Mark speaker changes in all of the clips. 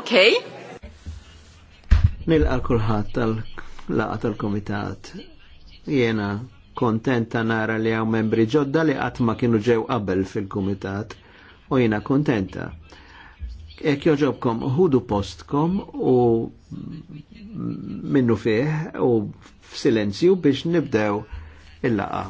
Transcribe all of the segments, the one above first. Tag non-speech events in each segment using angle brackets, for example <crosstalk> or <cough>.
Speaker 1: Okay.
Speaker 2: Nilqa kulħadd tal-laqa tal-komitat. Jena kontenta nara li hawn membri ġodda li qatt ma kienu ġew qabel fil-kumitat u jiena kontenta. Ek joġobkom ħudu postkom u minnu fih u f'silenzju biex nibdew il-laqa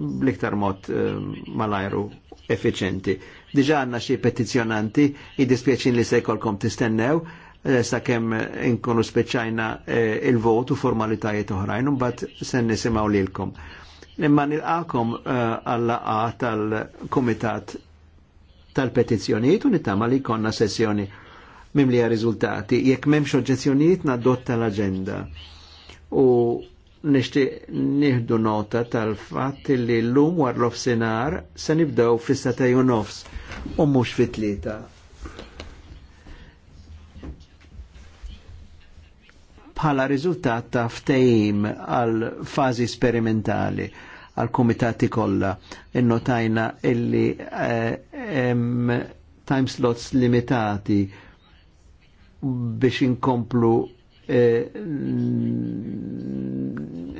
Speaker 2: bliktar mod eh, malajru efficienti. Diġa għanna xie petizjonanti, id-dispieċin li sejkol sejkolkom tistennew, eh, sa' kem inkonu speċajna eh, il-votu formalitajiet uħrajn, bat sen nisimaw li l-kom. Imma nilqakom għall-laqa tal-komitat tal-petizjoniet u nittama li konna sessjoni mimlija rizultati. Jek memx oġġezzjonijiet nadotta tal agenda U nishti nieħdu nota tal-fatt li l-lum war l-ofsinar se nibdew fi satej u nofs u mhux fit-tlieta. Bħala riżultat ta' ftehim għal fażi sperimentali għal komitati kollha innotajna illi eh, hemm time slots limitati biex inkomplu li eh, mm,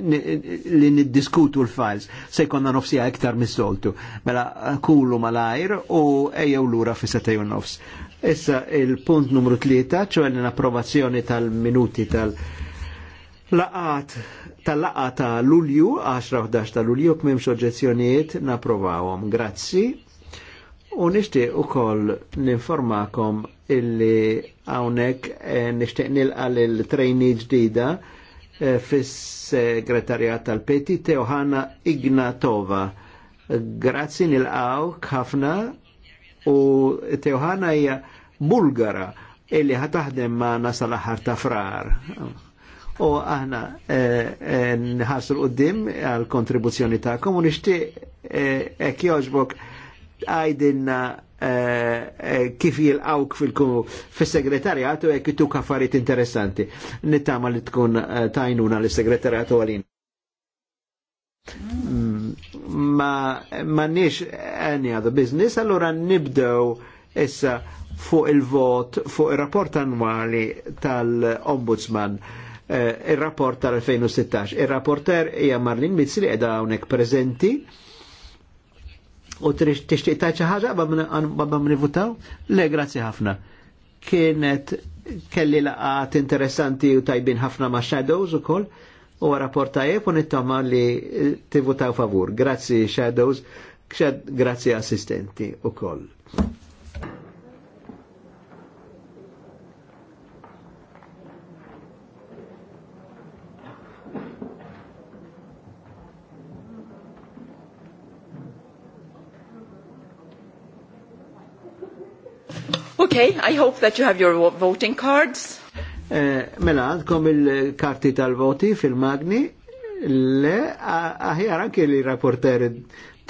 Speaker 2: niddiskutu l-files se jkonna nofsija iktar mis-soltu. Mela kullu malajr u ejjew lura fi setejju nofs. Issa il-punt numru tlieta, ċoħe l-approvazzjoni tal-minuti tal-laqat tal-laqa ta' lulju, 10-11 ta' lulju, kmim oġezzjonijiet, naprovawom. Grazzi. U nishtiq u koll ninformakom illi għawnek eh, nishtiq nilqa l-trejni ġdida eh, fis-segretarjat tal-Peti Teohana Ignatova. Grazzi nilqaw ħafna u Teohana hija Bulgara illi ħataħdem ma nasal aħar ta' frar. U aħna eh, nħassu l-qoddim għal kontribuzzjoni ta' u ek joġbok għajdinna eh, eh, kif jilqawk fil-segretarjatu e kittu kaffariet interessanti. Nittama li tkun eh, tajnuna l-segretarjatu għalin. Mm, ma mannix any other business, allora nibdew issa fuq il-vot, fuq il-rapport annuali tal-Ombudsman, il-rapport tal-2016. Il-rapporter hija Marlin Mizzi edha hawnhekk prezenti u t tajt xi ħaġa babba nivutaw? Le, grazzi ħafna. Kienet kelli laqat interessanti u tajbin ħafna ma' Shadows ukoll u rapport tajjeb u nittama li tivutaw favur. Grazzi Shadows, grazzi assistenti koll.
Speaker 1: Okay, I hope that you have your voting cards.
Speaker 2: Eh, mela, għandkom il-karti tal-voti fil-magni, le, aħjar anke li rapporteri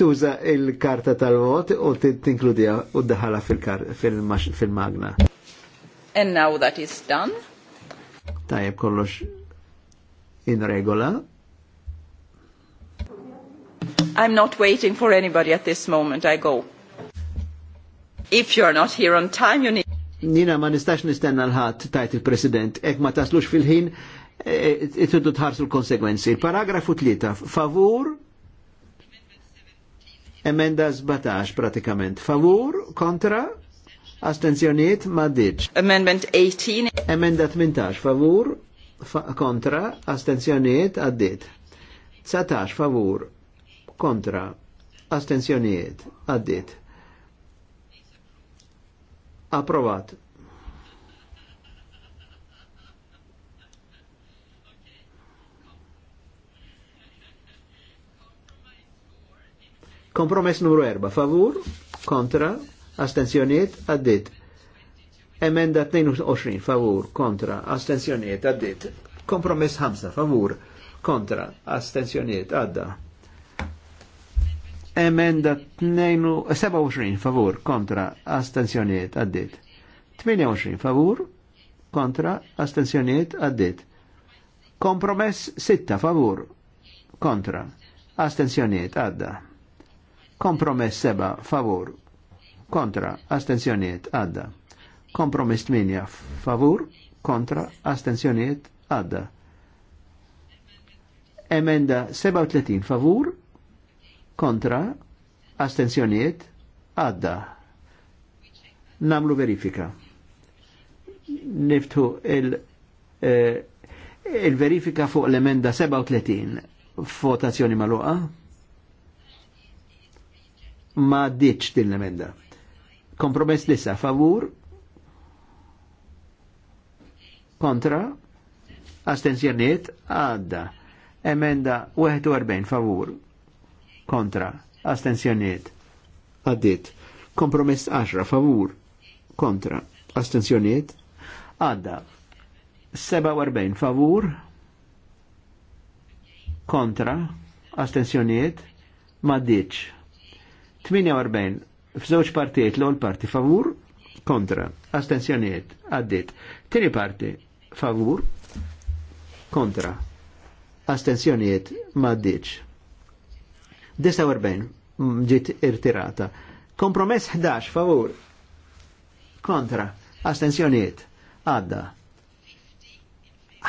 Speaker 2: tuża il-karta tal-vot u t-inkludija u d-daħala fil-magna.
Speaker 1: And now that is done.
Speaker 2: Tajab kollox in regola.
Speaker 1: I'm not waiting for anybody at this moment, I go. If you're not here on time, you need...
Speaker 2: Nina ma nistax nistenna l-ħat tajt il-President, ek ma taslux fil-ħin, e, e, it-tuddu tħarsu l konsegwensi. Paragrafu tlieta. favur, emenda 17 pratikament, favur, kontra, astenzjoniet ma diċ. Amendment 18. Emenda 18, favur, kontra, astenzjoniet għaddit. 19, favur, kontra, astenzjoniet għaddit. Approvat. Kompromess numru 4. Favur, kontra, astenzjoniet, addit. Emenda 22, favur, kontra, astenzjoniet, addit. Kompromess 5, favur, kontra, astenzjoniet, adda. Emenda 27 favur kontra astensjoniet għaddit. 28 favur kontra astensjoniet għaddit. Kompromess 6 favur kontra astensjoniet għadda. Kompromess 7 favur kontra astensjoniet għadda. Kompromess 8 favur kontra astensjoniet għadda. Emenda 37 favur kontra, astenzjoniet, għadda. Namlu verifika. Niftu il- eh, il-verifika fuq l-emenda 37 votazzjoni maluqa ma ditx din l-emenda. Kompromess lissa favur kontra astenzjoniet għadda. Emenda 41 favur kontra, astenzjoniet. għaddit. Kompromess 10, favur, kontra, astenzjoniet. għadda. 47, favur, kontra, astenzjoniet, maddiċ. 48, f'żewġ partijiet l-ewwel parti favur, kontra, astenzjoniet, għaddit. Tieni parti favur, kontra, astenzjoniet, maddiċ. 49 ġiet irtirata. Kompromess 11 favur kontra Astenzjoniet. għadda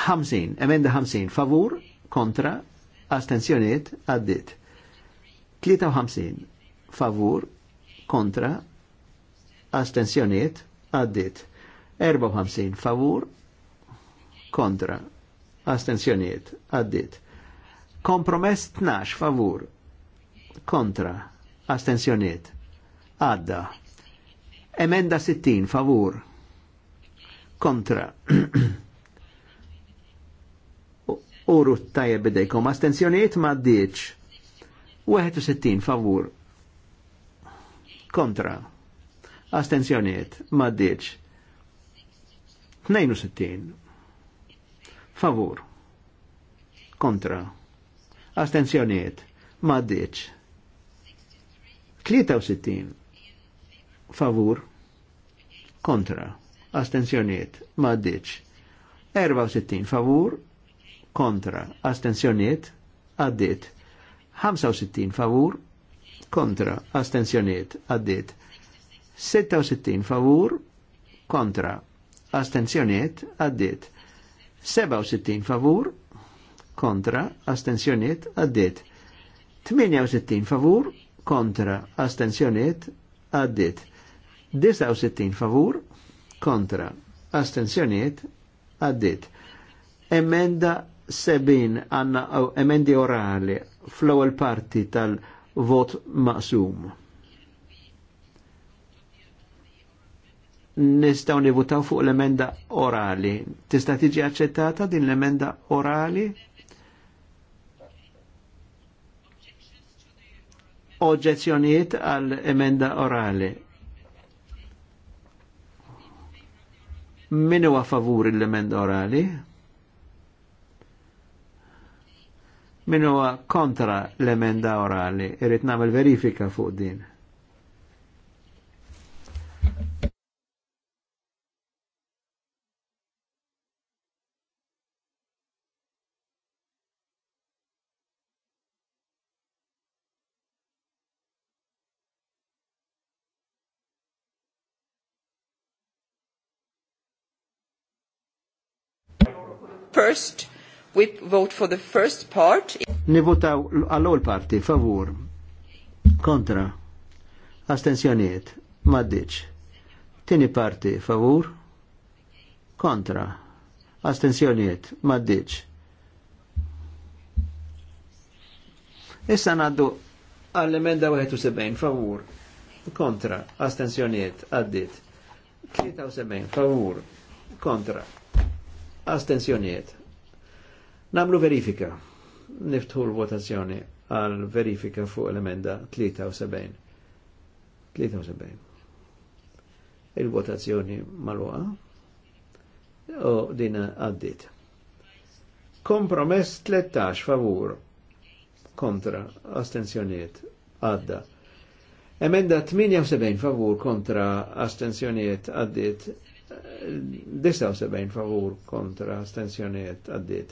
Speaker 2: 50 emenda 50 favur kontra astenzjoniet, għaddit 53 favur kontra astenzjoniet, għaddit 54 favur kontra astenzjoniet, għaddit kompromess 12 favur kontra, astensjoniet, għadda. Emenda 60, favur, kontra. <clears throat> Uru tajjeb bidejkom, astensjoniet ma d-dieċ. 61, favur, kontra. Astenzjoniet, ma d-dieċ. 62, favur, kontra. Astenzjoniet, ma d-dieċ. 63 favur kontra astenzjoniet ma ddiċ 64 favur kontra astenzjoniet għaddit 65 favur kontra astenzjoniet għaddit 66 favur kontra astenzjoniet għaddit 67 favur kontra astenzjoniet għaddit 68 favur kontra, kontra astenzjoniet għaddit 69 favur kontra astenzjoniet għaddit emenda 70 għanna emendi orali fl-ewwel parti tal-vot maqsum. Nistaw nivutaw fuq l-emenda orali. Tista' tiġi aċċettata din l-emenda orali? oġezzjonijiet għal emenda orali. Min huwa favur l-emenda orali? Min huwa kontra l-emenda orali? Irrid nagħmel verifika fuq din. First, we vote for the first part. Nivotaw għall ol parti favur. Kontra. Astensjonijiet. Maddiċ. Tini parti favur. Kontra. Astensjonijiet. Maddiċ. Issa naddu għall-emenda 71 favur. Kontra. Astensjonijiet. Għaddit. 73 favur. Kontra astensjoniet. Namlu verifika. Niftħu l-votazzjoni għal verifika fuq l-emenda 73. 73. Il-votazzjoni maluqa. O din għaddit. Kompromess 13 favur kontra astensjoniet għadda. Emenda 78 favur kontra astensjoniet għaddit 79 favur kontra astensjoniet għaddit.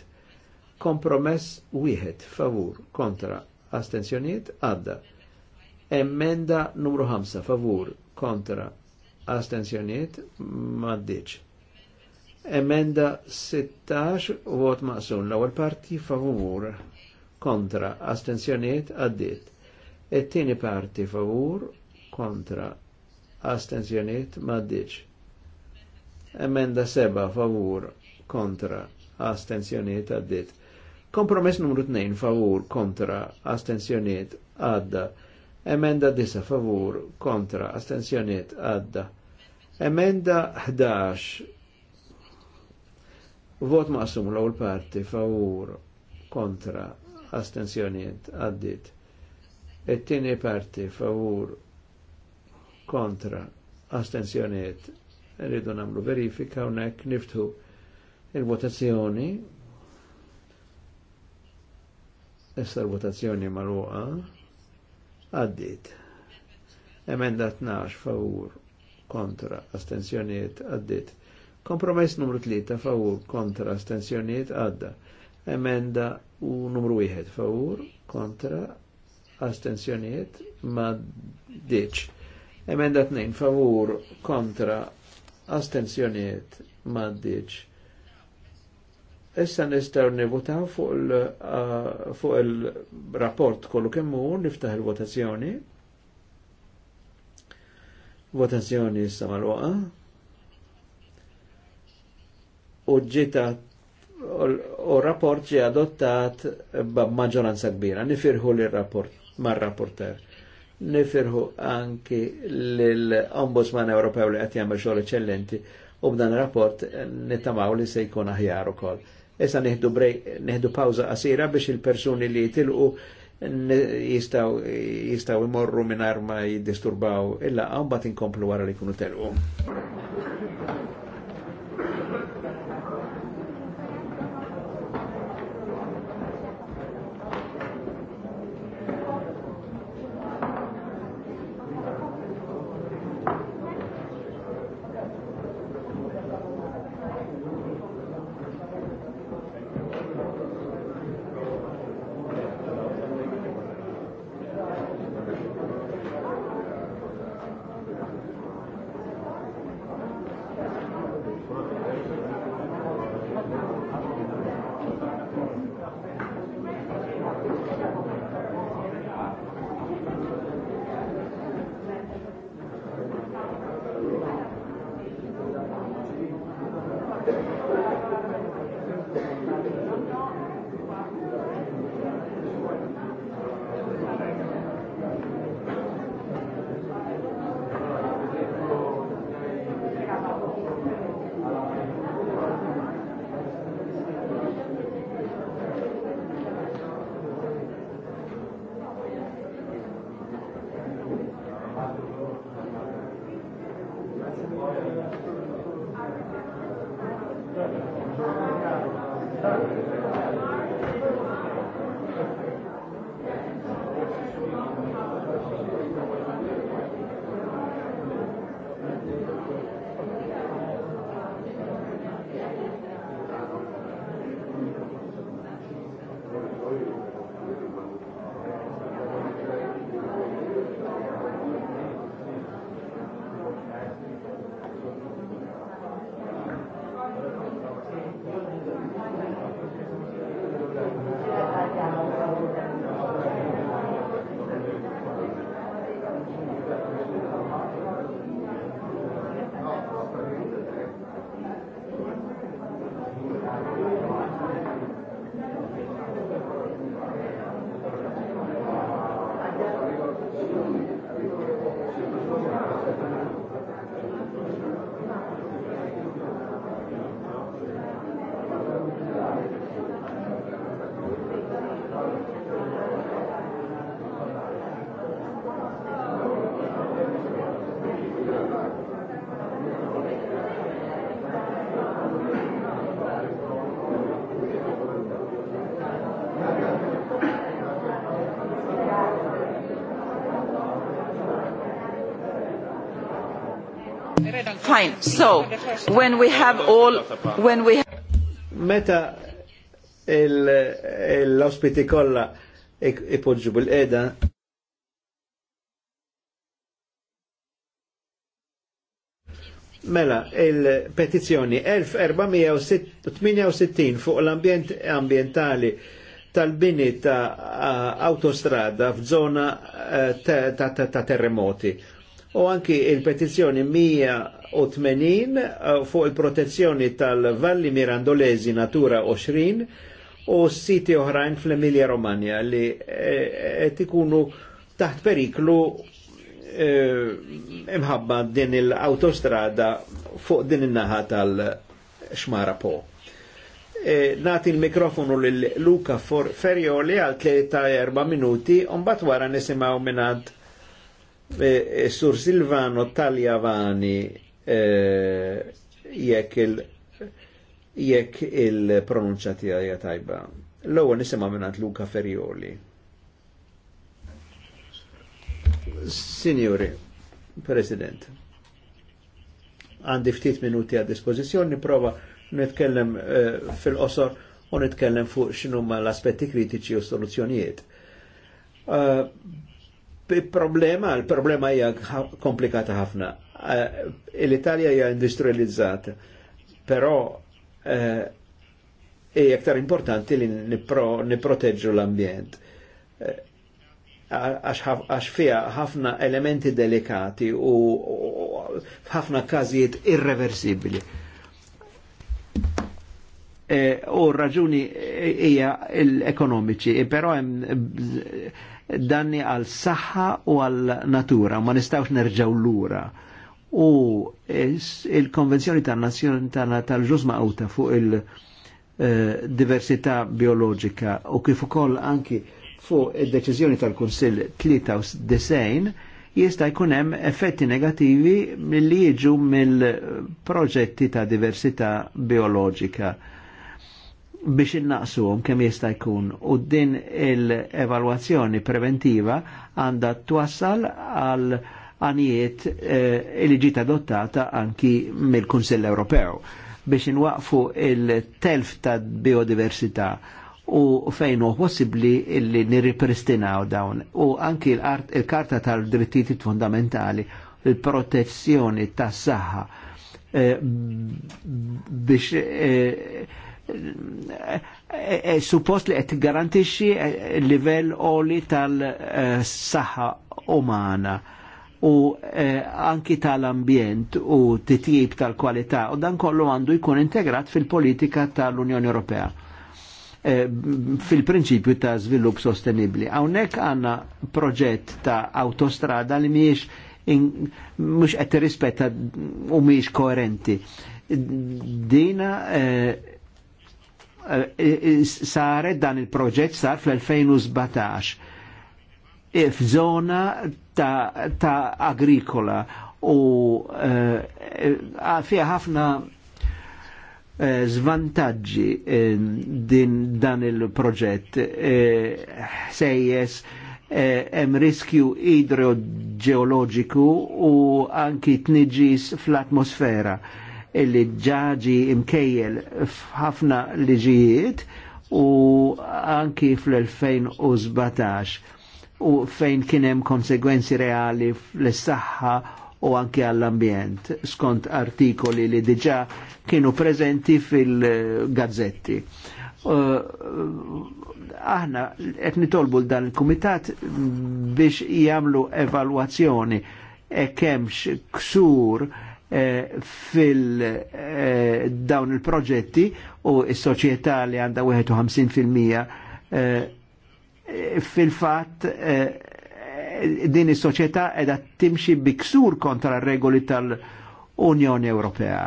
Speaker 2: Kompromess wieħed favur kontra astensjoniet għadda. Emenda numru 5 favur kontra astensjoniet maddiċ. Emenda 16 vot maqsun, l-ewwel parti favur kontra astensjoniet għaddit. Et-tieni parti favur kontra astensjoniet maddiċ Emenda seba favur kontra astenzjoniet għaddit. Kompromess numru 2 favur kontra astenzjoniet għadda. Emenda disa favur kontra astenzjoniet għadda. Emenda 11 Vot maqsum l-ewwel parti favur kontra astenzjoniet għaddit. Et-tini parti favur kontra astenzjoniet rridu namlu verifika unek niftu il-votazzjoni issa l-votazzjoni marruqa għaddit emenda 12 favur kontra astensjoniet għaddit kompromess numru 3 favur kontra astensjoniet għadda emenda u numru 1 favur kontra astensjoniet ma ditx emenda 2 favur kontra astensjoniet maddiċ. Issa nistaw nivutaw fuq il-rapport fu il uh, kollu kemmu niftaħ il-votazzjoni. Votazzjoni issa mal-waqa. U ġita u rapport ġi adottat b'maġġoranza kbira. Nifirħu l-rapport mar-rapporter nifirħu anki l-Ombudsman Ewropew li qed jagħmel xogħol eċċellenti u b'dan rapport nittamaw li se jkun aħjar ukoll. Issa nieħdu nieħdu pawża qasira biex il-persuni li jitilqu jistaw jistaw imorru minn arma jiddisturbaw illa għambat inkomplu wara li kunu telqu.
Speaker 1: Fine, so, when we have all, when we
Speaker 2: Meta l-ospiti kolla ipoġġu bil eda Mela, il-petizjoni 1468 fuq l-ambjent ambientali tal-bini ta' autostrada f'żona eh, ta' terremoti u anki il-petizjoni 180 uh, fuq il-protezzjoni tal-Valli Mirandolesi Natura 20 u siti oħrajn fl-Emilia Romagna li qed eh, eh, ikunu taħt periklu eh, imħabba din l-autostrada fuq din in-naħa tal-Xmara Po. Nati il-mikrofonu l-Luka Ferrioli għal 3-4 minuti un bat wara nisimaw minant E, e, Sur Silvano Taljavani e, jekk il- jekk il-pronunċa tiegħi tajba. L-ewwel nisema minnant Luka Ferjoli. Signori, President, għandi ftit minuti għad dispożizzjoni, prova nitkellem fil-qosor u nitkellem fuq x'inhu l-aspetti kritiċi u soluzzjonijiet problema, il-problema hija komplikata ħafna. Eh, L-Italja hija industrializzata, però eh, hija aktar importanti li nipproteġġu l-ambjent. Eh, għax fija ħafna elementi delikati u ħafna każijiet irreversibili. U raġuni hija l-ekonomiċi, però hemm danni għal saħħa u għal natura, ma nistawx nerġaw lura. U il-Konvenzjoni tan-Nazzjoni tal-Ġus għuta fuq il-diversità eh, biologika u kif ukoll anki fuq id-deċiżjoni tal-Kunsill 93 jista' jkun hemm effetti negativi milli jiġu mill-proġetti ta' diversità biologika biex innaqsuhom kemm jista' jkun u din l-evalwazzjoni preventiva għandha twassal għal għanijiet eh, li ġiet adottata anki mill-Kunsill Ewropew biex inwaqfu il-telf ta' biodiversità u fejn huwa possibbli li nirripristinaw dawn u anki l-karta tal-drittijiet fundamentali il-protezzjoni tas-saħħa eh, biex eh, Eh, eh, suppost li qed garantixxi eh, livell oli tal-saħħa umana u anki tal-ambjent u titjib tal-kwalità u dan kollu għandu jkun integrat fil-politika tal-Unjoni Ewropea fil-prinċipju ta' żvilupp sostenibli. Hawnhekk għandna proġett ta' autostrada li mhijiex mhux qed tirrispetta u mhijiex koerenti. Dina Eh, eh, saret dan il-proġett sar fl-2017 eh, f'żona ta', ta agrikola u fiha ħafna zvantaġġi din dan il-proġett sejjes hemm riskju idroġeoloġiku u anki tniġis fl-atmosfera illi ġaġi imkejjel f'ħafna liġijiet u anki fl-2017 u fejn kienem konsegwenzi reali fl-saħħa u anki għall-ambjent skont artikoli li diġa kienu prezenti fil-gazzetti. Uh, aħna qed nitolbu dan il-kumitat biex jagħmlu evalwazzjoni e kemx ksur uh, Eh, fil-dawn eh, il-proġetti u s-soċjetà li għandha 51% fil-fatt din is-soċjetà qiegħda timxi biksur kontra regoli tal-Unjoni Ewropea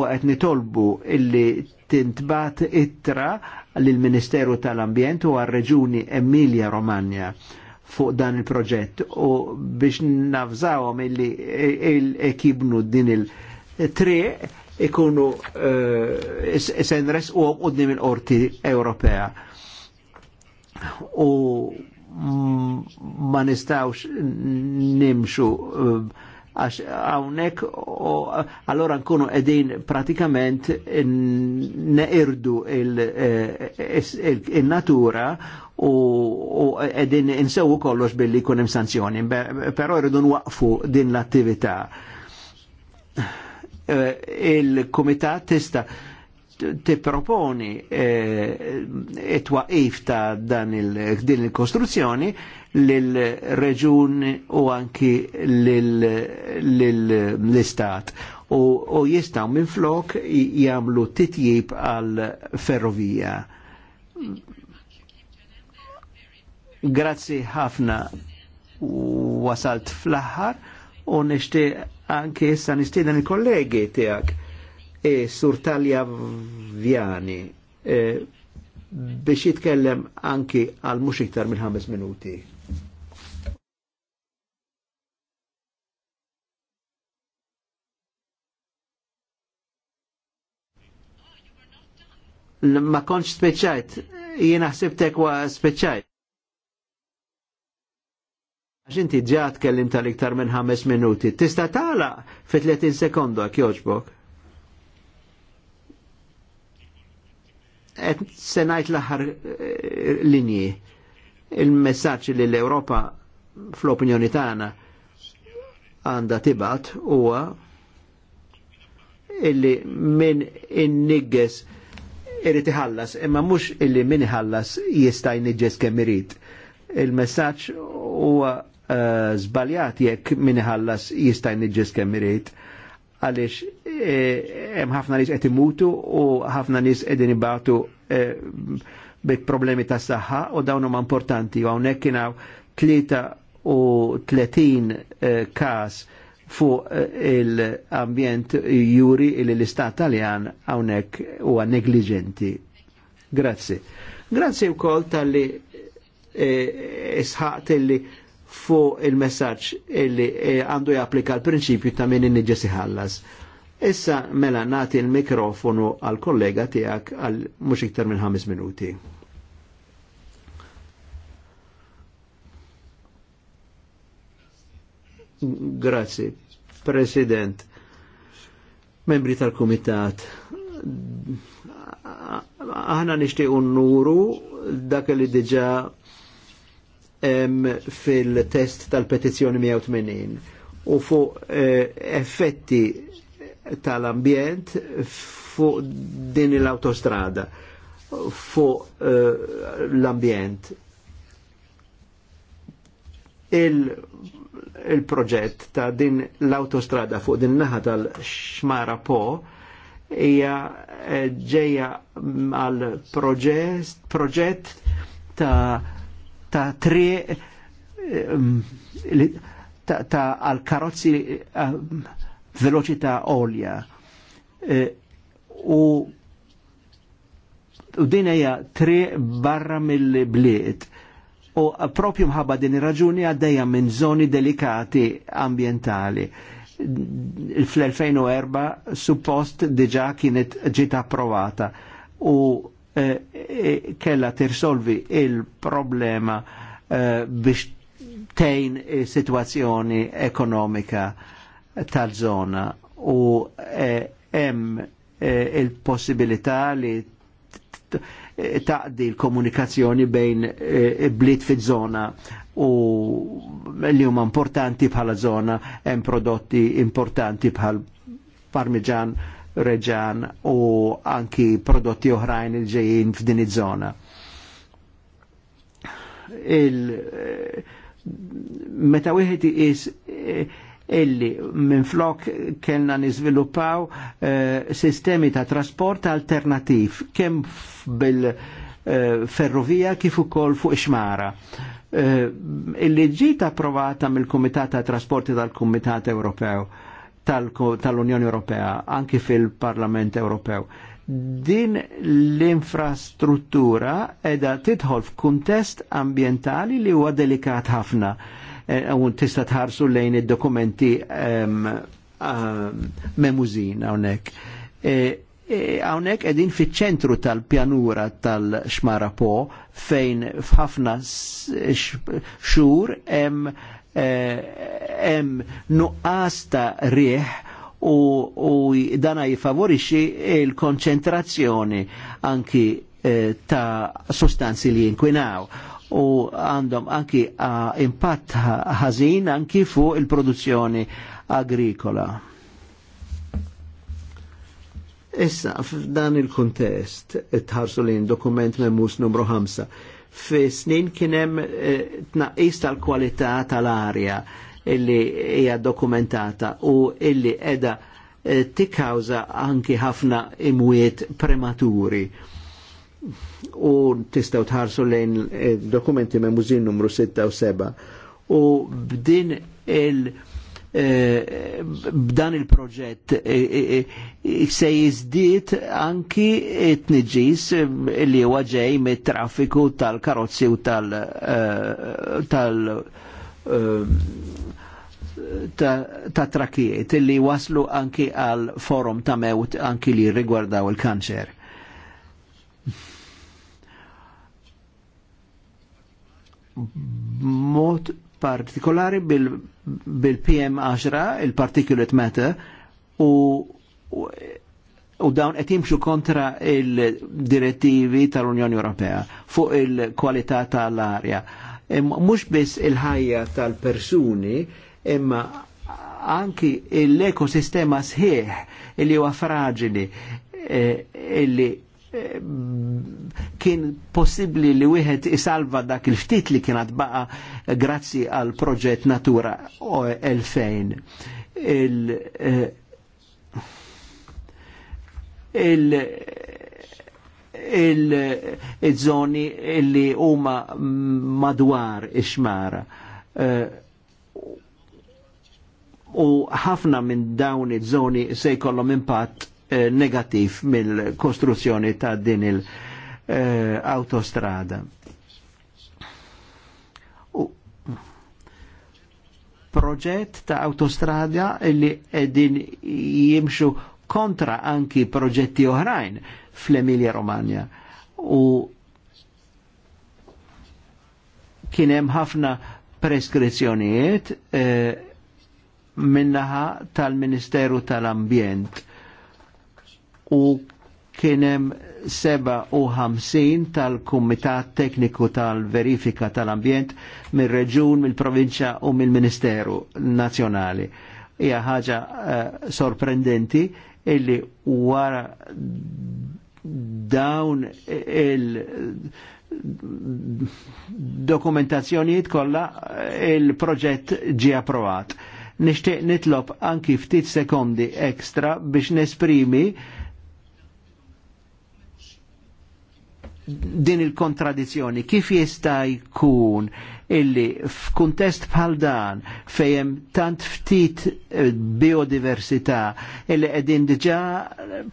Speaker 2: u qed nitolbu illi tintbat ittra lill-Ministeru tal-Ambjent u għar-Reġuni Emilia Romagna fuq dan il-proġett u biex nafżawhom illi ekibnu din il-triq ikunu eh, senres u għoddim il-qorti Ewropea. U ma nistawx nimxu uh, għax għawnek u allora nkunu edin pratikament neqirdu eh, il-natura u edin insewu kollox billi kunem sanzjoni, pero irridu nwaqfu din l-attività. Eh, Il-komitat tista' ti tipproponi it-twaqif e, e ta' dan din il-kostruzzjoni lill-reġun u anki lill-istat u jistaw minn flok jamlu titjib għal ferrovija. Grazzi ħafna wasalt fl-aħħar u nishtiq anke issa nistieden il-kollegi tiegħek e Sur Talja Vjani e, biex jitkellem anki għal mux iktar minn ħames minuti. Ma konċ speċajt, jina ħsibtek wa speċajt. Għax ġat kellim tal-iktar minn ħames minuti, tista tala fi 30 sekondu għak joġbok. Et senajt l eh, linji il-messaċ li l-Europa fl-opinjoni tagħna għandha tibat huwa illi min in-nigges irid iħallas, imma mhux illi min iħallas jista' jniġġes kemm irid. Il-messaġġ huwa eh, żbaljat jekk min iħallas jista' jniġġes kemm irid għaliex Eh, hemm ħafna nies qed imutu u ħafna nies qegħdin ibatu eh, bit problemi ta' saħħa u dawn huma importanti u hawnhekk hawn tlieta u tletin eh, każ fuq l-ambjent juri li l-istat taljan hawnhekk huwa negligenti. Grazzi. Grazzi wkoll tal-li isħaqt illi fuq il-messaġġ li għandu japplika l-prinċipju ta' min inniġesi ħallas. Issa mela nati il-mikrofonu għal kollega tijak għal mux iktar minn 5 minuti. Grazzi, President, membri tal kumitat aħna nixtiequ nuru dak li diġa fil-test tal-petizjoni 180 u fuq eh, effetti tal-ambjent fuq din l-autostrada, fuq eh, l-ambjent. Il-proġett ta' din l-autostrada fuq din naħa tal-Xmara Po hija eh, ġeja għal proġett ta' ta' tri eh, mm, ta' għal karozzi um, veloċità olja. E, u u din hija tre barra mill-bliet. U propju mħabba din ir-raġuni għaddejja minn zoni delikati ambientali. Fl-2004 suppost diġa kienet ġita approvata u e, e, kella tirsolvi il-problema biex tejn situazzjoni ekonomika tal-żona u hemm e, e, il-possibilità li taqdi l-komunikazzjoni bejn e, bliet fi zona u li huma importanti bħala zona hemm prodotti importanti bħal parmiġan, reġan u anki prodotti oħrajn il ġejjin f'din iż-żona. Il meta wieħed is illi minn flok kellna niżviluppaw eh, sistemi ta' trasport alternativ kemm bil-ferrovija eh, kif ukoll fuq ixmara. Eh, Il-liġi approvata mill-Kumitat ta' Trasporti tal-Kumitat Ewropew tal-Unjoni Ewropea, anki fil-Parlament Ewropew. Din l-infrastruttura edha titħol f'kuntest ambientali li huwa delikat ħafna Eh, un tista tħarsu lejn id-dokumenti eh, memużin hawnhekk. E, e, hawnhekk qegħdin fiċ-ċentru tal-pjanura tal-Xmara Po fejn f'ħafna xhur eh, hemm nuqqas ta' rieħ u, u dana jifavorixi il-konċentrazzjoni anki ta' sostanzi li jinkwinaw u għandhom anki impatt ħażin anki fuq il-produzzjoni agrikola. Issa, f'dan il-kontest, tħarsu lejn dokument memmus numru 5, fi snin kienem eh, tnaqqis tal-kwalità tal-arja illi hija dokumentata u illi edha eh, tikkawza anki ħafna imwiet prematuri u tistaw tħarsu lejn eh, dokumenti me' mużin numru 6 u 7 u b'din il- eh, b'dan il-proġett eh, se jizdiet anki t-nġis li huwa me traffiku tal-karozzi u tal- tal- ta' trakijiet li waslu anki għal forum ta' mewt anki li rigwardaw il-kanċer mod partikolari bil-PM10, bil il-particulate matter, u, u, u dawn qed jimxu kontra il-direttivi tal-Unjoni Ewropea fuq il-kwalità tal-arja. Mhux biss il-ħajja tal-persuni, imma anki l-ekosistema sħiħ illi huwa fraġili eh, illi kien possibli li wieħed isalva dak il-ftit li kienet baqa grazzi għal proġett Natura 2000. Eh, il, il, il-żoni li huma madwar ix-xmara. Eh, u ħafna minn dawn iż-żoni se jkollhom impatt Eh, negativ mill-kostruzzjoni ta' din il-autostrada. Eh, proġett ta' autostrada li edin jimxu kontra anki proġetti oħrajn fl-Emilia Romagna. U kienem ħafna preskrizzjonijiet eh, minnaħa tal-Ministeru tal-Ambjent u kienem 57 tal-Kumitat Tekniku tal-Verifika tal-Ambjent mill-Reġun, mill-Provinċja u mill-Ministeru Nazzjonali. Hija ħaġa uh, sorprendenti illi wara dawn il- dokumentazzjonijiet kollha eh, il-proġett ġie approvat. Nixtieq nitlob anki ftit sekondi ekstra biex nesprimi uh, din il-kontradizzjoni kif jista' jkun illi f'kuntest bħal dan fejn tant ftit eh, biodiversità illi qegħdin diġà eh,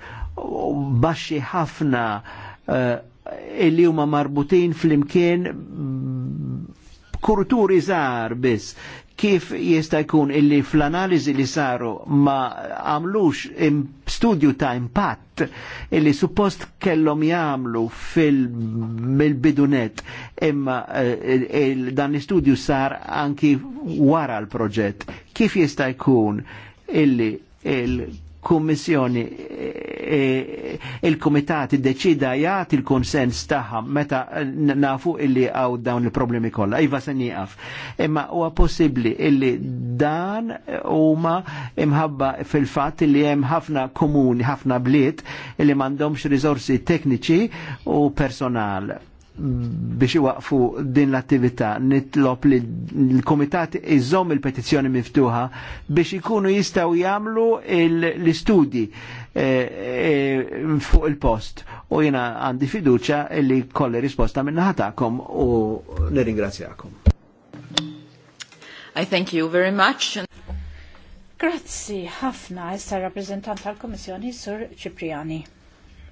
Speaker 2: baxxi ħafna eh, illi huma marbutin flimkien kurturi żgħar biss kif jista' jkun illi fl-analiżi li saru ma għamlux studju ta' impatt illi suppost kellhom jagħmlu fil-bidunet imma eh, dan l-istudju sar anki wara l-proġett. Kif jista' jkun illi il kummissjoni e, e, il-Kumitat deċida jgħat il-konsens tagħha meta nafu illi għaw dawn il-problemi kollha. Iva se nieqaf. Imma huwa possibbli illi dan huma imħabba fil-fatt illi hemm ħafna komuni, ħafna bliet illi m'għandhomx riżorsi tekniċi u personal
Speaker 3: biex
Speaker 2: iwaqfu din l-attività nitlob li l-komitat iżom il-petizzjoni miftuħa biex ikunu jistaw jamlu l istudi e, eh, e, eh, fuq il-post u jena għandi fiduċa li kolli risposta minna ħatakom u nirringrazzjakom.
Speaker 1: I thank you very much. Grazzi ħafna, issa
Speaker 4: rappresentant tal-Komissjoni, Sur Cipriani.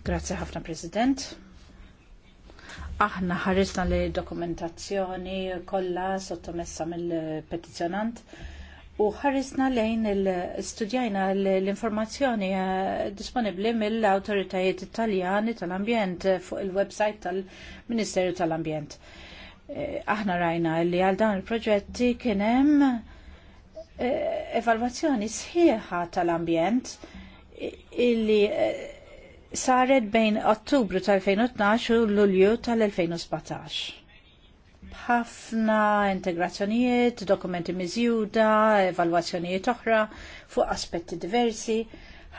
Speaker 4: Grazzi ħafna, President. Aħna ħarisna li dokumentazzjoni kollha sottomessa mill-petizzjonant u ħarisna lejn il-studjajna l-informazzjoni eh, disponibbli mill-autoritajiet italjani tal-ambjent eh, fuq il-website tal-Ministeru tal-Ambjent. Eh, aħna rajna li għal dawn il-proġetti kien hemm evalwazzjoni sħiħa tal-ambjent illi saret bejn Ottubru tal-2012 u Lulju tal-2017. B'ħafna integrazzjonijiet, dokumenti miżjuda, evalwazzjonijiet oħra fuq aspetti diversi,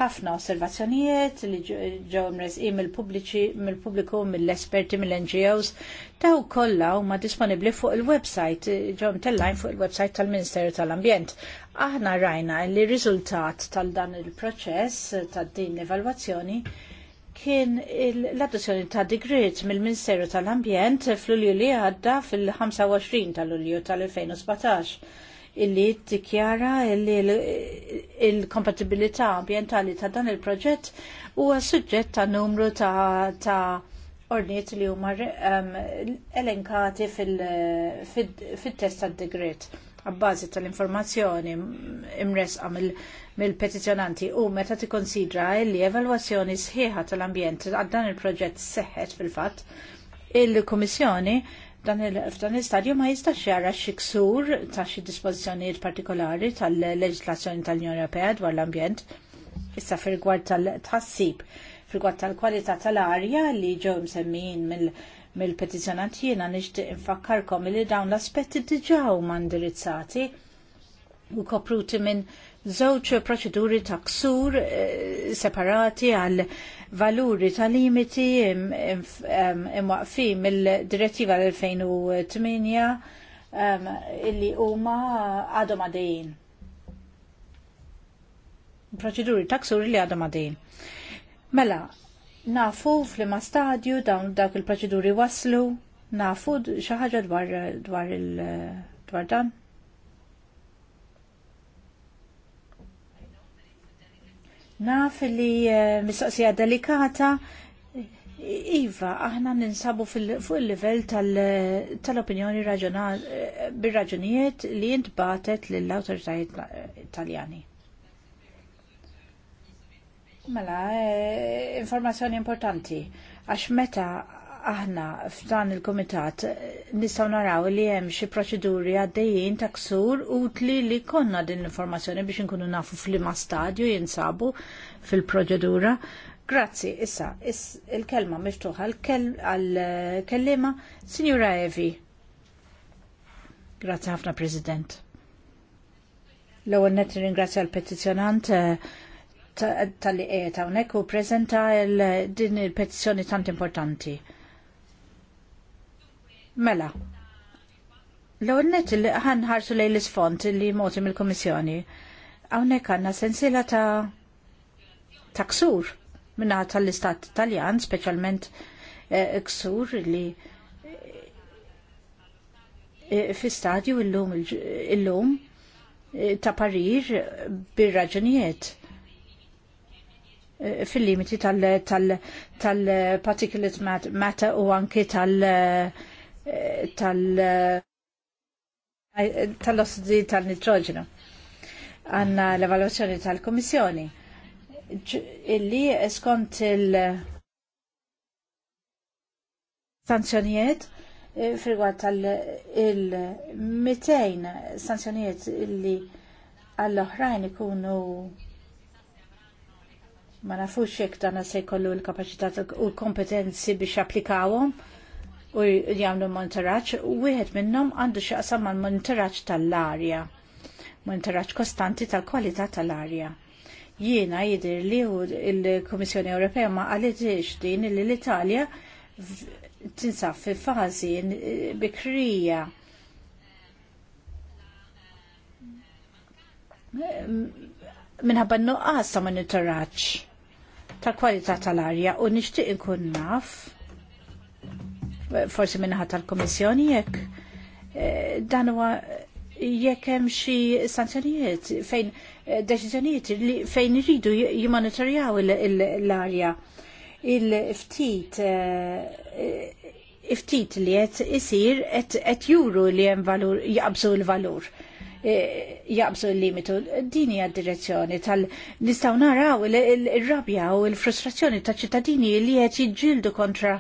Speaker 4: ħafna osservazzjonijiet li ġew mresqin mill-pubbliku, mill-esperti, mill-NGOs, daw kollha huma disponibbli fuq il-website, ġew tellajn fuq il-website tal-Ministeru tal-Ambjent. Aħna rajna li riżultat tal dan il-proċess tad din l-evalwazzjoni kien l-adozzjoni ta' digrit mill-Ministeru tal-Ambjent fl-Ulju li għadda fil-25 tal-Ulju tal-2017 illi t-tikjara illi il-kompatibilità ambientali ta' dan il-proġett huwa suġġett ta' numru ta', ta li huma um, elenkati fil-test fil, fil tad-digrit għabbażi tal-informazzjoni imresqa mill mill-petizjonanti u meta tikkonsidra li evalwazzjoni sħiħa tal-ambjent għad dan il-proġett seħħet fil-fatt, il-Kummissjoni f'dan il-stadju ma jistax jara xi ksur ta' xi dispożizzjonijiet partikolari tal-leġislazzjoni tal-Unjoni Ewropea dwar l-ambjent issa fil-gwad tal-tħassib fil-gwad tal-kwalità tal-arja li ġew msemmin mill- mill-petizjonant jiena nixtieq infakkarkom li dawn l-aspetti diġà huma u kopruti minn żewġ proċeduri ta' ksur eh, separati għal valuri ta' limiti imwaqfim il direttiva l-2008 um, illi huma għadhom għadejjin. Proċeduri ta' ksur li għadhom għadejjin. Mela, nafu fl-ma stadju dawn dak il-proċeduri waslu, nafu xaħġa dwar, dwar, il, dwar dan. Naf li eh, mistoqsija delikata, Iva, aħna ninsabu fuq il-level tal-opinjoni eh, bil-raġunijiet li jintbatet lill-autoritajiet italjani. Mela, eh, informazzjoni importanti, għax meta aħna f'dan il-komitat eh, nistgħu naraw li hemm xi proċeduri għaddejjin ta' ksur utli li konna din l-informazzjoni biex inkunu nafu f'liema stadju jinsabu fil-proċedura. Grazzi, issa, is, il-kelma miftuħa għal-kellima, eh, Signora Evi. Grazzi ħafna, President. L-ewwel net ringrazzja l-petizzjonant eh, tal-li qiegħed hawnhekk u preżenta din il-petizzjoni tant importanti Mela, l-għonnet li ħan ħarsu lej l-isfont li moti mill-Komissjoni, għawnek għanna sensila ta' taksur minna tal-istat taljan, specialment eh, ksur li eh, fi stadju il illum eh, ta' parir bir-raġunijiet fil-limiti tal-particulate matter u anki tal- Eh, tal-ossidi tal ossidi tal tal Għanna l-evaluazzjoni tal-Komissjoni. Illi skont il- sanzjonijiet eh, fil-gwad tal-200 sanzjonijiet illi għall-oħrajn ikunu ma nafux jekk dana se jkollu l kapacitat u l-kompetenzi biex applikawhom u jagħmlu u wieħed minnhom għandu xaqsa mal monitoraċ tal-arja, monitoraċ kostanti tal-kwalità tal-arja. Jiena jidir li l-Kummissjoni Ewropea ma qalitx din li l-Italja tinsab fi fażi bikrija minħabba nuqqas ta' monitoraċ tal kwalità tal-arja u nixtieq inkun naf forsi ħat tal-Komissjoni jekk eh, dan huwa jekk hemm xi sanzjonijiet fejn eh, deċiżjonijiet fejn iridu jimonitorjaw l-arja il-ftit eh, iftit li qed isir qed juru li hemm valur jaqbżu l-valur jaqbżu l-limitu. Din hija d-direzzjoni tal nistgħu naraw ir rabja u l-frustrazzjoni taċ ċittadini li qed jiġġieldu kontra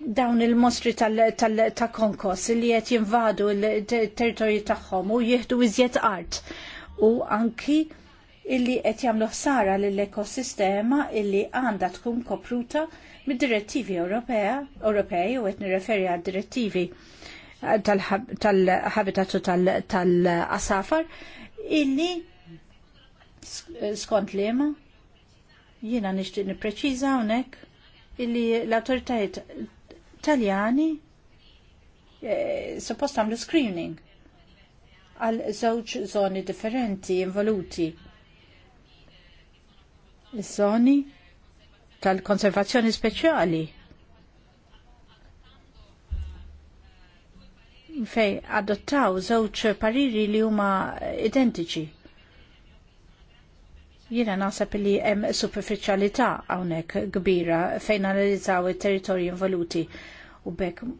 Speaker 4: dawn il-mostri ta' konkos li qed jinvadu il-territorju tagħhom u jieħdu iżjed art u anki illi qed jagħmlu ħsara lill-ekosistema illi għandha tkun kopruta mid-direttivi Ewropej u qed nirreferi għad direttivi tal-habitatu tal-asafar illi skont li jiena nixtieq nippreċiża hawnhekk illi l awtoritajiet Taljani eh, suppost għamlu screening għal żewġ zoni differenti involuti. Zoni tal-konservazzjoni speċjali. Fej, adottaw żewġ pariri li huma identiċi. Jiena naħseb li hemm superfiċjalità hawnhekk kbira fejn analizzaw it-territorji involuti u bekk uh,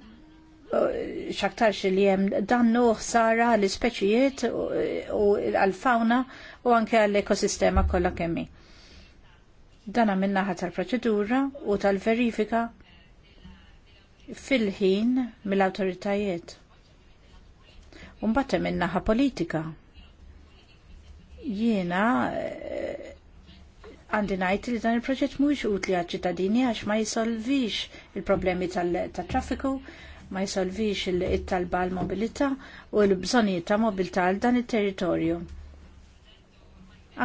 Speaker 4: xaktarx li jem dannu ħsara l-speċijiet u għal-fauna u anke għall-ekosistema kollha kemmi. Dana ħat tal-proċedura u tal-verifika fil-ħin mill-autoritajiet. batte minnaħa politika. Jiena eh, għandi najt li dan il-proġett mhuwiex utli għaċ-ċittadini għax ma jisolvix il-problemi tat-traffiku, ma jisolvix il-talba għal mobilità u l-bżonijiet ta' mobilità għal dan il-territorju.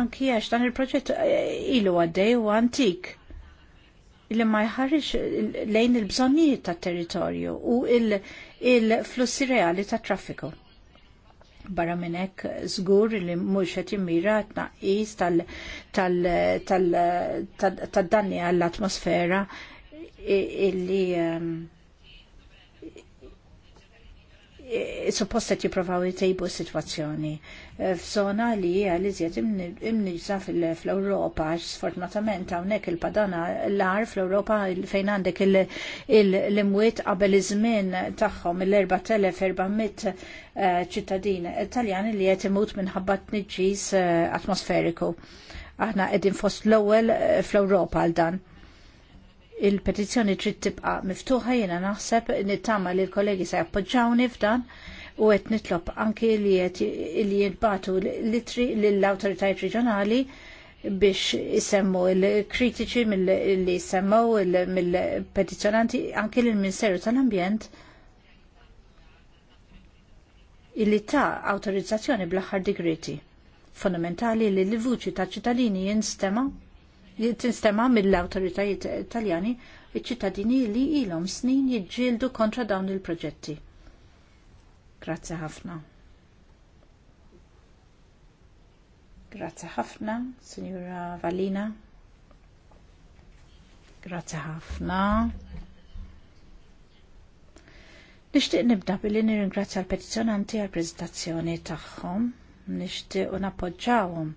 Speaker 4: Anki għax dan il-proġett eh, ilu għaddej u antik li ma jħarriġ lejn il-bżonijiet tat-territorju u il-flussi reali tat-traffiku barra minn hekk żgur li mhux qed jimmira tnaqqis tal-danni għall-atmosfera illi ehm, suppostet jiprofaw jtejbu situazzjoni e, f'żona li hija liżjed imnisa fl-Ewropa għax sfortunatament hawnhekk il-padana l-ar fl-Ewropa fejn għandek l-imwiet qabel iż-żmien tagħhom il-4400 e, ċittadin Taljani li qed imut minħabba tniġġis e, atmosferiku. Aħna qegħdin fost l-ewwel fl-Ewropa għal dan il-petizzjoni trid tibqa' miftuħa jiena naħseb nittama li l-kollegi se jappoġġawni f'dan u qed nitlob anki li qed li jintbatu litri lill-awtoritajiet reġjonali biex isemmu il-kritiċi mill-li semmew mill-petizzjonanti anki lill-Ministeru tal-Ambjent illi ta' awtorizzazzjoni bl-aħħar digriti. Fondamentali li l-vuċi ta' ċittadini jinstema' tinstema mill-autoritajiet italjani iċ-ċittadini li ilhom snin jiġġieldu kontra dawn il-proġetti. Grazzi ħafna. Grazzi ħafna, Signora Valina. Grazzi ħafna. Nishtiq nibda billi nirringrazzja l-petizjonanti għal-prezentazzjoni tagħhom, nixtieq u nappoġġawhom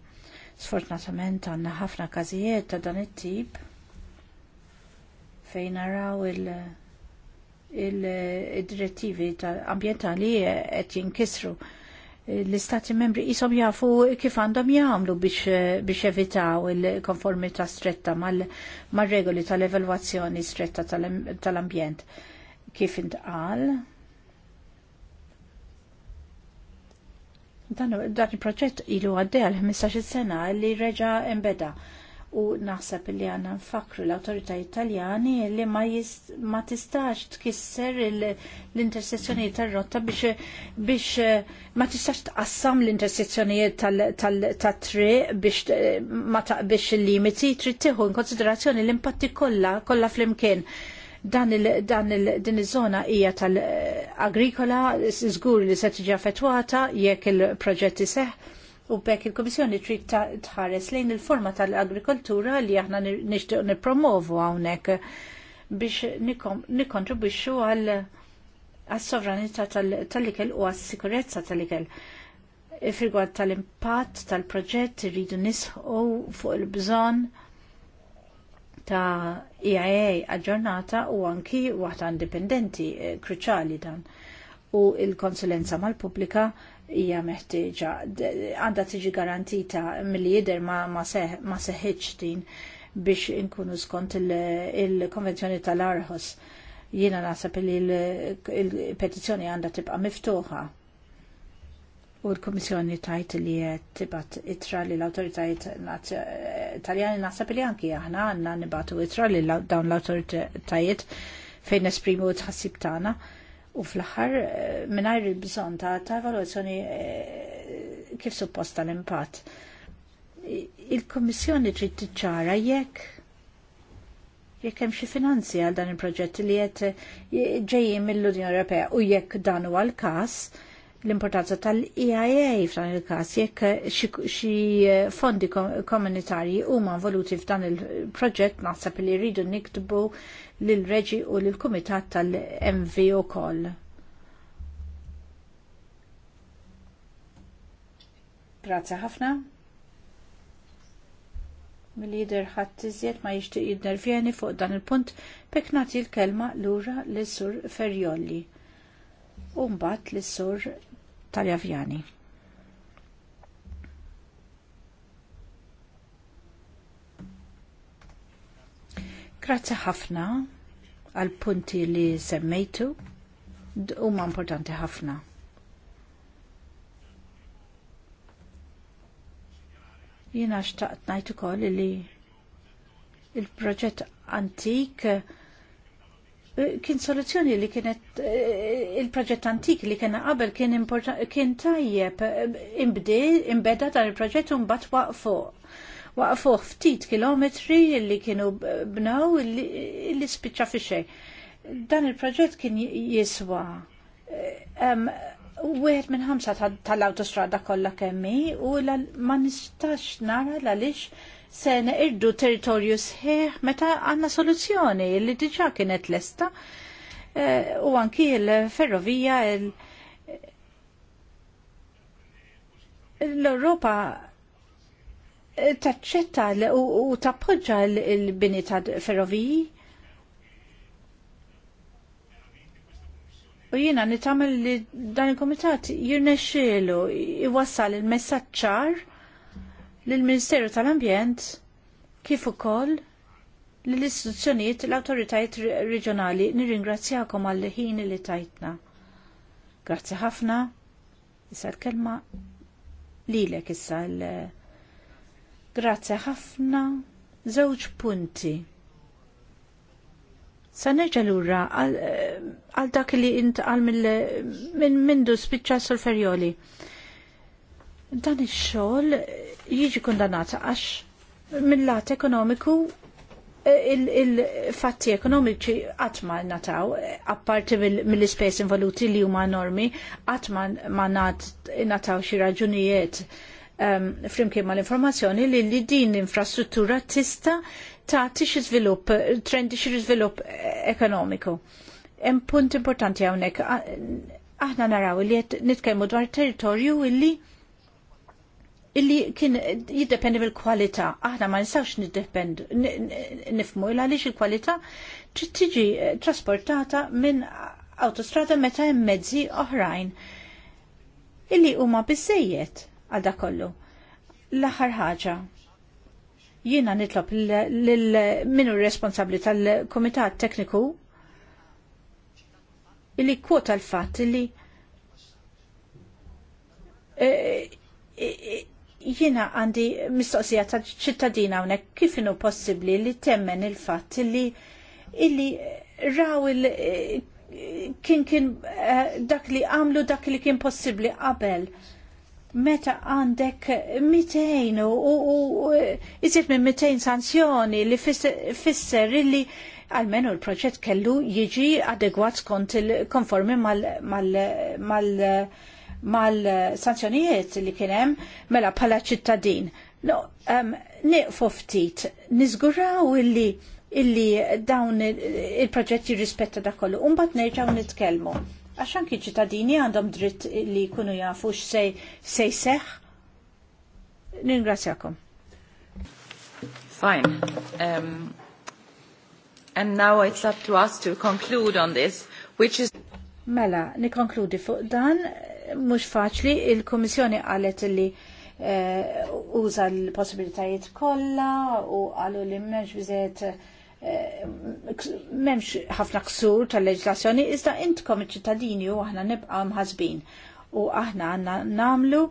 Speaker 4: Sfortunatament għandna ħafna każijiet ta' dan it-tip fejn naraw il-direttivi il ambjentali qed jinkisru l-istati membri jisom jafu kif għandhom jagħmlu biex evitaw il-konformità stretta mal-regoli mal tal-evalwazzjoni stretta tal-ambjent. kif intqal, Dan, dan il-proġett ilu għaddej għal 15 sena li reġa imbeda u naħseb li għanna nfakru l awtorità italjani li ma, jist, ma tistax tkisser l-intersezzjoni tal-rotta biex, biex ma tistax tqassam l-intersezzjonijiet tal-triq biex ma biex il-limiti trid tieħu in konsiderazzjoni l-impatti kollha kollha flimkien dan il din iż-żona hija tal-agrikola, żgur li se tiġi affettwata jekk il-proġett iseħħ. U bekk il-Komissjoni trid tħares lejn il-forma tal-agrikoltura li aħna nixtieq nippromovu hawnhekk biex nikkontribwixxu għal għas-sovranità tal-ikel u għas-sikurezza tal-ikel. Ifrigwad tal-impatt tal-proġett irridu nisħu fuq il-bżonn ta' e IAA aġġornata u anki waħda indipendenti eh, kruċali dan. U il-konsulenza mal-pubblika hija meħtieġa għandha tiġi garantita milli jidher ma seħħitx din biex inkunu skont il-konvenzjoni tal-Arħos. Jiena naħseb li l-petizzjoni għandha tibqa' miftuħa u l-Komissjoni tajt li tibat itra li l-autoritajiet taljani nasab li anki aħna għanna nibatu itra li dawn l-autoritajiet fejn esprimu tħassib tagħna u fl-aħħar eh, mingħajr il-bżonn ta' ta' evalwazzjoni eh, kif supposta l impat il komissjoni trid tiċċara jekk jekk hemm xi finanzi għal dan il-proġett li qed eh, ġejjin mill-Unjoni Ewropea u jekk dan huwa l-każ l-importanza tal-EIA f'dan il-kas jekk xi eh, fondi komunitarji huma involuti f'dan il-proġett naħseb li rridu niktbu lil reġi u lil kumitat tal-MV ukoll. Grazie ħafna. Mill-lider ħadd iżjed ma jixtieq jiddervjeni fuq dan il-punt bekk nagħti l-kelma lura l sur Ferjolli. Umbat l sur tal-Javjani. Grazzi ħafna għal punti li semmejtu huma importanti ħafna. Jiena xtaqt ngħid ukoll li il-proġett antik kien soluzzjoni li kienet eh, il-proġett antik li kien qabel kien, kien tajjeb imbeda dan il-proġett un bat waqfu. Waqfu ftit kilometri li kienu bnaw li spiċċa fi xej. Dan il-proġett kien jiswa. Eh, wieħed minn ħamsa tal-autostrada kollha kemmi u ma nistax nara għaliex se irdu territorju sħiħ meta għanna soluzzjoni li diġa kienet lesta esta eh, u anki l-ferrovija l-Europa eh, taċċetta u tappoġġa l-bini ta' ferroviji. U jiena nitamel li dan il-komitat jirnexxielu iwassal il-messaċċar l ministeru tal-Ambjent kif ukoll lill-istituzzjonijiet l-awtoritajiet reġjonali nirringrazzjakom għall ħin li tajtna. Grazzi ħafna. Issa l-kelma lilek issa l Grazzi ħafna. Żewġ punti. Sa neġa lura għal dak li intqal minn mindu spiċċa solferjoli. ferjoli Dan ix-xogħol jiġi kondannata għax mill-lat ekonomiku eh, il-fatti ekonomiċi għatma nataw, apparti mill-ispess involuti li huma normi, għatma ma nataw xi raġunijiet um, flimkien mal-informazzjoni li li din l-infrastruttura tista tagħti xi żvilupp, trendi xi żvilupp eh, ekonomiku. Hemm punt importanti hawnhekk aħna naraw li qed nitkellmu dwar territorju illi illi kien jiddependi mill-kwalità. Aħna ma nistax niddepend nifmu il għaliex il-kwalità trid tiġi trasportata minn autostrada meta hemm mezzi oħrajn illi huma biżejjed għal kollu L-aħħar ħaġa jiena nitlob lil hu responsabbli tal-Kumitat Tekniku illi kwota l-fatt illi e, e, Jiena għandi mistoqsija ta' ċittadina hawnhekk kif possibli possibbli li temmen il-fatt li illi raw il kien kien eh, dak li għamlu dak li kien possibbli qabel meta għandek 200 u iżiet minn 200 sanzjoni li fisser illi għalmenu l-proġett kellu jiġi adegwat kont il-konformi mal-, mal, mal, mal mal-sanzjonijiet li kienem mela bħala ċittadin. No, um, niqfu ftit, nizguraw illi illi dawn il proġetti rispetta da kollu. unbat nerġaw nitkelmu. Għaxan ki ċittadini għandhom dritt li kunu jafu x'sej sej
Speaker 1: seħ. Ningrazzjakom. Fine. Um, and now it's up to us to conclude on this, which is...
Speaker 4: Mela, nikonkludi fuq dan mhux faċli, il-Kummissjoni qalet li eh, uża l-possibilitajiet kollha u qalu li m'hemmx bizet eh, m'hemmx ħafna ksur tal-leġislazzjoni, iżda intkom iċ-ċittadini u aħna nibqa' mħazbin u aħna għandna namlu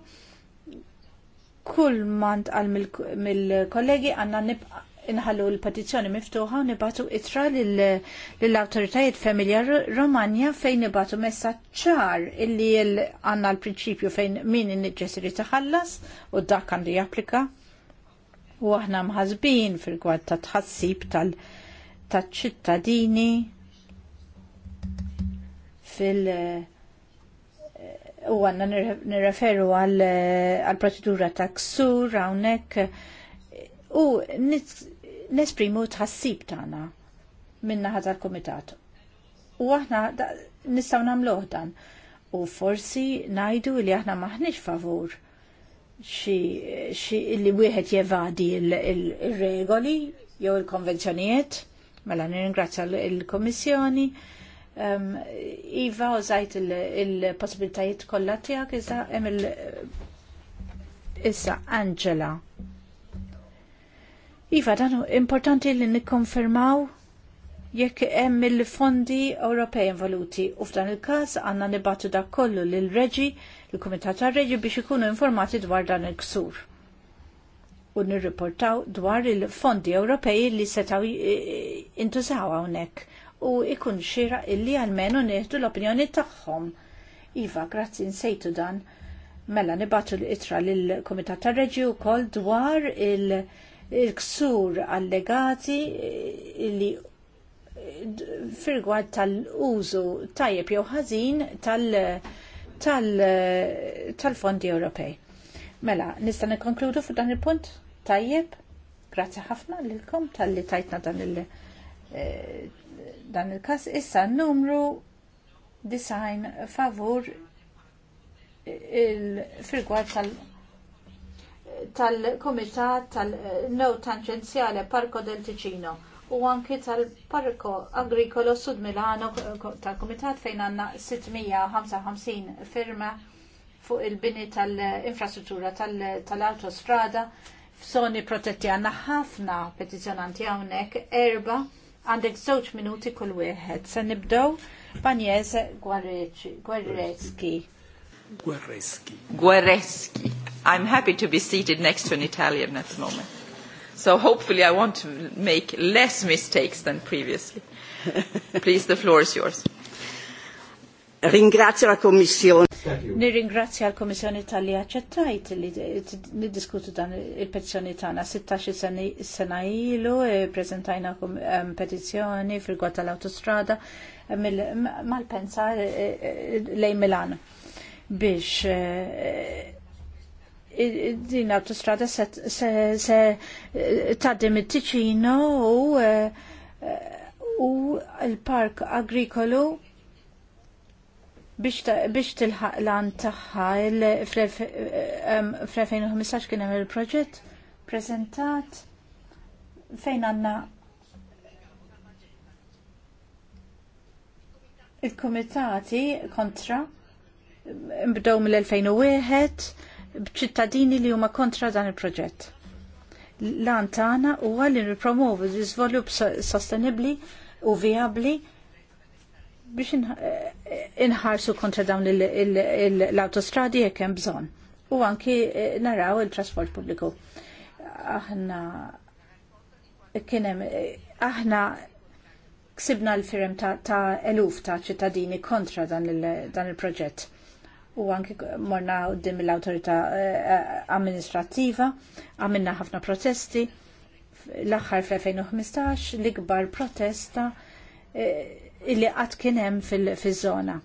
Speaker 4: kull mant għal mill-kollegi għanna nibqa' inħallu l-petizzjoni miftuħa u nibatu itra l-autoritajiet familja Romanja fejn nibatu messa ċar illi għanna l-prinċipju fejn min in-ġessiri taħallas u dak għandu japplika. U aħna mħazbin fil-gwad ta' tħassib tal-ċittadini fil- u għanna nirreferu għal-proċedura ta' ksur għawnek u nesprimu tħassib tagħna minna l komitat. U aħna nistgħu nagħmluh dan. U forsi ngħidu li aħna maħniex favur xi li wieħed jevadi il-regoli jew il-konvenzjonijiet, mela nirringrazzja l-Komissjoni. Iva, użajt il-possibilitajiet kollha tiegħek issa hemm il- Issa Angela Iva, dan importanti li nikkonfermaw jekk hemm il-fondi Ewropej involuti u f'dan il-każ għandna nibatu dak kollu lil reġi il-Kumitat tar-Reġi biex ikunu informati dwar dan il-ksur. U nirriportaw dwar il-fondi Ewropej li setaw intużaw hawnhekk u ikun xira illi għalmenu nieħdu l-opinjoni tagħhom. Iva, grazzi nsejtu dan. Mela nibatu l-itra lill-Kumitat tar-Reġi wkoll dwar il- il-ksur allegati li firgwad tal-użu tajjeb jew ħażin tal-fondi Ewropej. Mela, nista' nikkonkludu fuq dan il-punt? Tajjeb, grazzi ħafna lilkom tal-li tajtna dan il- eh, dan il-kas issa numru design favur il-firgwad tal tal-Komitat tal-Now Tangenziale Parco del Ticino u anki tal parco Agricolo Sud Milano tal-Komitat fejn għanna 655 firma fuq il-bini tal-infrastruttura tal-autostrada f'soni protetti għanna ħafna petizjonanti għawnek erba għandek żewġ minuti kull wieħed. Se nibdew Banjez Gwarreċki.
Speaker 1: Guerreschi. Guerreschi. I'm happy to be seated next to an Italian at the moment. So hopefully I want to make less mistakes than previously. Please, the floor is yours.
Speaker 4: Ringrazio la Commissione. Ni ringrazio la Commissione Italia għacċettajt li niddiskutu dan il-petizjoni tagħna 16 sena ilu eh, preżentajna petizjoni fil-gwad l autostrada eh, mal-pensa eh, lej Milano biex eh, eh, din l-autostrada se eh, taddim it-Tiċino u l-park agrikolu biex tilħaq lan taħħa fl-2015 kien hemm il-proġett prezentat fejn għandna il-komitati kontra bdew mill-2001 b'ċittadini li huma kontra dan il-proġett. Lan tagħna huwa li nippromovu l-iżvolup sostenibbli u viabli biex eh, inħarsu kontra dawn l-autostradi jekk hemm bżonn. U anki eh, naraw il-trasport pubbliku. Aħna kien hemm eh, aħna ksibna l-firem ta', eluf ta' ċittadini kontra dan il-proġett u għanki morna dim l-autorita eh, amministrativa, għamilna ħafna protesti, l-axħar fl-2015 l-ikbar protesta eh, illi għat kienem fil-zona.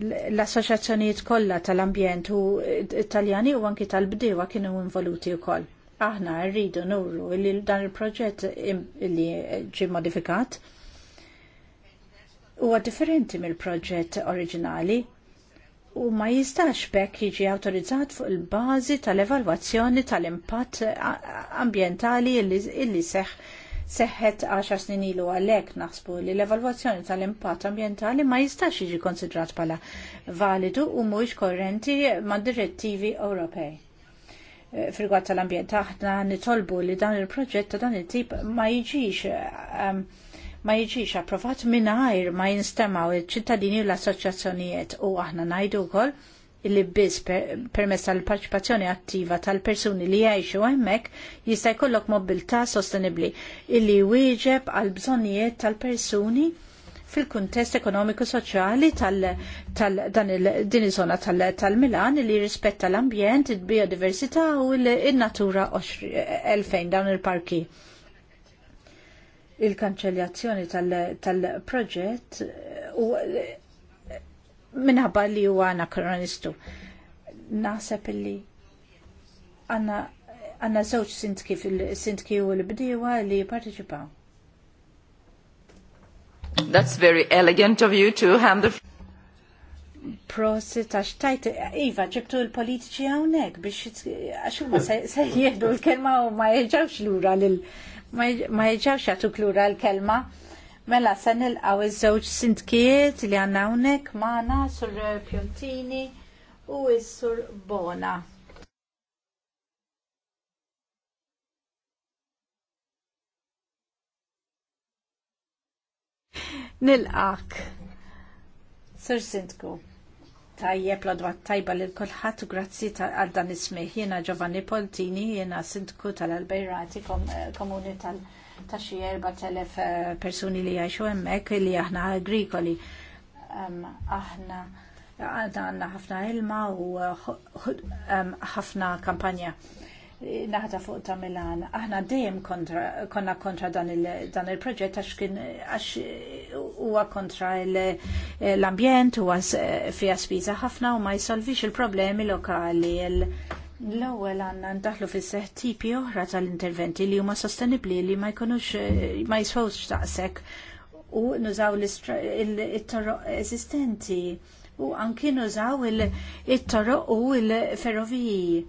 Speaker 4: L-assoċazzjonijiet kollha tal-ambjent u eh, italjani u anki tal-bdewa kienu involuti wkoll. Aħna rridu nurru li dan il-proġett li ġi modifikat huwa differenti mill-proġett oriġinali u ma jistax bekk jiġi awtorizzat fuq il-bażi tal-evalwazzjoni tal-impatt ambjentali illi seħ seħħet 10 snin ilu għalhekk naħsbu li l-evalwazzjoni tal-impatt ambjentali ma jistax jiġi konsidrat bħala validu u mhuwiex korrenti mad direttivi Ewropej. Eh, Frigwat tal-ambjent aħna nitolbu li dan il-proġett ta' dan it-tip ma jiġix um, ma jiġix approvat mingħajr ma jinstemaw il-ċittadini u l-assoċjazzjonijiet u aħna ngħidu wkoll illi biss permess tal-parċipazzjoni attiva tal-persuni li jgħixu hemmhekk jista' jkollok mobilità sostenibbli illi wieġeb għal bżonnijiet tal-persuni fil-kuntest ekonomiku soċjali tal-din iż-żona tal-Milan li rispetta l-ambjent, il-biodiversità u l-natura 2000 dawn il-parki il-kanċellazzjoni tal-proġett eh, u eh, minħabba li huwa anakronistu. Naħseb li għanna għanna zewċ sintki u l bdiwa li parteċipaw.
Speaker 1: That's very elegant of you to hand
Speaker 4: the Prosi għax tajt, Iva, ġibtu l-politiċi għawnek biex għax huma se jieħdu l-kelma u ma jieġawx lura lil ma jġawx jagħtuk klura l-kelma. Mela Sanil għaw iż-żewġ sintkiet li għanna hawnhekk magħna sur Pjontini u sur Bona. Nilqak. Sur Sintku tajjeb l-odwa tajba li l-kolħat grazzi għal dan ismi. Jena Giovanni Poltini, jena sindku tal alberati komuni tal- ta' xi 4,000 eh, persuni li jgħixu hemmhekk li aħna agrikoli. Aħna għandna ħafna ilma u eh, ħafna kampanja naħta fuq ta' Milan. Aħna dejjem konna kontra dan il-proġett għax kien għax huwa kontra l-ambjent, huwa fija spiża ħafna u ma jsolvix il-problemi lokali. L-ewwel għandna ndaħlu fis-seħ tipi oħra tal-interventi li huma sostenibbli li ma jkunux ma jisfawx taqsek u nużaw l-torroq eżistenti u anki nużaw il-torroq u l-ferroviji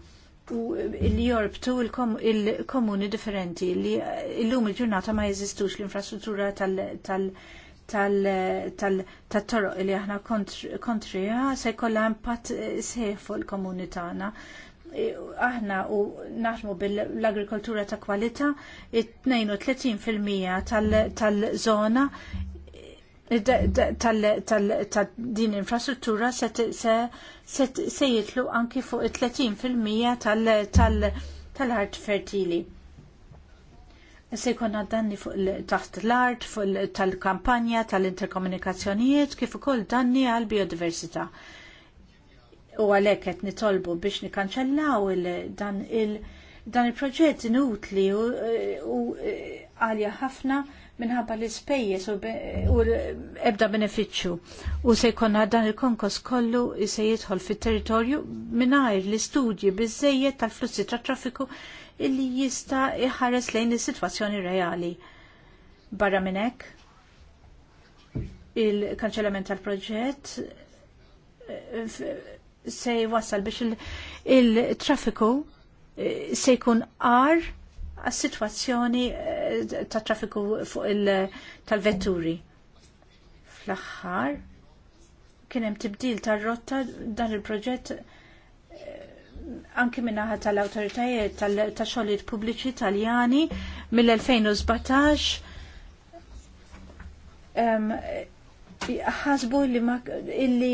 Speaker 4: u li jorbtu il-komuni differenti li l-lum il-ġurnata ma jeżistux l-infrastruttura tal-toroq li aħna kontrija se kollha impatt eh, sħiħ fuq il-komuni tagħna. Aħna u naħmu bil-agrikoltura ta' kwalità, 32% tal-żona tal-din infrastruttura se jitlu anki fuq 30% tal-art fertili. Se jkonna danni fuq taħt l-art, fuq tal-kampanja, tal-interkomunikazzjonijiet, kif ukoll danni għal biodiversità. U għalhekk qed nitolbu biex nikkanċellaw il- dan il-proġett inutli u għalja ħafna minħabba l-ispejjeż u ebda benefiċċju. U se jkollna dan il-konkos kollu se jidħol fit-territorju mingħajr l-istudji bizzejiet tal-flussi ta' traffiku illi jista' jħares lejn is-sitwazzjoni reali. Barra minn hekk il-kanċellament tal-proġett eh, se jwassal biex il-traffiku eh, se jkun għar għas-sitwazzjoni eh, ta' traffiku fuq il-tal-vetturi. Fl-aħħar kien hemm tibdil tar-rotta dan il-proġett eh, anki naħa tal-autoritajiet ta' xogħlijiet pubbliċi Taljani mill-2017 ħasbu li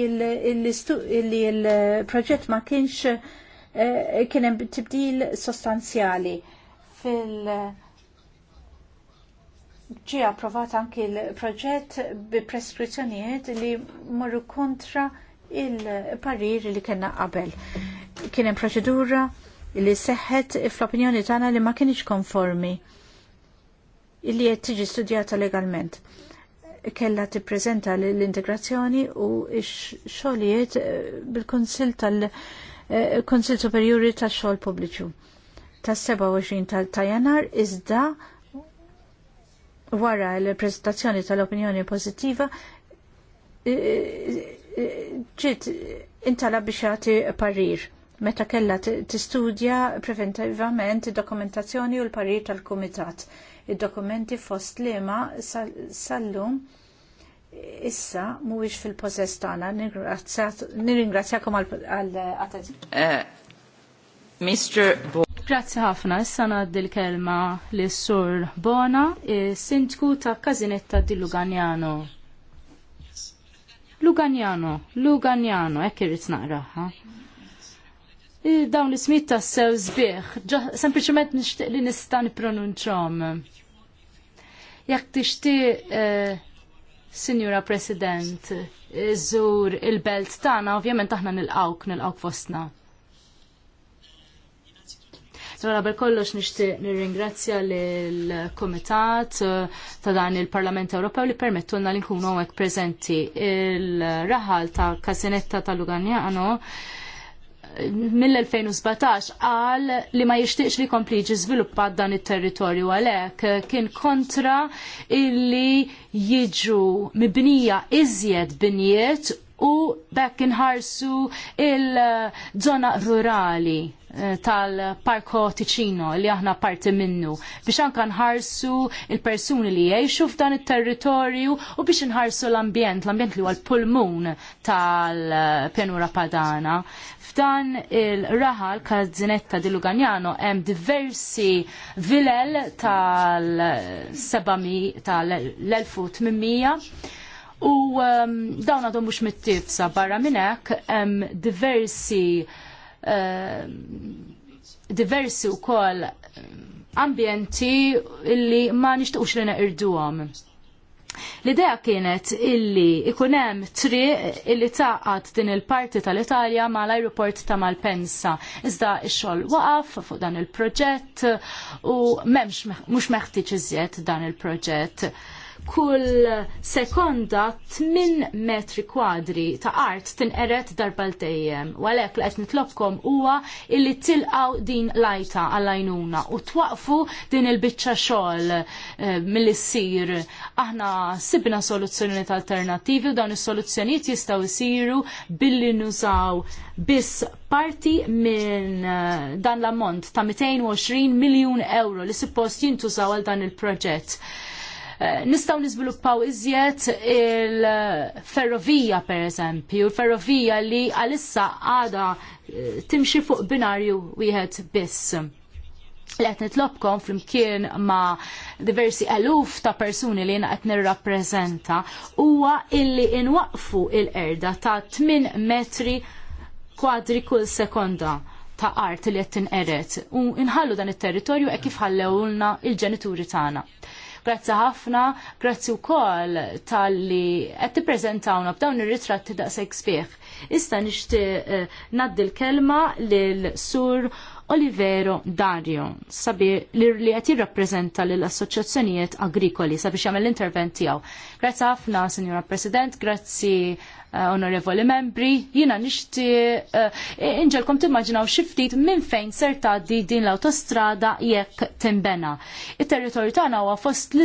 Speaker 4: illi il-proġett ma kienx eh, kien hemm tibdil sostanzjali fil- ġie approvat anki l-proġett bi preskrizzjonijiet li morru kontra il-parir li kena qabel. Kien hemm proċedura li seħħet fl-opinjoni tagħna li ma kienix konformi illi qed tiġi studjata legalment. Kella tippreżenta l-integrazzjoni u x-xogħlijiet eh, bil-Kunsill tal-Kunsill eh, superiuri tax-xogħol pubbliċu tas-27 ta' tajanar iżda wara l-prezentazzjoni tal-opinjoni pozittiva ġiet intala biex jagħti parir meta kellha tistudja preventivament id-dokumentazzjoni u l-parir tal-kumitat. Id-dokumenti fost liema sal-lum issa mhuwiex fil-pożess tagħna. Nirringrazzjakom għall attenzjoni
Speaker 5: Mr. Grazzi ħafna, issa ngħaddi l-kelma lis sur Bona, sindku ta' Kazinetta di Luganjano. Luganjano, Luganjano, hekk irrid naqraha. Dawn l-ismijiet ta' sew sbieħ, sempliċement nixtieq li nista' nippronunċhom. Jekk tixtieq eh, Signora President, iżur il-belt tagħna, ovvjament aħna nilqgħu nilqgħu fostna. Mela bel kollox nixtieq nirringrazzja lill-Kumitat eh, ta' dan il-Parlament Ewropew li permettulna li nkunu hekk preżenti. Il-raħal ta' Kasinetta ta' Luganjano eh, mill-2017 għal li ma jishtiqx li kompliġi żviluppat dan it-territorju għalhekk eh, kien kontra illi jiġu mibnija iżjed binjiet u bekk inħarsu il-żona rurali Eh, tal-Parko Ticino li aħna parti minnu biex anka nħarsu il-persuni li jgħixu f'dan it-territorju u biex nħarsu l-ambjent, l-ambjent li għal pulmun tal-Pjanura Padana. F'dan il-raħal kazzinetta di Luganjano hemm diversi vilel tal-700 tal-1800 u um, dawn għadhom mhux mittifsa barra minn hekk hemm diversi Ehm, diversi wkoll ambjenti illi ma nishtuqx li neqirduhom. L-idea kienet illi ikunem tri illi taqqat din il-parti tal-Italja ma l-aeroport ta' Malpensa. Iżda xol waqaf fuq dan il-proġett u memx mux meħtieġ iżjed dan il-proġett kull sekonda 8 metri kwadri ta' art tinqeret darba l-tejjem. Walek li qed nitlobkom huwa illi tilqaw din lajta għal għajnuna u twaqfu din il-biċċa xogħol eh, milli ssir. Aħna sibna soluzzjonijiet alternattivi u dawn is-soluzzjonijiet jistgħu jsiru billi nużaw biss parti minn eh, dan l-ammont ta' 220 miljun euro li suppost jintużaw għal dan il-proġett. Eh, nistaw niżviluppaw iżjed il-ferrovija pereżempju, il-ferrovija li għalissa għada eh, timxi fuq binarju wieħed biss Let nitlobkom flimkien ma diversi eluf ta' persuni li jena qed nirrappreżenta huwa illi inwaqfu il-erda ta' 8 metri kwadri kull sekonda ta' art li qed tinqeret u nħallu dan it-territorju hekk kif ħallewulna il-ġenituri tagħna. Grazzi ħafna, grazzi wkoll tal-li qed tippreżentawna b'dawn ir-ritratti daqshekk spieħ. Issa nixtieq eh, ngħaddi l-kelma l Sur Olivero Dario sabi li qed jirrappreżenta lill assoċjazzjonijiet agrikoli sabiex jagħmel l-intervent tiegħu. Grazzi ħafna, Signora President, grazzi Eh, onorevoli membri, jina nixti eh, inġelkom timmaġinaw xiftit minn fejn ser taddi din l-autostrada jekk timbena. Il-territorju tagħna huwa fost l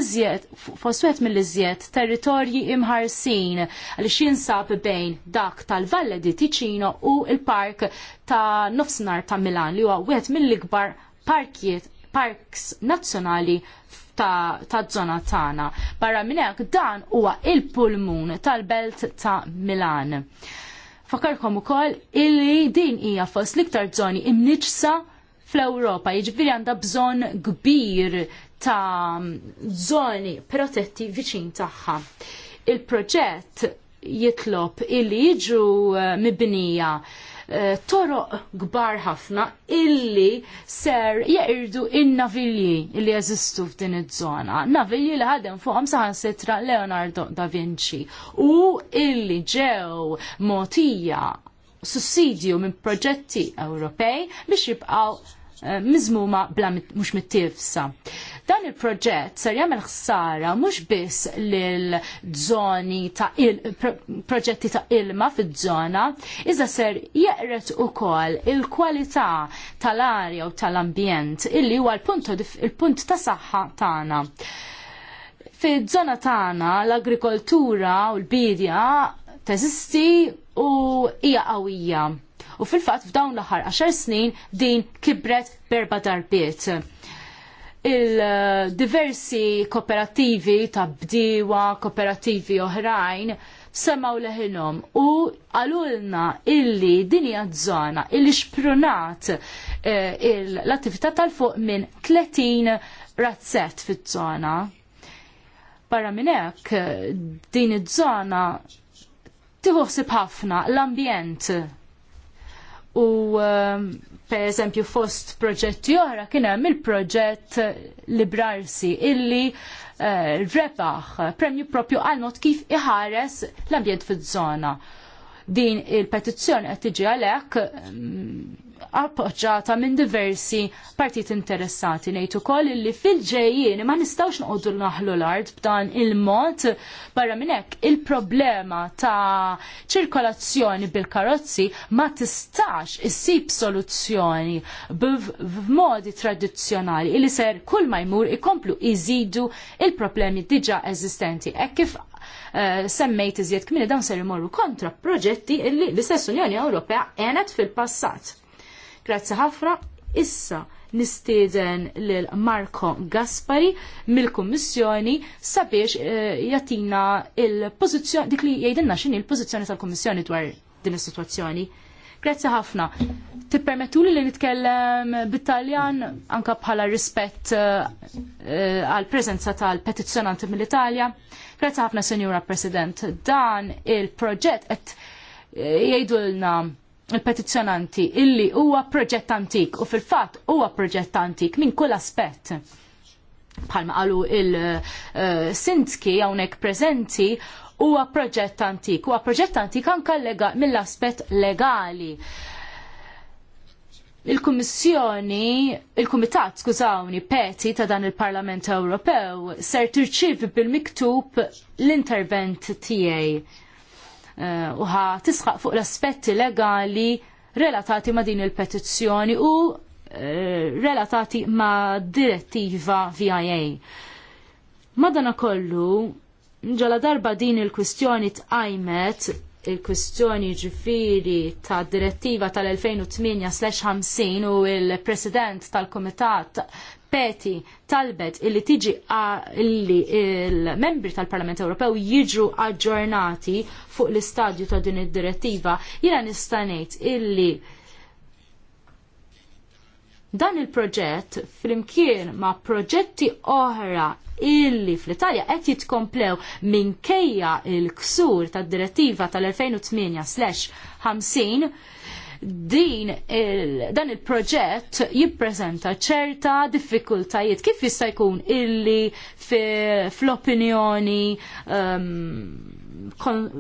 Speaker 5: fost wieħed mill-iżjed territorji imħarsin li xinsab bejn dak tal-Valle di Ticino u il-park ta' Nofsinhar ta' Milan li huwa wieħed mill-ikbar parkiet parks nazzjonali ta' zona tagħna. Barra minn hekk dan huwa il-pulmun tal-belt ta' Milan. Fakarkom ukoll illi din hija fost l-iktar żoni imniċsa fl-Ewropa, jiġifieri għandha bżonn kbir ta' żoni protetti viċin tagħha. Il-proġett jitlob illi jiġu eh, mibnija Eh, toroq gbar ħafna illi ser jeqirdu il navilji illi jeżistu f'din iż-żona. Navilji li ħadem fuqhom saħansitra Leonardo da Vinci u illi ġew motija sussidju minn proġetti Ewropej biex jibqgħu eh, miżmuma bla mhux mittifsa. Dan il-proġett ser jagħmel ħsara mhux biss lil żoni ta' il proġetti ta' ilma fiż-żona, iżda ser jeqret ukoll il-kwalità tal-arja u tal-ambjent illi huwa l-punt ta' saħħa tagħna. Fiż-żona tagħna l-agrikoltura u l-bidja teżisti u hija qawwija. U fil-fatt f'dawn l-aħħar 10 snin din kibret berba darbiet il-diversi kooperativi ta' bdiewa kooperativi oħrajn semaw leħilhom u għalulna illi din hija żona illi xprunat eh, l-attività tal-fuq minn 30 razzet fiż-żona. Barra minn hekk din iż-żona tiħuħsib ħafna l-ambjent u ehm, Per eżempju, fost proġetti oħra kien hemm il-proġett Librarsi illi eh, rebaħ premju propju għal mod kif iħares l-ambjent fiż-żona. Din il-petizzjoni qed tiġi għalhekk mm, appoġġata minn diversi partit interessati. Ngħid ukoll li fil-ġejjien ma nistgħux noqogħdu naħlu l-art b'dan il-mod barra minn hekk il-problema ta' ċirkolazzjoni bil-karozzi ma tistax issib soluzzjoni b'modi tradizzjonali li ser kull ma jmur ikomplu iżidu il-problemi diġà eżistenti. Hekk kif Uh, semmejt iżjed kmini dawn ser imorru kontra proġetti li l-istess Unjoni Ewropea għenet fil-passat. Grazzi ħafna. Issa nistieden lil Marco Gaspari mill-Kummissjoni sabiex eh, jatina il-pożizzjoni dik li jgħidilna x'inhi l-pożizzjoni tal-Kummissjoni dwar din is-sitwazzjoni. Grazzi ħafna. Tippermettuli li nitkellem bit-Taljan anka bħala rispett eh, eh, għal preżenza tal-petizzjonanti mill-Italja. Grazzi ħafna, Senjura President. Dan il-proġett qed jgħidulna il-petizzjonanti illi huwa proġett antik u fil-fatt huwa proġett antik minn kull aspett. Palma għalu il-sindki eh, hawnhekk preżenti huwa proġett antik. Huwa proġett antik anke lega, mill-aspett legali. Il-Kummissjoni, il-Kumitat, skużawni, peti ta' dan il-Parlament Ewropew ser tirċivi bil-miktub l-intervent tiegħi Eh, uħa tisħaq fuq l-aspetti legali relatati ma' din il-petizzjoni u eh, relatati ma' direttiva VIA. Madana kollu, ġala darba din il-kwistjoni tqajmet il-kwistjoni ġifiri ta' direttiva tal-2008-50 u il-president tal-komitat Peti talbet illi tiġi illi il-membri tal-Parlament Ewropew jiġu aġġornati fuq l-istadju ta' din id-direttiva, jina nistanejt illi Dan il-proġett flimkien ma' proġetti oħra illi fl-Italja qed jitkomplew minkejja il-ksur tad-direttiva tal-2008/50 din il, dan il-proġett jippreżenta ċerta diffikultajiet kif jista' jkun illi fl-opinjoni um,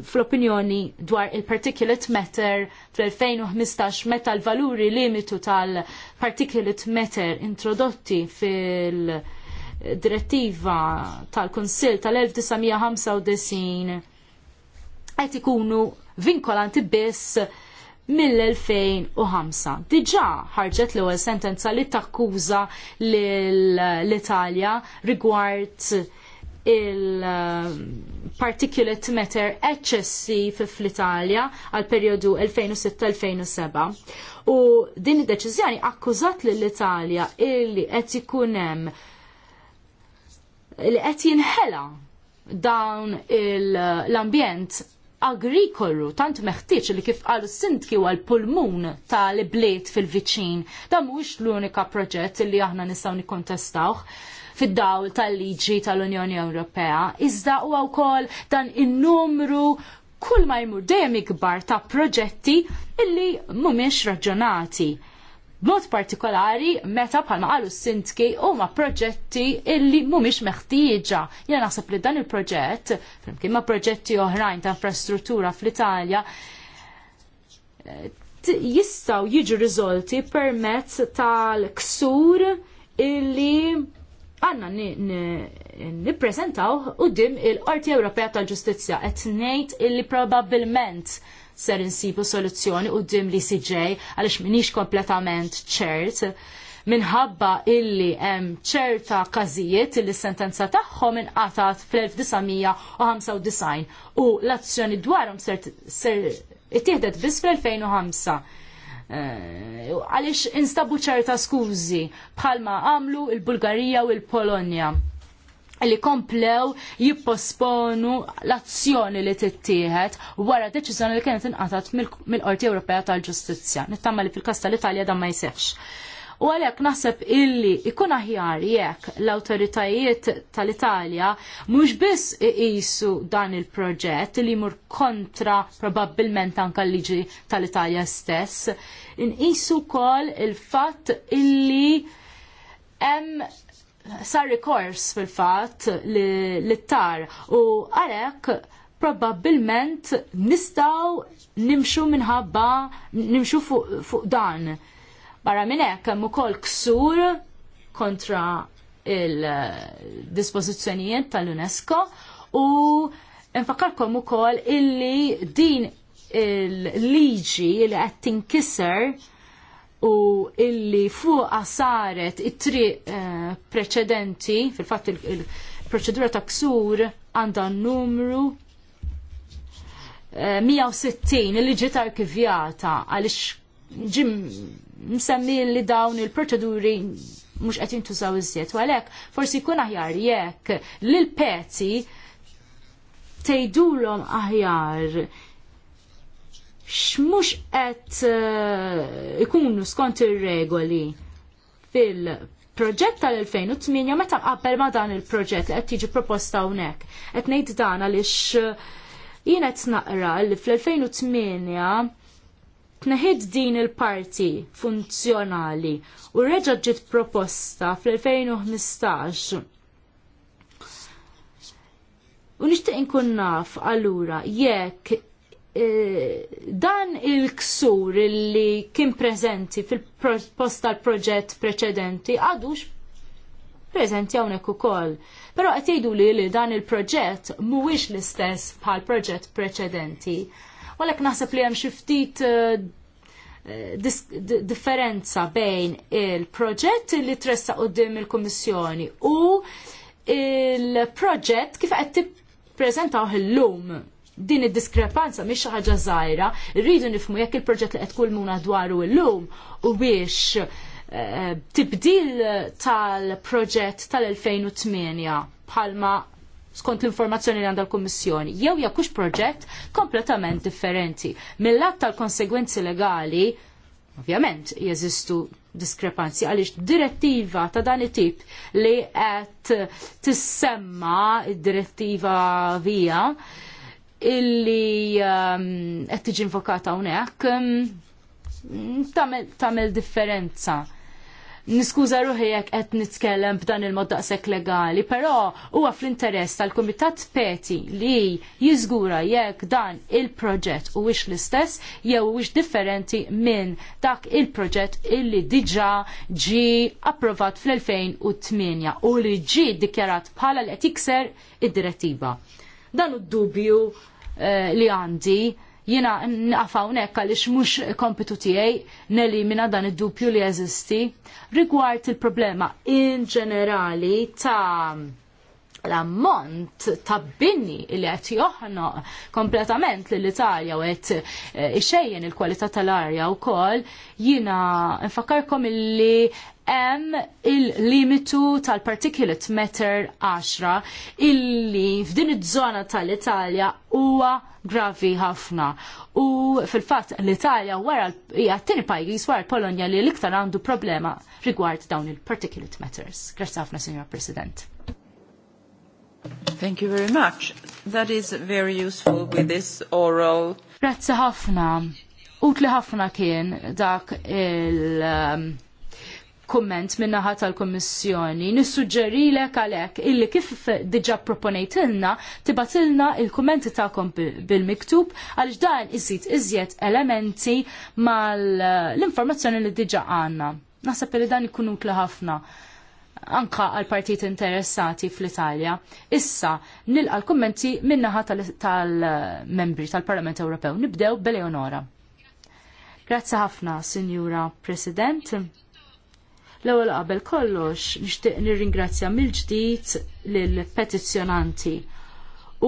Speaker 5: fl-opinjoni dwar il-particulate matter fl-2015 meta l-valuri limitu tal-particulate matter introdotti fil- direttiva tal-Konsil tal-1995 qed ikunu vinkolanti biss mill-2005. Diġà ħarġet l-ewwel sentenza li takkuża l-Italja rigward il-particulate matter eċċessiv fl-Italja għal periodu 2006-2007. U din id-deċiżjoni akkużat lill-Italja illi qed ikun hemm li qed jinħela dawn l-ambjent agrikolu tant meħtieġ li kif qalu sindki huwa l-pulmun tal-bliet fil-viċin. Dan mhuwiex l-unika proġett li aħna nistgħu nikkontestawh fid-dawl tal-liġi tal-Unjoni Ewropea. Iżda huwa wkoll dan in-numru kull ma jmur dejjem ikbar ta' proġetti illi mhumiex raġunati. B'mod partikolari meta bħalma qalu sintki huma proġetti illi mhumiex meħtieġa. Jiena naħseb li dan il-proġett, flimkien ma' proġetti oħrajn ta' infrastruttura fl-Italja, jistaw jiġu riżolti permezz tal-ksur illi għanna niprezentaw u dim il-Qorti Ewropea tal-Ġustizzja qed ngħid illi probabbilment ser insibu soluzzjoni u dim li CJ għaliex minix kompletament ċert minħabba illi hemm ċerta każijiet illi sentenza tagħhom inqatat fl-1995 u l-azzjoni dwarhom ser ittieħdet biss fl-2005. Eh, għaliex instabu ċerta skużi bħalma għamlu il-Bulgarija u il-Polonja li komplew jipposponu l-azzjoni li tittieħed wara deċiżjoni li kienet inqatat mill-Qorti Ewropea tal-Ġustizzja. Nittamma li fil-kas tal-Italja dan ma jsefx. U għalhekk naħseb illi ikun aħjar jekk l-awtoritajiet tal-Italja mhux biss iqisu dan il-proġett li jmur kontra probabbilment anke l-liġi tal-Italja stess, inqisu wkoll il-fatt illi hemm sar rikors fil-fat l-tar u għalek probabbilment nistaw nimxu minħabba nimxu fuq fu dan Barra minn hekk hemm ukoll ksur kontra il-dispożizzjonijiet tal-UNESCO u nfakkarkom ukoll illi din il-liġi li qed tinkisser u illi fuq saret it-triq uh, preċedenti, fil-fatt il-proċedura ta' ksur għandha numru uh, 160 illi ġiet arkivjata għaliex ġim msemmi li dawn il-proċeduri mhux qed jintużaw iżjed. U għalhekk forsi jkun aħjar jekk lil pezzi tgħidulhom aħjar x'mhux qed eh, ikunu skont ir-regoli fil proġett tal-2008 meta qabel ma dan il-proġett li qed tiġi proposta hawnhekk. Qed ngħid dan għaliex jien qed naqra li fl-2008 tneħid din il-parti funzjonali u reġa' ġiet proposta fl-2015 U nixtieq inkun naf allura jekk eh, dan il-ksur li kien preżenti fil-posta l-proġett preċedenti għadux preżenti hawnhekk ukoll. Però qed jgħidu li li dan il-proġett mhuwiex l-istess bħal proġett preċedenti. Walek naħseb li hemm xi ftit eh, eh, differenza bejn il-proġett li tressa qudiem il-Kummissjoni u il-proġett kif qed tippreżentaw illum din id-diskrepanza mhix xi ħaġa żgħira, rridu nifhmu jekk il-proġett li qed muna dwaru llum u biex eh, tibdil tal-proġett tal-2008 bħalma skont l-informazzjoni li għandha l-Kummissjoni, jew jakux proġett kompletament differenti. Mill-att tal-konsegwenzi legali, ovvjament, jeżistu diskrepanzi għaliex direttiva ta' dan it-tip li qed tissemma id-direttiva via illi um, qed tiġi invokata hawnhekk mm, tagħmel differenza niskuża ruħi jekk qed nitkellem b'dan il-mod daqshekk legali, però huwa fl-interess tal-Kumitat Peti li jiżgura jekk dan il-proġett huwiex l-istess jew wix differenti minn dak il-proġett illi diġà ġi approvat fl-2008 u li ġi ddikjarat bħala li qed id-direttiva. Dan id-dubju eh, li għandi Jina naqfawnek għalix mux kompitu tijaj nelimina dan id-dupju li jeżisti rigward il-problema in ġenerali ta' l-ammont ta' binni li qed joħno kompletament lill italja u qed eh, ixejjen il-kwalità tal-arja wkoll jiena nfakkarkom illi hemm il-limitu tal-particulate matter 10 illi f'din iż-żona tal-Italja huwa gravi ħafna. U fil-fatt l-Italja wara hija t-tieni pajjiż wara Polonja li l-iktar għandu problema rigward dawn il-particulate matters. Grazzi ħafna, Signor President. Thank you very much.
Speaker 1: That is very useful with this oral.
Speaker 5: Grazzi ħafna. Utli ħafna kien dak il um, komment minna ħat tal-Kommissjoni. Nissuġġerilek għalek illi kif diġa proponejtilna tibatilna il-kommenti ta'kom bil-miktub għalix dan iżid iżjed elementi mal-informazzjoni uh, li diġa għanna. Nasab li dan ikun utli ħafna anka għal partit interessati fl-Italja. Issa, nilqa l-kommenti minnaħa tal-membri tal-Parlament Ewropew. Nibdew b'Eleonora. Grazzi ħafna, Sinjura President. L-ewwel qabel kollox nixtieq nirringrazzja mill-ġdid lill-petizzjonanti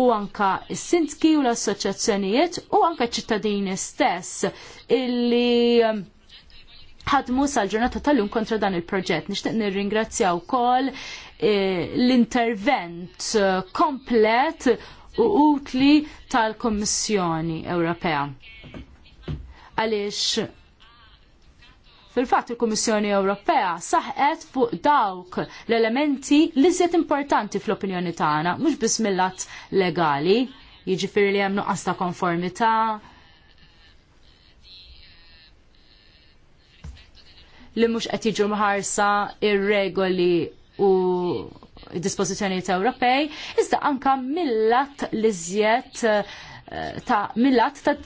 Speaker 5: u anka s-sindki u l-assoċjazzjonijiet u anka ċittadini stess illi um, ħadmu sal-ġurnata tal-lum kontra dan il-proġett. Nixtieq nirringrazzjaw ukoll eh, l-intervent eh, komplet u utli tal-Kommissjoni Ewropea. Għaliex Fil-fatt il-Kummissjoni Ewropea saħqet fuq dawk l-elementi li żiet importanti fl-opinjoni tagħna, mhux biss mill-att legali, jiġifieri li hemm nuqqas ta' konformità, li mhux qed jiġu mħarsa ir-regoli u dispozizjoni ta' Ewropej, iżda anka millat li żjed eh, ta' millat ta',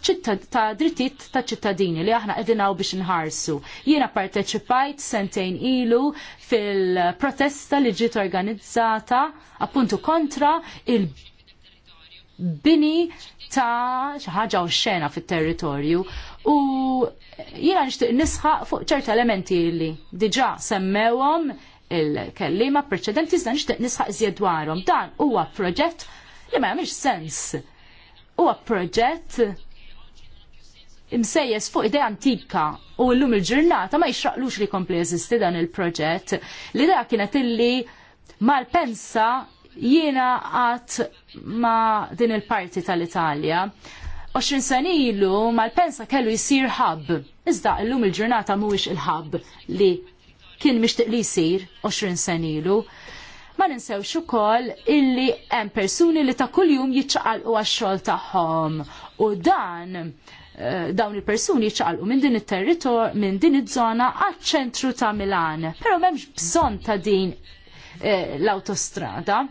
Speaker 5: ta drittit ta' ċittadini li aħna edinaw biex nħarsu. Jiena parteċipajt sentejn ilu fil-protesta li ġiet organizzata appuntu kontra il-bini ta' xaħġa u xena fit-territorju U jiena nixtieq nisħaq fuq ċerta elementi li diġà semmewhom il-kellima preċedenti iżda nixtieq nisħaq iżjed dwarhom. Dan huwa proġett li ma jagħmilx sens. Huwa proġett imsejjes fuq idea antika u llum il-ġurnata ma jixraqlux li kompli jeżisti dan il-proġett. L-idea kienet illi mal-pensa jiena għat ma din il-parti tal-Italja 20 sena ilu mal-pensa kellu jisir ħab. Iżda illum il-ġurnata mhuwiex il-ħab li kien mixtieq li jsir 20 sani ilu. Ma ninsewx ukoll illi hemm persuni li ta' kuljum jiċċaqalqu għax-xogħol tagħhom. U dan eh, dawn il-persuni jiċċaqalqu minn din it-territor, minn din iż-żona għaċ-ċentru ta' Milan. Però m'hemmx bżonn ta' din eh, l-autostrada.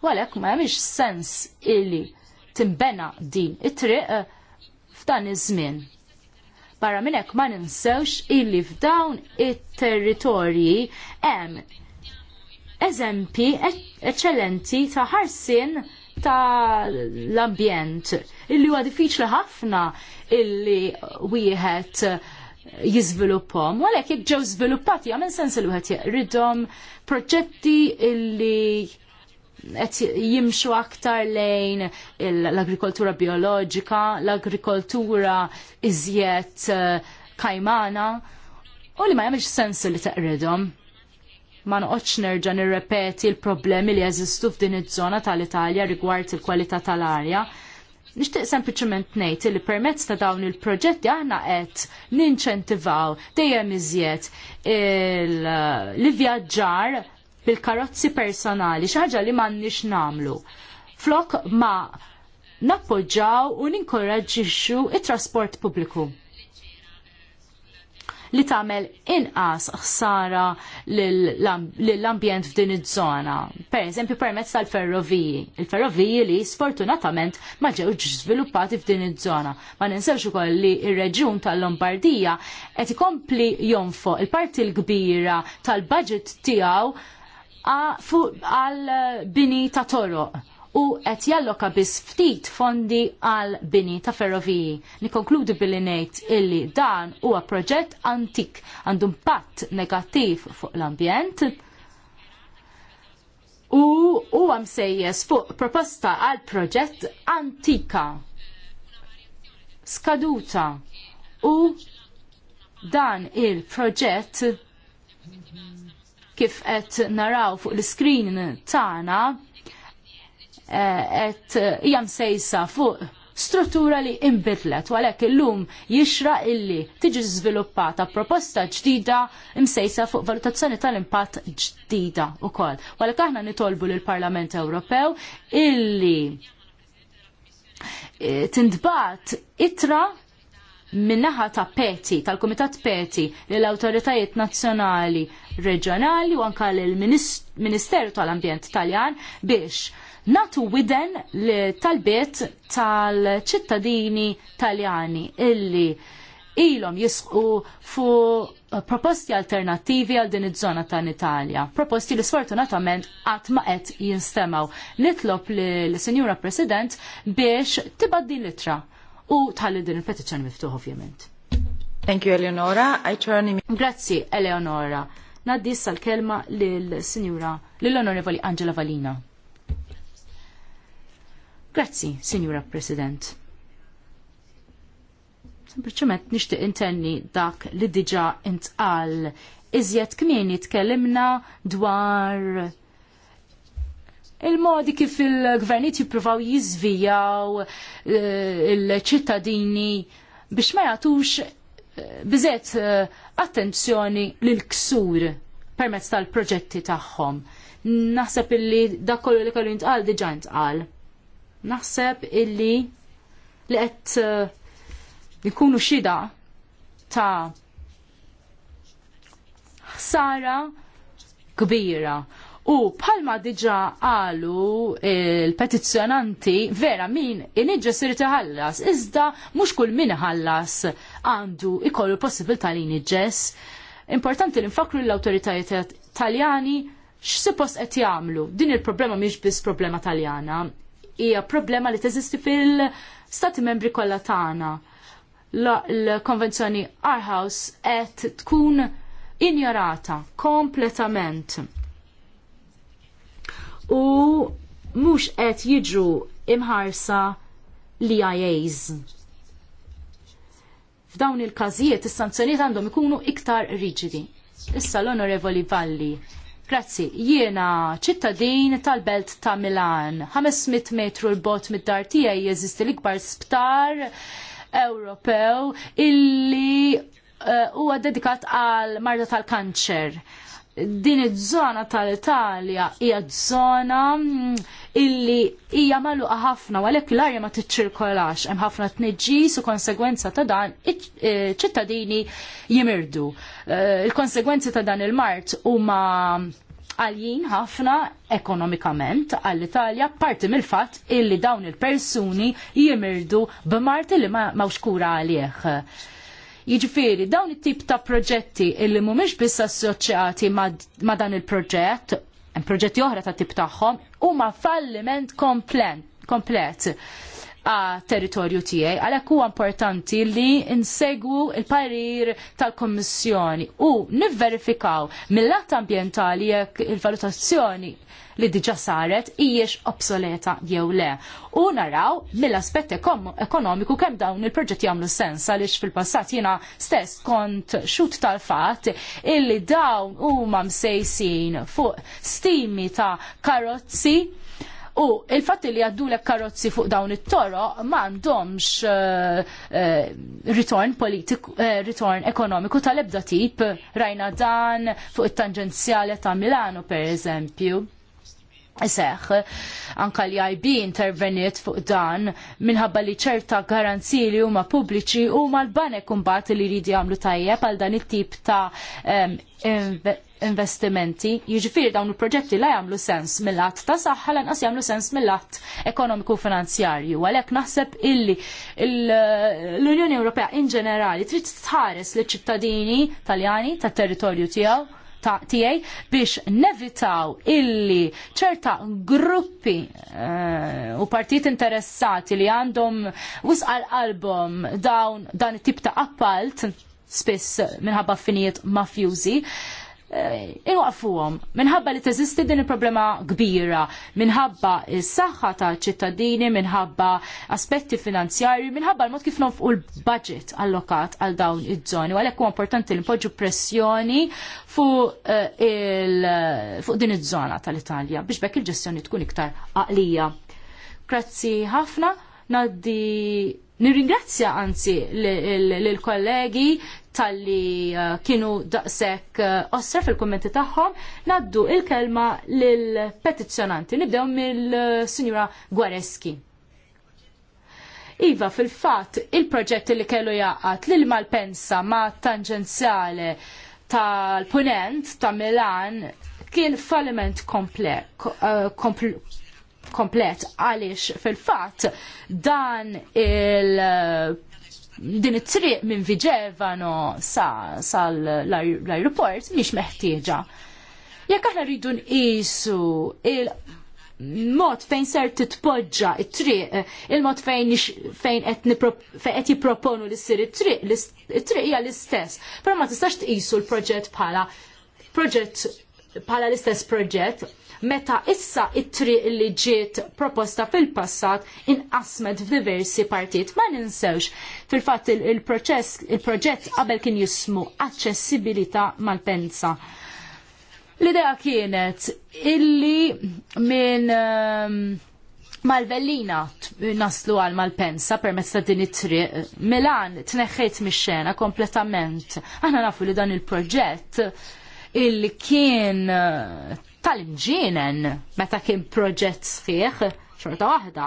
Speaker 5: U ma jemix sens illi timbena din it-triq eh, f'dan iż-żmien. Barra minn hekk ma ninsewx illi f'dawn it-territorji hemm eżempi e- eċċellenti ta' ħarsien ta' l-ambjent illi huwa diffiċli ħafna illi wieħed jizviluppom, għalek jekk ġew żviluppati, għamil sens li wieħed jgħridhom proġetti illi qed jimxu aktar lejn l-agrikoltura bioloġika, l-agrikoltura iżjed eh, kajmana u li ma jagħmilx sens li teqridhom. Ma noqgħodx nerġa' nirrepeti l-problemi li jeżistu f'din iż-żona tal-Italja rigward il-kwalità tal-arja. Nixtieq sempliċement ngħid li permezz ta' dawn il-proġetti aħna qed ninċentivaw dejjem iżjed l-ivvjaġġar bil-karozzi personali, xaġa li m'għandniex nagħmlu. Flok ma nappoġġaw u ninkoraġġixxu it-trasport pubbliku li tagħmel inqas ħsara lill-ambjent f'din iż-żona. Per eżempju permezz tal-ferroviji. Il-ferroviji li sfortunatament ma ġewx żviluppati f'din iż-żona. Ma ninsewx ukoll li r-reġjun tal-Lombardija qed ikompli jonfoq il-parti l-kbira tal-budget tiegħu għal bini ta' toroq u qed jalloka biss ftit fondi għal bini ta' ferroviji. Nikonkludu billi ngħid illi dan huwa proġett antik għandu impatt negattiv fuq l-ambjent u huwa msejjes fuq proposta għal proġett antika skaduta u dan il-proġett kif qed naraw fuq l screen tagħna eh, qed hija eh, msejsa fuq struttura li imbidlet u għalhekk illum jixra illi tiġi żviluppata proposta ġdida msejsa fuq valutazzjoni tal-impatt ġdida wkoll. Għalhekk aħna nitolbu lill Parlament Ewropew illi eh, tindbat itra minnaħa ta' peti, tal-Komitat Peti, l-autoritajiet nazzjonali reġjonali u anka l-Ministeru tal-Ambjent Taljan biex natu widen l-talbiet tal-ċittadini taljani illi ilhom jisqu fu proposti alternativi għal din iż-żona ta' Italja. Proposti li sfortunatament qatt ma qed jinstemaw. Nitlob l-Sinjura President biex tibad din litra u tħalli din il-petizzjoni miftuħ ovvjament. Thank you, Eleonora. I turn in... Grazzi, Eleonora. Naddis issa kelma lill-Sinjura, lill-Onorevoli Angela Valina. Grazzi, Sinjura President. Sempliċement nixtieq intenni dak li diġà intqal iżjed kmieni tkellimna dwar il-modi kif il-gvernit jippruvaw jizvijaw eh, il-ċittadini biex ma jagħtux eh, bizet eh, attenzjoni l ksur permezz tal-proġetti tagħhom. Naħseb illi dak kollu li kellu jintqal diġà intqal. Naħseb illi li qed ikunu xida ta' ħsara kbira U palma diġa għalu il-petizjonanti vera min inġa sir ħallas, iżda mux kull min ħallas għandu ikollu possibil tal-in Importanti li nfakru l-autoritajiet taljani x-sipos qed jagħmlu. Din il-problema miex biss problema taljana, hija problema li teżisti fil-stati membri kollha tagħna. L-konvenzjoni Arhaus qed tkun injorata kompletament u mhux qed jiġu imħarsa li ias F'dawn il-każijiet is-sanzjonijiet għandhom ikunu iktar riġidi. Issa l-Onorevoli Valli. Grazzi, jiena ċittadin tal-belt ta' Milan. 500 metru l-bot mid-dar tiegħi jeżisti l-ikbar sptar Ewropew illi eh, huwa uh, dedikat għal marda tal-kanċer din iż-żona tal-Italja hija żona mm, illi hija magħluqa ħafna għalhekk l-arja ma tiċċirkolax hemm ħafna tniġġis u konsegwenza ta' dan iċ-ċittadini eh, jimirdu. Eh, il-konsegwenzi ta' dan il-mart huma għaljin ħafna ekonomikament għall-Italja parti mill-fat illi dawn il-persuni jimirdu b'marti li ma mawxkura għalih. Jiġifieri dawn it-tip ta' proġetti illi mhumiex biss assoċjati ma' dan il-proġett, hemm proġetti oħra ta' tip tagħhom, huma falliment komplet għat territorju tiegħi għalhekk huwa importanti li insegwu il-parir tal-Kommissjoni u nivverifikaw mill-att ambjentali jekk il-valutazzjoni li diġa saret hijiex obsoleta jew le. U naraw mill-aspett ekonomiku kemm dawn il-proġetti jagħmlu sens għaliex fil-passat jiena stess kont xut tal-fatt illi dawn huma msejsin fuq stimi ta' karozzi U il fat li għaddulek karozzi fuq dawn it-toro ma għandhomx eh, eh, ritorn politiku, eh, ritorn ekonomiku tal-ebda tip rajna dan fuq it tangenziale ta' Milano per eżempju. Seħ, anka li IB interveniet fuq dan minħabba li ċerta garanziji li huma pubbliċi u mal-banek kumbat li jridu jagħmlu tajjeb għal dan it-tip ta' investimenti, jiġifieri dawn il-proġetti la jagħmlu sens mill-att ta' saħħa lanqas jagħmlu sens mill-att ekonomiku finanzjarju. Għalhekk naħseb illi l-Unjoni Ewropea in ġenerali trid tħares liċ ċittadini Taljani tat-territorju tiegħu tiegħi biex nevitaw illi ċerta gruppi eh, u partit interessati li għandhom wisqal qalbhom dawn dan it-tip ta' appalt spiss minħabba affinijiet mafjużi għom, eh, minħabba li teżisti din il-problema kbira, minħabba s saħħa ta' ċittadini, minħabba aspetti finanzjarji, minħabba l-mod kif nonfqu l-budget allokat għal dawn iż-żoni. U għalhekk huwa importanti li npoġġu pressjoni eh, fuq din id żona tal-Italja biex bekk il-ġestjoni tkun iktar għaqlija. Grazzi ħafna, naddi Nirringrazzja anzi l-kollegi tal-li uh, kienu daqsek uh, osser fil-kommenti tagħhom, naddu il-kelma lill-petizzjonanti. Nibdew mill-Sinjura Gwareski. Iva, fil-fat, il-proġett li kellu jaqat l malpensa l-pensa ma' tangenziale tal-punent ta' Milan kien falliment komple, uh, komplet għaliex fil-fatt dan il- din it-triq minn Viġevano sa, sa l-aeroport miex meħtieġa. Jekk aħna rridu nqisu il-mod fejn ser titpoġġa it-triq, il-mod fejn fejn qed jipproponu li ssir it-triq, it-triq hija l-istess, però ma tistax tqisu l-proġett bħala proġett bħala l-istess proġett meta issa it-triq li ġiet proposta fil-passat inqasmet f'diversi partijiet. Ma ninsewx fil-fatt il-proċess il-proġett qabel kien jismu aċċessibilità mal-pensa. L-idea kienet illi minn ehm, Malvellina naslu għal Malpensa permezz ta' din it-triq, Milan tneħħejt mix-xena kompletament. Aħna nafu li dan il-proġett il kien eh, tal-imġienen meta kien proġett sħiħ xorta waħda.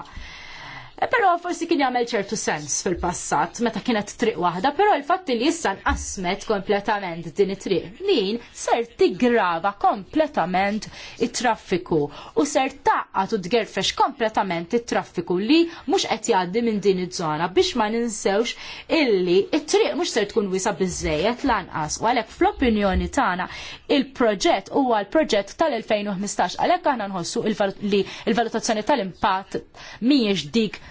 Speaker 5: Eh, però forsi kien jagħmel ċertu sens fil-passat meta kienet triq waħda, però il fatt li issa nqasmet kompletament din it-triq din ser tigrava kompletament it-traffiku u ser taqqat u tgerfex kompletament it-traffiku li mhux qed jgħaddi minn din iż-żona biex ma ninsewx illi it-triq mhux ser tkun wisa biżejjed lanqas u għalhekk fl-opinjoni tagħna il-proġett huwa l-proġett tal-2015 għalhekk aħna nħossu li l-valutazzjoni tal-impatt mhijiex dik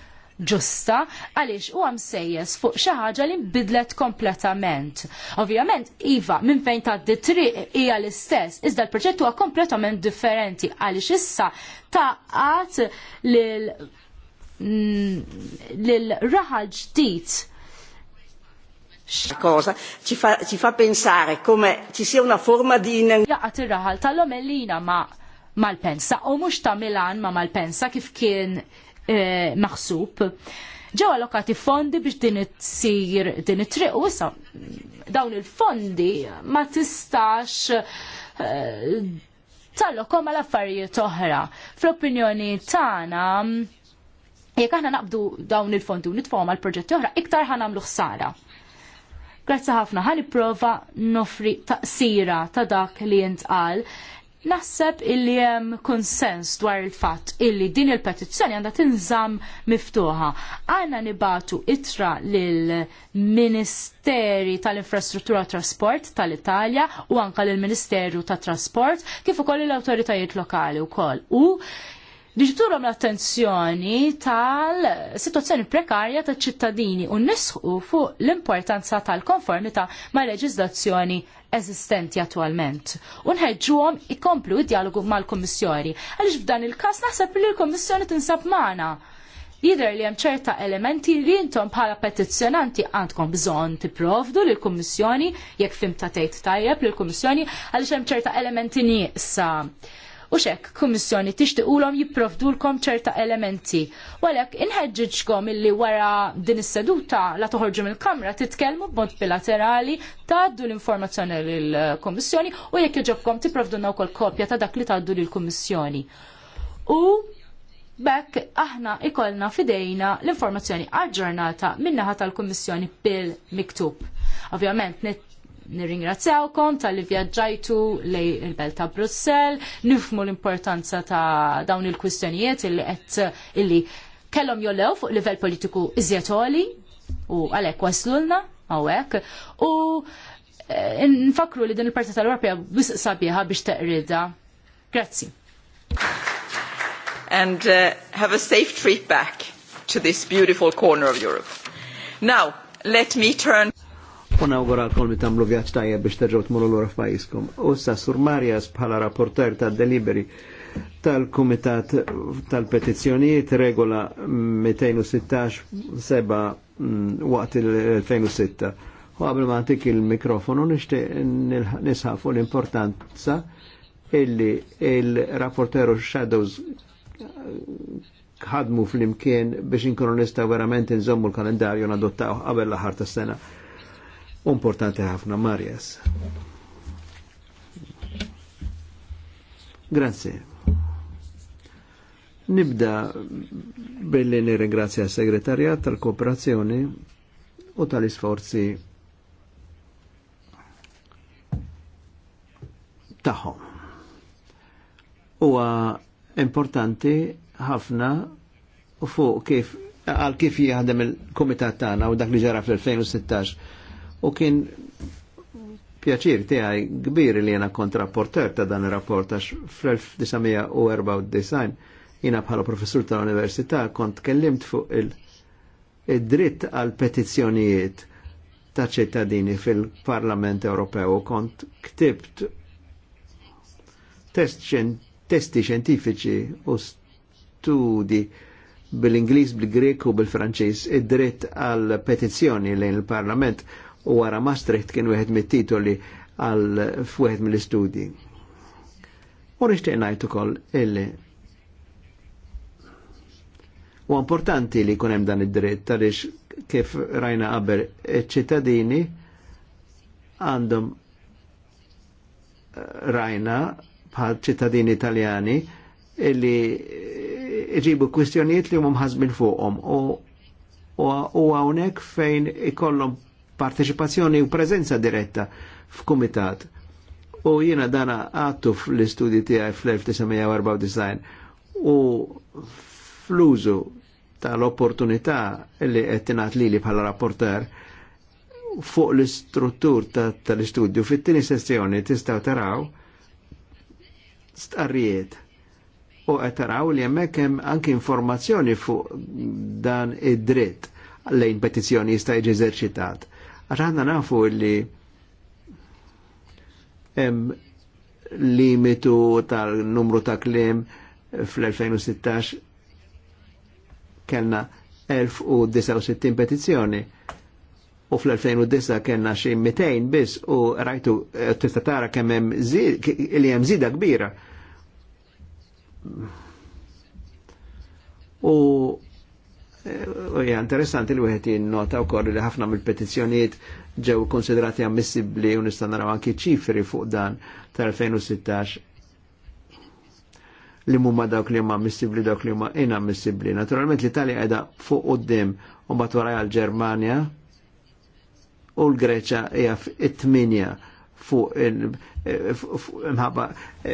Speaker 5: ġusta għaliex u sejjes fuq xi ħaġa li nbidlet kompletament. Ovvjament, Iva, minn fejn d triq hija l-istess, iżda l-proġett huwa kompletament differenti għaliex issa taqgħat lil mm, lil raħal ġdid cosa ci fa, ci fa pensare come ci sia una forma di Jaqat ir-raħal tal-omellina ma mal-pensa u mhux ta' Milan ma mal-pensa kif kien Eh, maħsub. Ġew allokati fondi biex din it-sir, din it-triq u issa dawn il-fondi ma tistax eh, tallokom għal affarijiet oħra. Fl-opinjoni tagħna jekk aħna naqbdu dawn il-fondi u nitfgħu għal proġetti oħra, iktar ħanamlu ħsara. Grazzi ħafna ħan prova nofri taqsira ta' dak li jintqal Naħseb illi hemm konsens dwar il-fatt illi din il-petizzjoni għandha tinżamm miftuħa. Għanna nibatu itra lil Ministeri tal-Infrastruttura Trasport tal-Italja u anka lil Ministeru tat Trasport kif ukoll l-awtoritajiet lokali wkoll. U li ġbturom l-attenzjoni tal-situazzjoni prekarja ta' ċittadini u nisħu fuq l-importanza tal-konformita ma' leġizlazzjoni eżistenti attualment. għom ikomplu id-dialogu mal-Kommissjoni. Għaliex f'dan il-każ naħseb li l-Kommissjoni tinsab maħna. Jider li hemm ċerta elementi li intom bħala petizzjonanti għandkom bżonn tipprovdu l kummissjoni jekk fim ta' tgħid tajjeb li kummissjoni għaliex hemm ċerta elementi nieqsa U xek, kummissjoni, tixtiqulhom jipprovdulkom ċerta elementi. U għalhekk inħeġġiġkom illi wara din is-seduta la toħorġu mill-kamra titkellmu b'mod bilaterali, tgħaddu l-informazzjoni lill-Kummissjoni u jekk jġobkom tipprovdulna wkoll kopja ta' dak li tgħaddu lill-Kummissjoni. U bekk aħna ikollna fidejna l-informazzjoni aġġornata min-naħa tal-Kummissjoni bil-miktub. Ovvjament, nirringrazzjawkom tal-li vjaġġajtu lej il-belt ta' Brussel, nifmu l-importanza ta' dawn il-kwistjonijiet illi qed illi kellhom jollew fuq livell politiku iżjed u għalhekk waslulna hawnhekk u eh, nfakru li din il-Parti tal-Ewropea bis sabiħa biex teqrida. Grazzi.
Speaker 1: And uh, have a safe trip back to this beautiful corner of Europe. Now, let me turn
Speaker 2: U nawguralkom li tamlu vjaġġ tajja biex terġgħu tmorru lura f'pajjiżkom. U Ussa, Sur Marjas bħala rapporter ta' deliberi tal komitat tal-Petizzjonijiet regola 216 seba waqt il-2006. U qabel ma ntik il-mikrofonu nishti nisħafu l-importanza illi il-rapporteru Shadows ħadmu fl-imkien biex inkunu nistaw verament nżommu l-kalendarju nadottaw għabel laħar ta' tas-sena importanti ħafna Marjas. Grazie. Nibda billi nirringrazzja s-segretarjat tal-kooperazzjoni u tal-isforzi tagħhom. Huwa importanti ħafna fuq kif għal kif jaħdem il-komitat tagħna u dak li ġara fl-2016 u kien pjaċir tiegħi kbir li jena kontrapporter ta' dan il rapport għax fl-1994 jena bħala professur tal-Università kont kellimt fuq il-dritt il għal petizzjonijiet ta' ċittadini fil-Parlament Ewropew kont ktibt test testi xjentifiċi u studi bil-Ingliż, bil-Grek u bil-Franċiż id-dritt għal petizzjoni lejn il-Parlament u għara Maastricht kien wieħed mit-titoli għal fuħed mill-istudji. U nixtieq ngħid ukoll illi u importanti li jkun hemm dan id-dritt għaliex kif rajna qabel iċ-ċittadini għandhom eh, rajna bħal ċittadini italjani illi ġibu kwistjonijiet li huma fuqom fuqhom u għawnek fejn ikollom parteċipazzjoni u preżenza diretta f'kumitat. U jiena dana għattu fl-istudji tiegħi fl-1994 u fl-użu tal-opportunità li qed tingħat lili bħala rapporter fuq l-istruttur tal-istudju fit-tieni sessjoni tistgħu taraw starrijiet u qed taraw li hemmhekk hemm anke informazzjoni fuq dan id-dritt lejn petizzjoni jista' jiġi eżerċitat. Għanna nafu li hemm limitu tal-numru ta' klim fl-2016 kellna 1069 petizzjoni u fl-2009 kellna xi 200 biss u rajtu tista' tara kemm hemm li hemm żida kbira. U Eh, u hija interessanti li wieħed jinnota wkoll li ħafna mill-petizzjonijiet ġew konsiderati ammissibbli u nista' naraw anki ċifri fuq dan tal-2016 li mumma dawk li huma ammissibbli dawk li huma inammissibbli. Naturalment l-Italja qiegħda fuq quddiem u mbagħad warajja l-Ġermanja u l-Greċja hija it-tminja fuq eh,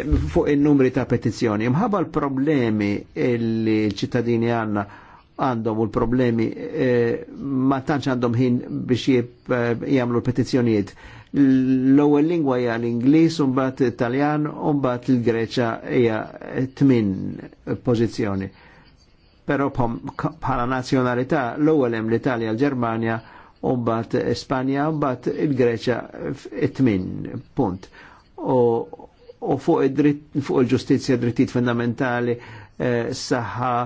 Speaker 2: eh, in-numri ta' petizzjoni. Imħabba l-problemi li l-ċittadini għandna għandhom u l-problemi e, ma tantx għandhom ħin biex e, jagħmlu l-petizzjonijiet. L-ewwel lingwa hija l-Ingliż u mbagħad Italjan u mbagħad il-Greċa hija tmin pożizzjoni. Però bħala nazzjonalità l-ewwel hemm l-Italja l-Ġermanja u mbagħad Spanja u mbagħad il-Greċa e, tmin punt. U fuq il-ġustizzja drittijiet fundamentali, s-saħħa,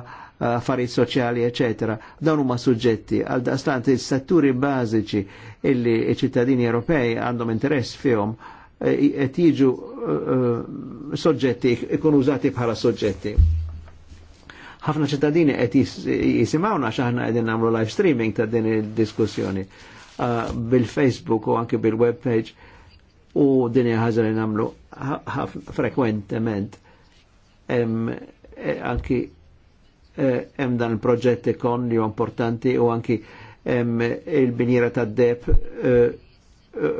Speaker 2: affarijiet soċjali, eccetera. Dawn huma suġġetti għal daqstant is setturi bażiċi illi ċittadini Ewropej għandhom interess fihom qed jiġu e, e, soġġetti ikun użati bħala soġġetti. Ħafna ċittadini qed jisimgħuna x'aħna qegħdin nagħmlu live streaming ta' din id-diskussjoni bil-Facebook u anke bil-web page u din ħaġa li nagħmlu frekwentement e, anki Eh, hemm dan il-proġett ikon li importanti u anki hemm il-binjera tad-deb eh, eh,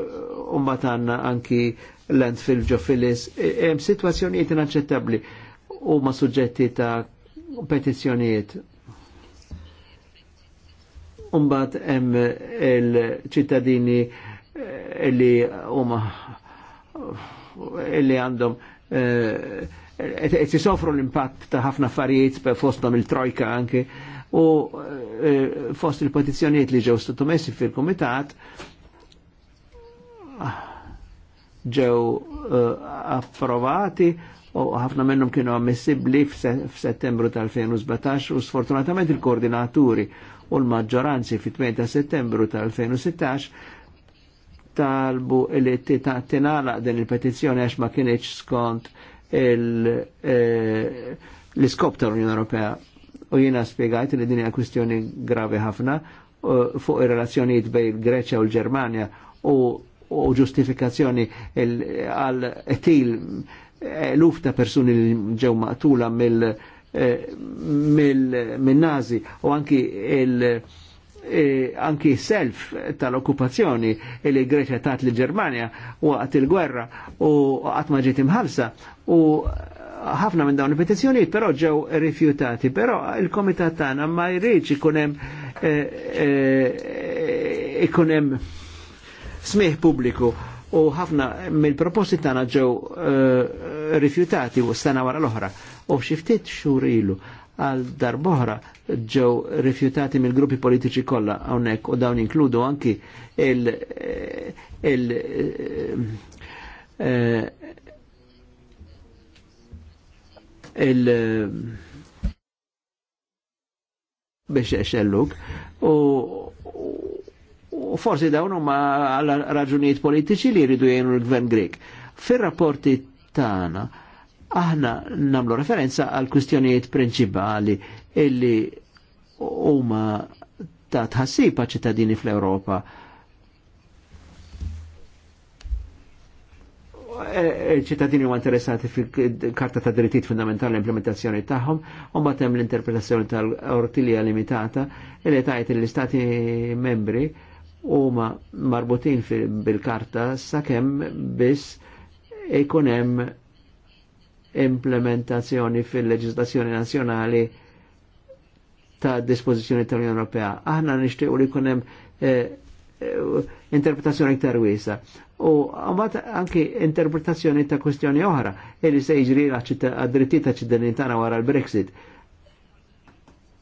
Speaker 2: u matanna anki landfill ġo filis. Hemm situazzjonijiet inaċċettabbli u ma suġġetti ta' petizzjonijiet. Umbat hemm il-ċittadini li huma li għandhom eh, qed isofru l-impatt ta' ħafna affarijiet fostom il-trojka anke u eh, fost il-petizzjonijiet li ġew sottomessi fil-kumitat ġew eh, approvati u ħafna minnhom kienu ammissibbli f'Settembru tal-2017 u sfortunatament il-koordinaturi u l-maġġoranzi fit-8 ta' Settembru tal-2016 talbu li tingħalaq din il-petizzjoni għax ma kienieċ skont Eh, l-iskop tal-Unjoni Ewropea. U jiena spiegajt li din hija kwistjoni gravi ħafna eh, fuq ir-relazzjonijiet bejn il-Greċja u l-Ġermanja u ġustifikazzjoni għal til eh, luf ta' persuni li ġew maqtula mill-nazi u anki il- E, anki self tal-okkupazzjoni e, li Greċja tat li Ġermanja waqt il-gwerra u għat ma ġiet imħalsa u ħafna minn dawn il-petizzjonijiet però ġew rifjutati, però il-komitat tagħna ma jridx ikun hemm e, e, ikun hemm smih pubbliku u ħafna mill-proposti tagħna ġew rifjutati u stana wara l-oħra. U xi ftit xhur ilu għal darboħra ġew rifjutati mill gruppi politiċi kollha hawnhekk u dawn inkludu anki il, il eh, il eh, biex eċelluk u forsi dawn huma għal raġunijiet politiċi li jridu jgħinu l-gvern Grek. Fir-rapporti tagħna aħna namlu referenza għal kwistjonijiet prinċipali illi huma ta' tħassib ċittadini fl-Ewropa. E, e, ċittadini huma interessati fil-karta ta' drittijiet fundamentali l-implementazzjoni tagħhom, u hemm l-interpretazzjoni tal-ortilija limitata li tajt l-istati membri huma marbutin bil-karta sakemm biss ikun hemm implementazzjoni fil-leġislazzjoni nazjonali ta' dispożizzjoni tal-Unjoni Ewropea. Aħna nixtiequ li jkun hemm eh, eh, interpretazzjoni iktar wiesa. U għamat anki interpretazzjoni ta' kwestjoni oħra, illi se jġri għad-dritti ta' ċittadini wara l-Brexit.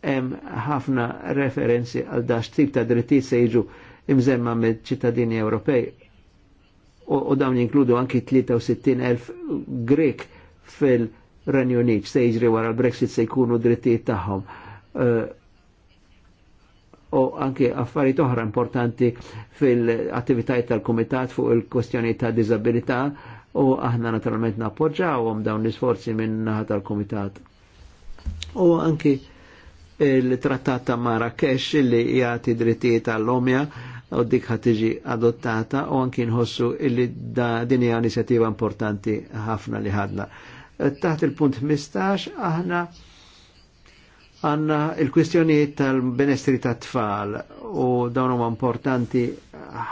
Speaker 2: Hemm ħafna referenzi għal dax tip ta' dritti se jiġu imżemma me ċittadini Ewropej. U dawn jinkludu anki 63,000 Grek fil-Renju Unit se jiġri wara l-Brexit se jkunu drittijiet tagħhom. Eh, u anke affarijiet oħra importanti fil-attivitajiet tal-Kumitat fuq il-kwestjoni ta' disabilità u aħna naturalment nappoġġawhom dawn l-isforzi minn naħa tal-Kumitat. U anke il-trattat ta' Marrakesh li jagħti drittijiet għall-omja u dik tiġi adottata u anki nħossu illi da din hija inizjattiva importanti ħafna li ħadna taħt il-punt 15 aħna għanna il-kwistjonijiet tal-benestri ta' tfal u dawn huma importanti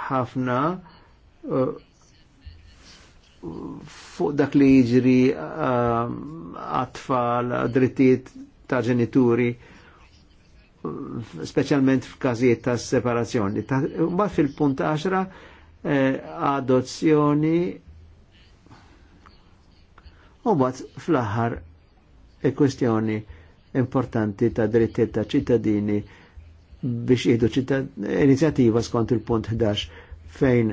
Speaker 2: ħafna uh, fuq dak li jiġri uh, għat-tfal, drittijiet ta' ġenituri, Speċjalment specialment f'każijiet ta' separazzjoni. Mbagħad fil-punt 10 eh, adozzjoni U bat fl-aħħar kwestjoni importanti ta' drittiet ta' ċittadini biex jihdu inizjattiva skont il-punt 11 fejn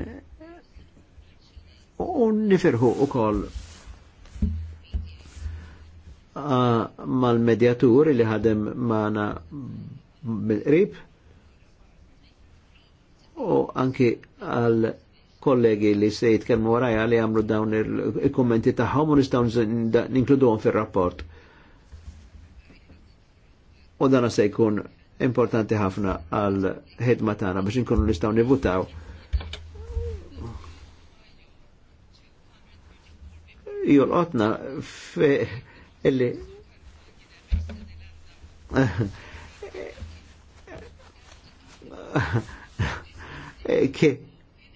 Speaker 2: u nifirħu u koll uh, mal-medjatur li ħadem maħna mill-qrib u anki għal kollegi li se jitkellmu waraja li għamlu dawn il-kommenti tagħhom u nistgħu ninkluduhom fir-rapport. U dan se jkun importanti ħafna għal ħidma tagħna biex inkunu nistgħu nivutaw. l Jolqotna fe illi <laughs>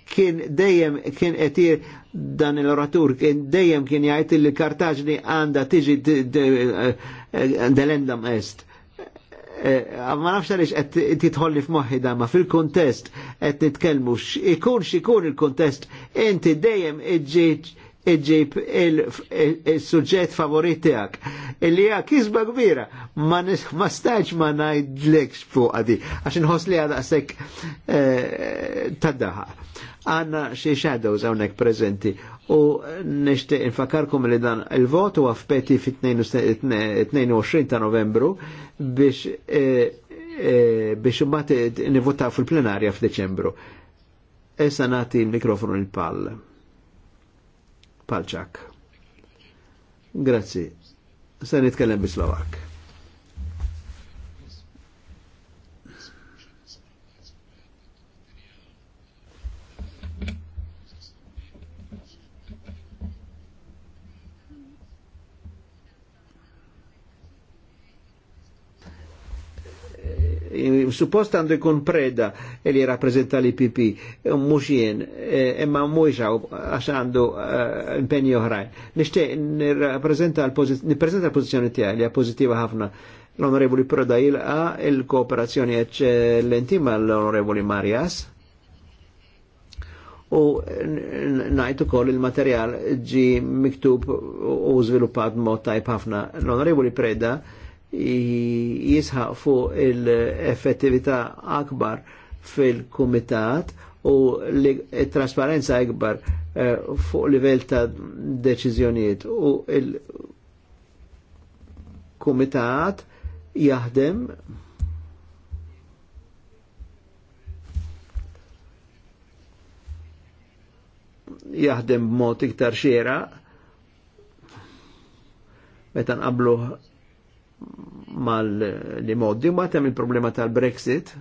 Speaker 2: kien dejjem kien etir dan l-oratur kien dejjem kien jgħid li Kartaġni għandha tiġi eh, delendam est. Eh, eh, ma nafx għaliex qed titħolli f'moħħi ma fil-kuntest qed nitkellmu x'ikun x'ikun il kontest inti dejjem iġġieġ iġib il-sujġet favoritijak Illi hija kisba kbira, ma staċ ma ngħidlekx fuq għadi, għax nħos li għada sekk taddaħa. Għanna xie shadows hawnhekk prezenti u nishtiq infakarkom li dan il-vot u għafpeti fit-22 ta' novembru biex biex imbagħad nivvotaw fil-plenarja f'Deċembru. Issa nagħti l-mikrofonu il-pall palċak. Grazie. Se nitkellem bi Slovak. suppost għandu jkun preda li jirrapprezenta l-IPP, mux jien, imma mux għaw għax għandu impenju oħrajn. Nishtie, nirrapprezenta l-pozizjoni tiegħi li hija ħafna l-Onorevoli Proda jilqa il-kooperazzjoni eccellenti ma l-Onorevoli Marias u najtu kol il-materjal ġi miktub u zviluppat mod tajb ħafna. L-Onorevoli Preda jisħaq fuq il-effettività akbar fil-kumitat u l-trasparenza akbar eh, fuq livell ta' deċiżjonijiet u il-kumitat jaħdem jaħdem b'mod iktar xiera meta nqablu mal-li moddi, ma tem il-problema tal-Brexit.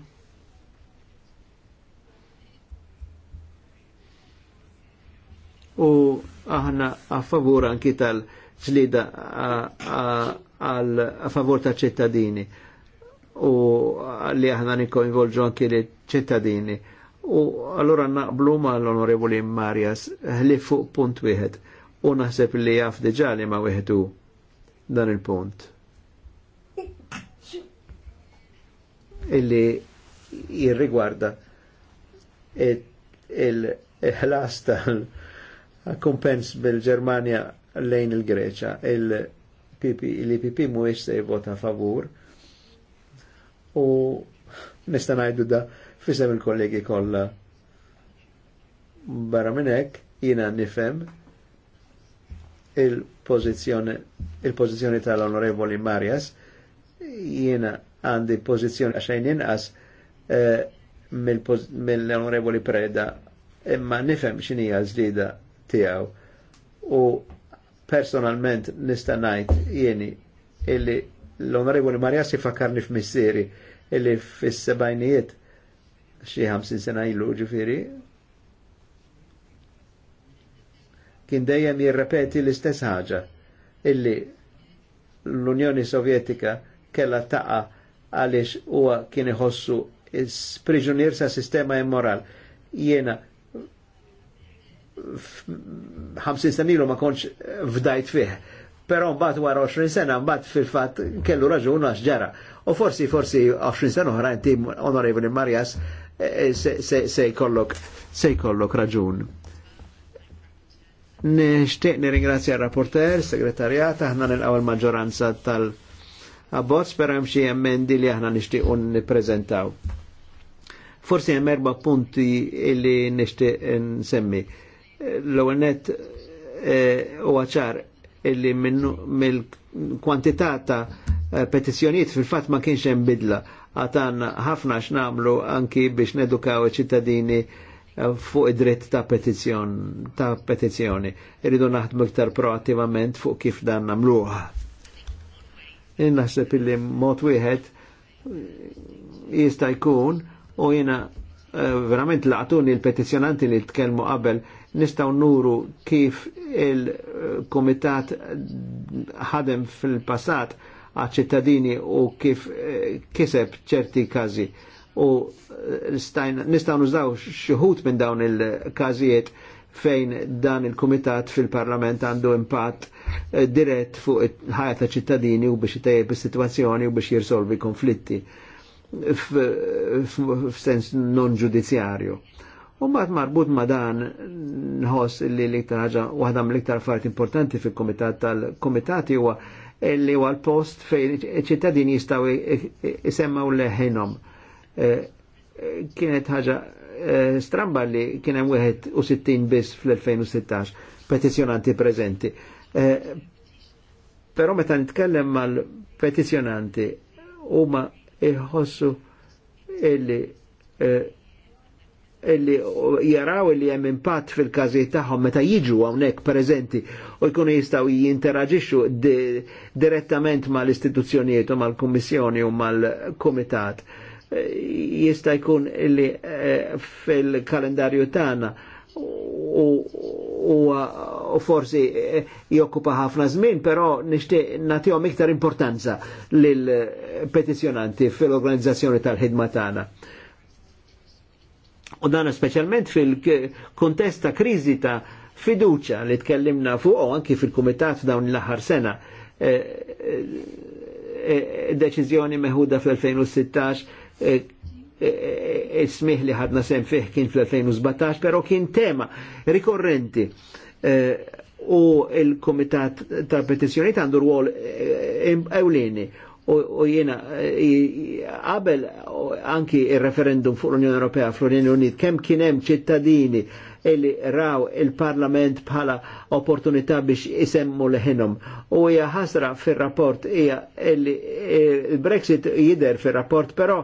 Speaker 2: U aħna a favur anki tal ċlida a favur ta' ċittadini u li aħna nikkoinvolġu anki li ċittadini. U allora naqblu ma l-onorevoli Marjas li fuq punt wieħed u naħseb li jaf diġali li ma wieħdu dan il-punt illi jirrigwarda il-ħlas tal-kumpens bil-Germania lejn il-Greċa, il-PP muwiex se vota favur u nista ngħidu da fisem il-kollegi kollha. Barra minn hekk jiena il il tal onorevoli Marias jiena għandi pozizjoni għaxajn inqas eh, mill-onorevoli Preda imma nifhem x'inhi żlida tijaw u personalment nista' najt jieni illi l-onorevoli Marja si fakarni f-missiri illi fis-sebajnijiet xi ħamsin sena ilu ġifieri kien dejjem jirrepeti l-istess ħaġa illi l-Unjoni Sovjetika kella taqa għaliex huwa kien iħossu priġunier sa' sistema immoral. Jiena 50 sena ilu ma konċ fdajt fih. Però mbagħad wara 20 sena mbagħad fil-fatt kellu raġun għax ġara. U forsi forsi 20 sena oħra inti onorevoli Marjas se jkollok sej kollok raġun. Nishtiq nirringrazzja r-rapporter, segretarjata, ħna nilqaw il-maġġoranza tal- abbozz per hemm xie emendi li aħna un nippreżentaw. Forsi hemm erba' punti li nixtieq nsemmi. l għonet u e, huwa ċar illi mill-kwantità ta' petizjoniet fil-fatt ma kienx hemm bidla Għatan ħafna x'namlu anki biex nedukaw ċittadini e, fuq id-dritt ta' petizjoni. Irridu naħdmu iktar proattivament fuq kif dan namluħa naħseb illi mod wieħed jista' jkun u jiena eh, verament laqtuni il-petizjonanti li tkellmu qabel nistaw nuru kif il-komitat ħadem fil-passat għal ċittadini u kif eh, kiseb ċerti kazi u eh, nistaw nużaw xħut minn dawn il-kazijiet fejn dan il-Kumitat fil-Parlament għandu impatt eh, dirett fuq ħajja ta' ċittadini u biex jtejjeb is-sitwazzjoni u biex jirsolvi konflitti f'sens non ġudizzjarju. mbagħad marbut ma dan nħoss li l-iktar ħaġa waħda mill-iktar affarijiet importanti fil-Kumitat tal-Kumitati huwa li huwa l-post fejn ċittadini jistgħu isemmaw leħinhom. Eh, kienet ħaġa Eh, stramba li kien hemm wieħed u sittin biss fl-2016 petizjonanti preżenti. Eh, però meta nitkellem mal-petizjonanti huma iħossu illi eh, illi jaraw illi hemm impatt fil-każijiet tagħhom meta jiġu hawnhekk preżenti u jkunu jistgħu jinteraġixxu direttament mal-istituzzjonijiet u mal-kummissjoni u mal-kumitat. mal kummissjoni u mal kumitat jista' jkun illi eh, fil-kalendarju tagħna u forsi eh, jokkupa ħafna żmien, però nixtieq nagħtihom iktar importanza lill petizjonanti fil-organizzazzjoni tal-ħidma tagħna. U dan speċjalment fil-kontest ta' kriżi ta' fiduċa li tkellimna fuq anki fil-kumitat dawn l-aħħar sena. Eh, deċiżjoni meħuda fl-2016 Ismiħ li ħadna sem fih kien fl-2017, pero kien tema rikorrenti. E, u il-Komitat ta' Petizjoniet għandu rwol e, e, Ewlini u jena għabel anki il-referendum fuq l-Unjoni Ewropea l unjoni Unit kemm kien hemm ċittadini illi raw il-Parlament bħala opportunità biex isemmu leħinhom. U hija ħasra fir-rapport hija il-Brexit jider fir-rapport, però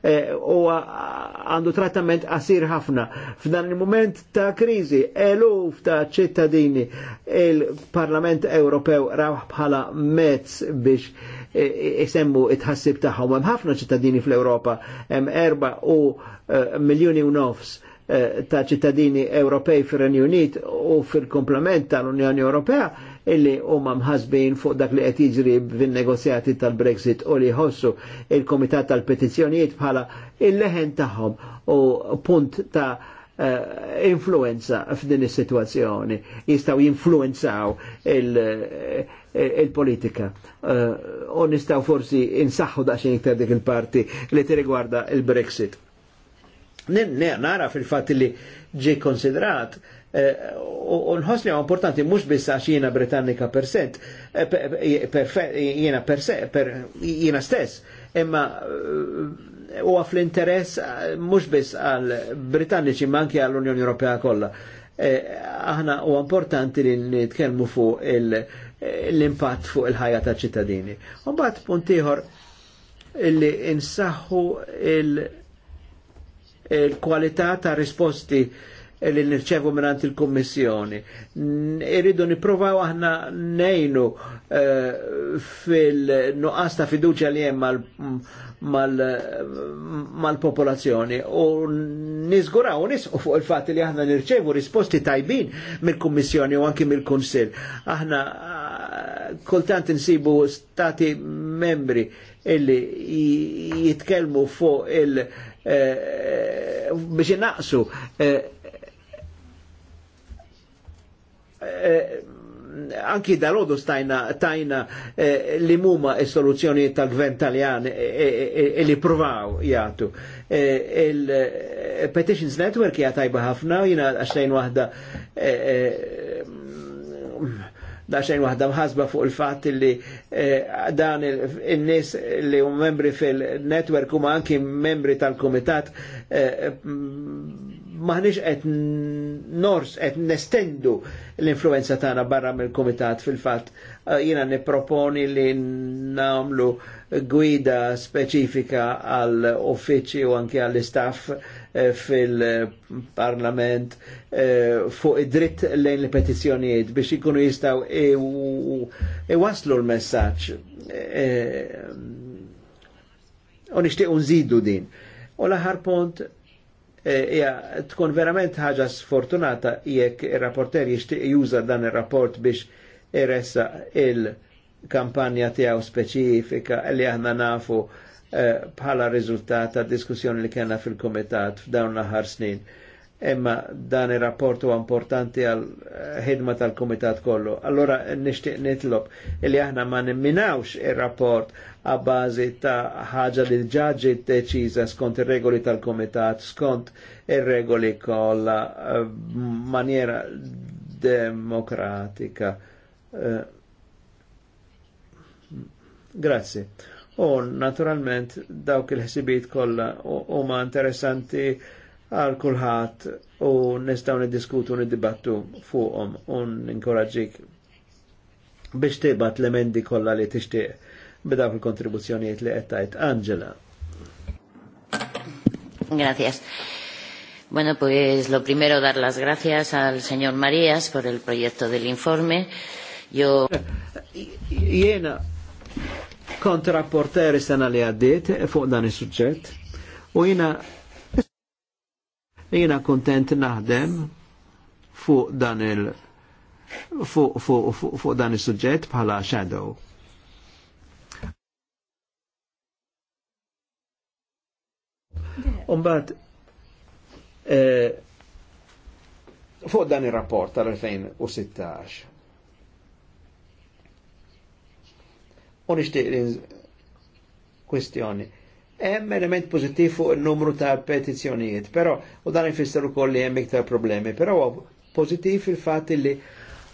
Speaker 2: Eh, u għandu trattament qasir ħafna. F'dan il-moment ta' krizi, eluf ta' ċittadini il-Parlament Ewropew rawħ bħala mezz biex jisemmu e, e, it-ħassib tagħhom. Hemm ħafna ċittadini fl-Ewropa, hemm erba u e, miljoni u nofs ta' ċittadini Ewropej fir-Renju Unit u fil-komplement tal-Unjoni Ewropea illi huma mħasbin fuq dak li qed jiġri fin-negozjati tal-Brexit u li jħossu il-Komitat tal-Petizzjonijiet bħala il-leħen tagħhom u punt ta' eh, influenza f'din is-sitwazzjoni jistgħu jinfluenzaw eh, il-politika eh, u nistgħu forsi insaħħu daqsxejn iktar dik il-parti li tirigwarda il-Brexit. Nara fil-fatt li ġi konsidrat Eh, u unħos li importanti mhux biss għax jiena Britannika per sent, eh, eh, jiena per jiena stess, imma u fl-interess mhux biss għal Britanniċi ma anke għall unjoni Ewropea kollha. Aħna u importanti li nitkellmu fuq l-impatt fuq il-ħajja ta' ċittadini. Un bat punt ieħor li insaħħu il-kwalità ta' risposti li nirċevu minnant il-Kommissjoni. Irridu niprovaw aħna nejnu eh, fil-nuqqas ta' fiduċa li jem mal-popolazzjoni u nizguraw nisqu fuq il-fat li aħna nirċevu risposti tajbin mill-Kommissjoni u anki mill-Kunsil. Aħna eh, kultant nsibu stati membri illi jitkelmu fuq il- eh, biex naqsu Eh, anki dal-ħodu stajna tajna eh, li muma il-soluzzjoni tal-gvern taljan eh, eh, li provaw jgħatu. Il-Petitions Network hija tajba ħafna, jina għaxtajn wahda daċċajn wahda mħasba fuq il-fat li dan il-nis li u membri fil-network u ma anki membri tal-komitat maħniex qed nors qed nestendu l-influenza tagħna barra mill-kumitat fil-fatt eh, jiena nipproponi li nagħmlu gwida speċifika għall uffiċċji u anke għall istaff eh, fil-parlament eh, fuq id-dritt lejn l-petizzjonijiet biex ikunu jistaw iwaslu l-messaġġ. U nixtieq nżidu din. U l-aħħar punt Eh, Ija, tkun verament ħaġa sfortunata jekk ir-rapporter jishtiq juża dan ir-rapport biex iressa il-kampanja tiegħu speċifika li aħna nafu eh, bħala rizultata diskussjoni li kena fil-komitat f'dawn l snin. Emma dan ir-rapport importanti għal eh, ħidma tal-Kumitat kollu. Allora nixtieq nitlob li aħna ma nimminawx ir-rapport għabbażi ta' ħaġa li ġaġi deċiża skont ir-regoli tal-Kumitat, skont ir-regoli kollha eh, maniera demokratika. Eh, Grazzi. U naturalment dawk il ħsibijiet kollha huma interessanti għal kulħat u nistaw diskutu niddiskutu dibattu fuqom u ninkoraġġik biex tibat l-emendi kolla li tixtieq b'dawk il-kontribuzzjonijiet li għettajt. Angela.
Speaker 1: Grazie. Bueno, pues lo primero dar las gracias al señor Marías
Speaker 2: por el proyecto del informe. Yo... Jena, kontrapporteri sena li għaddit fuq dan il-sujġet u jena Jina kontent naħdem fuq dan il- fuq fu, fu, fu dan il-sujġet bħala shadow. Umbat, eh, fuq dan il-rapport tal-2016, u nishtiq kwestjoni Hemm element pożittiv fuq il-numru ta' petizzjonijiet, però u dan ifisser ukoll li hemm iktar problemi, però pożittiv il-fatt li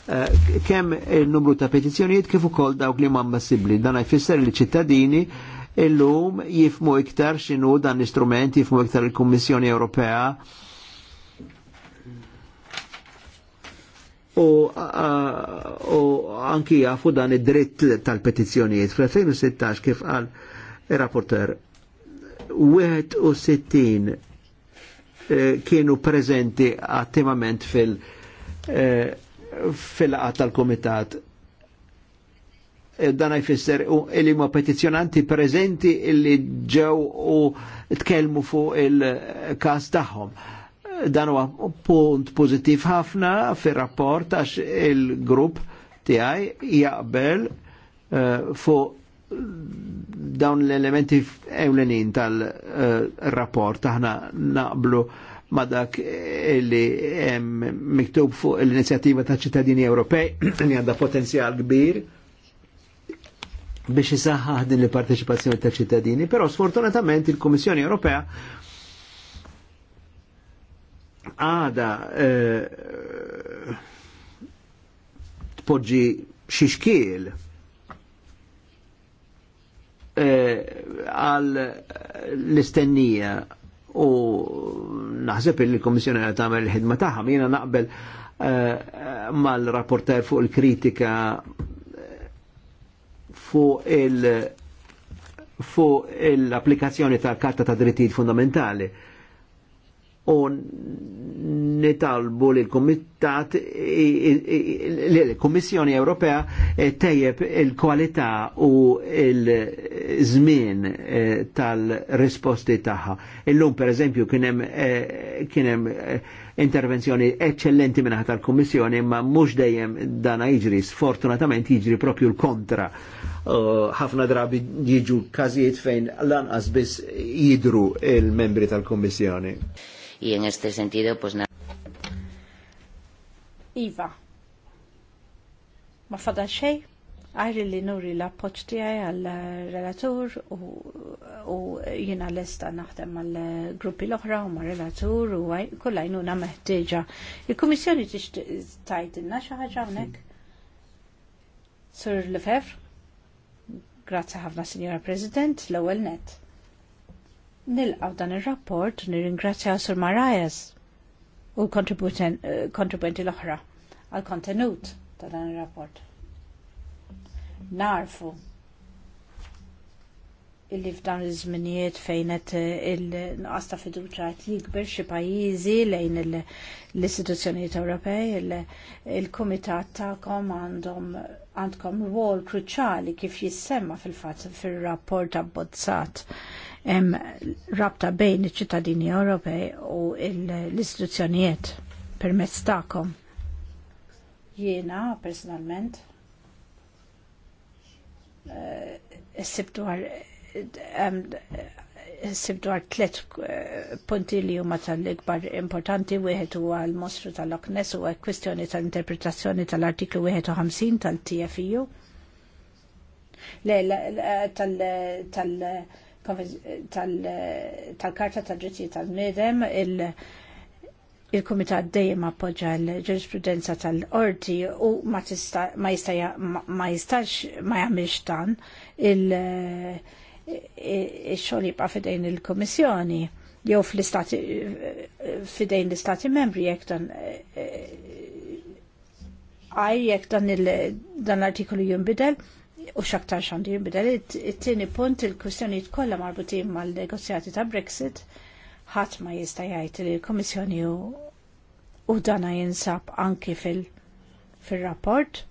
Speaker 2: eh, kemm il-numru ta' petizzjonijiet kif ukoll dawk li ma' sibli, Dan ifisser li ċittadini illum jifmu iktar x'inhu dan l-istrument, jifmu iktar il-Kummissjoni Ewropea eh, u, anki jafu dan id-dritt tal-petizjonijiet. Fl-2016 kif għal il-rapporter 61 eh, kienu prezenti attivament fil- eh, fil-laqat tal-komitat. Eh, dan jfisser u illi ma petizjonanti prezenti illi ġew u tkelmu fuq il-kas tagħhom. Dan huwa punt pożittiv ħafna fir-rapport għax il-grupp tiegħi jaqbel eh, fuq dawn l-elementi ewlenin tal-rapport aħna naqblu ma dak li miktub fuq l-inizjattiva ta' ċittadini Ewropej <clears throat> li għandha potenzjal kbir biex isaħħaħ din l-parteċipazzjoni ta' ċittadini, però sfortunatament il-Kommissjoni Ewropea għada eh, tpoġġi xiexkiel Eh, għal l-istennija u naħseb il-Komissjoni għal tagħmel il-ħidma tagħha, jiena naqbel eh, mal-rapporter fuq il-kritika fuq il- fuq l-applikazzjoni tal-Karta ta' Drittijiet Fundamentali u nitalbu li l-Komitat li l-Komissjoni Ewropea e, tejjeb il-kwalità u il-żmien e, tal-risposti tagħha. Illum eżempju kien hemm e, intervenzjoni eccellenti minna tal-Kommissjoni, ma mhux dejjem dana jiġri, sfortunatament jiġri propju l-kontra. ħafna uh, drabi jiġu każijiet fejn lanqas biss jidru il-membri tal kummissjoni y en este sentido pues nada.
Speaker 4: Iva, ma fada xej, għajri li nuri la poċ għal-relatur u jina l-esta naħdem għal-gruppi l-oħra u ma relatur u kollajnuna meħtieġa. Il-Komissjoni tix tajdinna xaħġa unek? Sur Lefevre, grazzi ħafna Signora President, l-ewel net nilqaw dan il-rapport nirringrazzjaw Sur Marajas u eh, kontribuenti l-oħra għal kontenut ta' dan il-rapport. Narfu illi f'dan iż-żminijiet fejn qed eh, il-nuqqas ta' fiduċja qed jikber xi pajjiżi lejn l-istituzzjonijiet Ewropej, il-kumitat tagħkom għandhom għandkom rwol kruċali kif jissemma fil-fatt fir-rapport abbozzat hemm rabta bejn iċ-ċittadini Ewropej u l-istituzzjonijiet permezz tagħkom. Jiena personalment issib eh, dwar issib dwar eh, punti li huma tal-ikbar importanti wieħed huwa l-mostru tal-Loch Ness huwa kwistjoni tal-interpretazzjoni tal-artiklu 51 tal-TFU. E le, tal-, tal, tal tal-Karta tal-Drittijiet tal-Medem il-Kumitat dejjem appoġġa l-ġurisprudenza tal-qorti u ma jistax ma jagħmilx dan il-xogħol jibqa' fidejn il-Kummissjoni jew fl-istati fidejn l-istati membri jekk dan e, e, e, għaj jekk dan l-artikolu jinbidel u xaktar xandu jimbidel. It-tieni punt il-kwistjonijiet kollha marbutin mal-negozjati ta' Brexit ħadd ma jista' jgħid li l-Kummissjoni u dana jinsab anki fil-rapport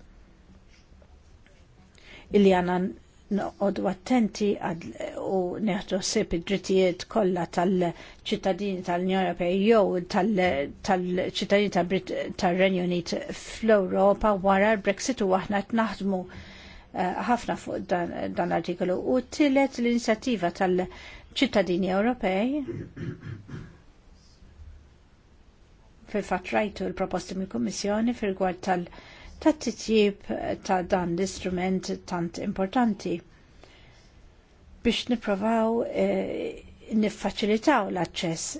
Speaker 4: illi għanna noqodu attenti u neħdu ssib id-drittijiet kollha tal-ċittadini tal-Unjoni Ewropea jew tal-ċittadini tal-Renju Unit fl-Ewropa wara l-Brexit u aħna qed naħdmu Eh, ħafna fuq dan l-artikolu u tillet l-inizjattiva tal-ċittadini Ewropej fil-fat rajtu l-proposti mill kummissjoni fil-gwad tal-titjib ta' dan l-istrument tant importanti biex niprovaw eh, niffaċilitaw l-aċċess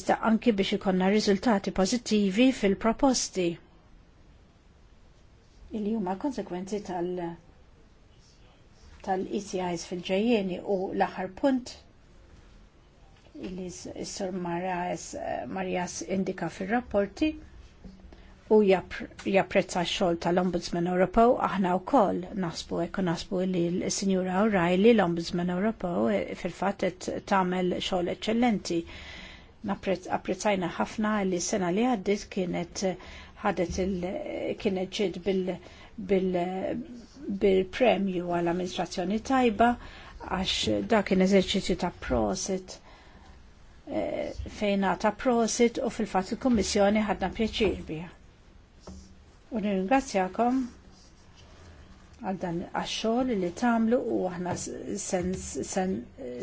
Speaker 4: iżda anki biex ikonna riżultati pożittivi fil-proposti. Il-jum għal konsekwenzi tal- tal-ECIs fil ġajjeni u l-aħħar punt li s-sur Marjas indika fil-rapporti u japprezza xol tal-Ombudsman Ewropew aħna wkoll naħsbu hekk u nasbu li l-Sinjura O'Reilly l-Ombudsman Ewropew e, fil-fatt tamel tagħmel xogħol eċċellenti. Apprezzajna ħafna li s-sena li għaddit kienet ħadet il kienet ġid bil, bil bil-premju għall-amministrazzjoni tajba għax dak kien eżerċizzju ta' prosit eh, fejna ta' prosit u fil-fat il-Kommissjoni ħadna pjaċir biha. U nirringrazzjakom għal dan għax-xogħol li tagħmlu u aħna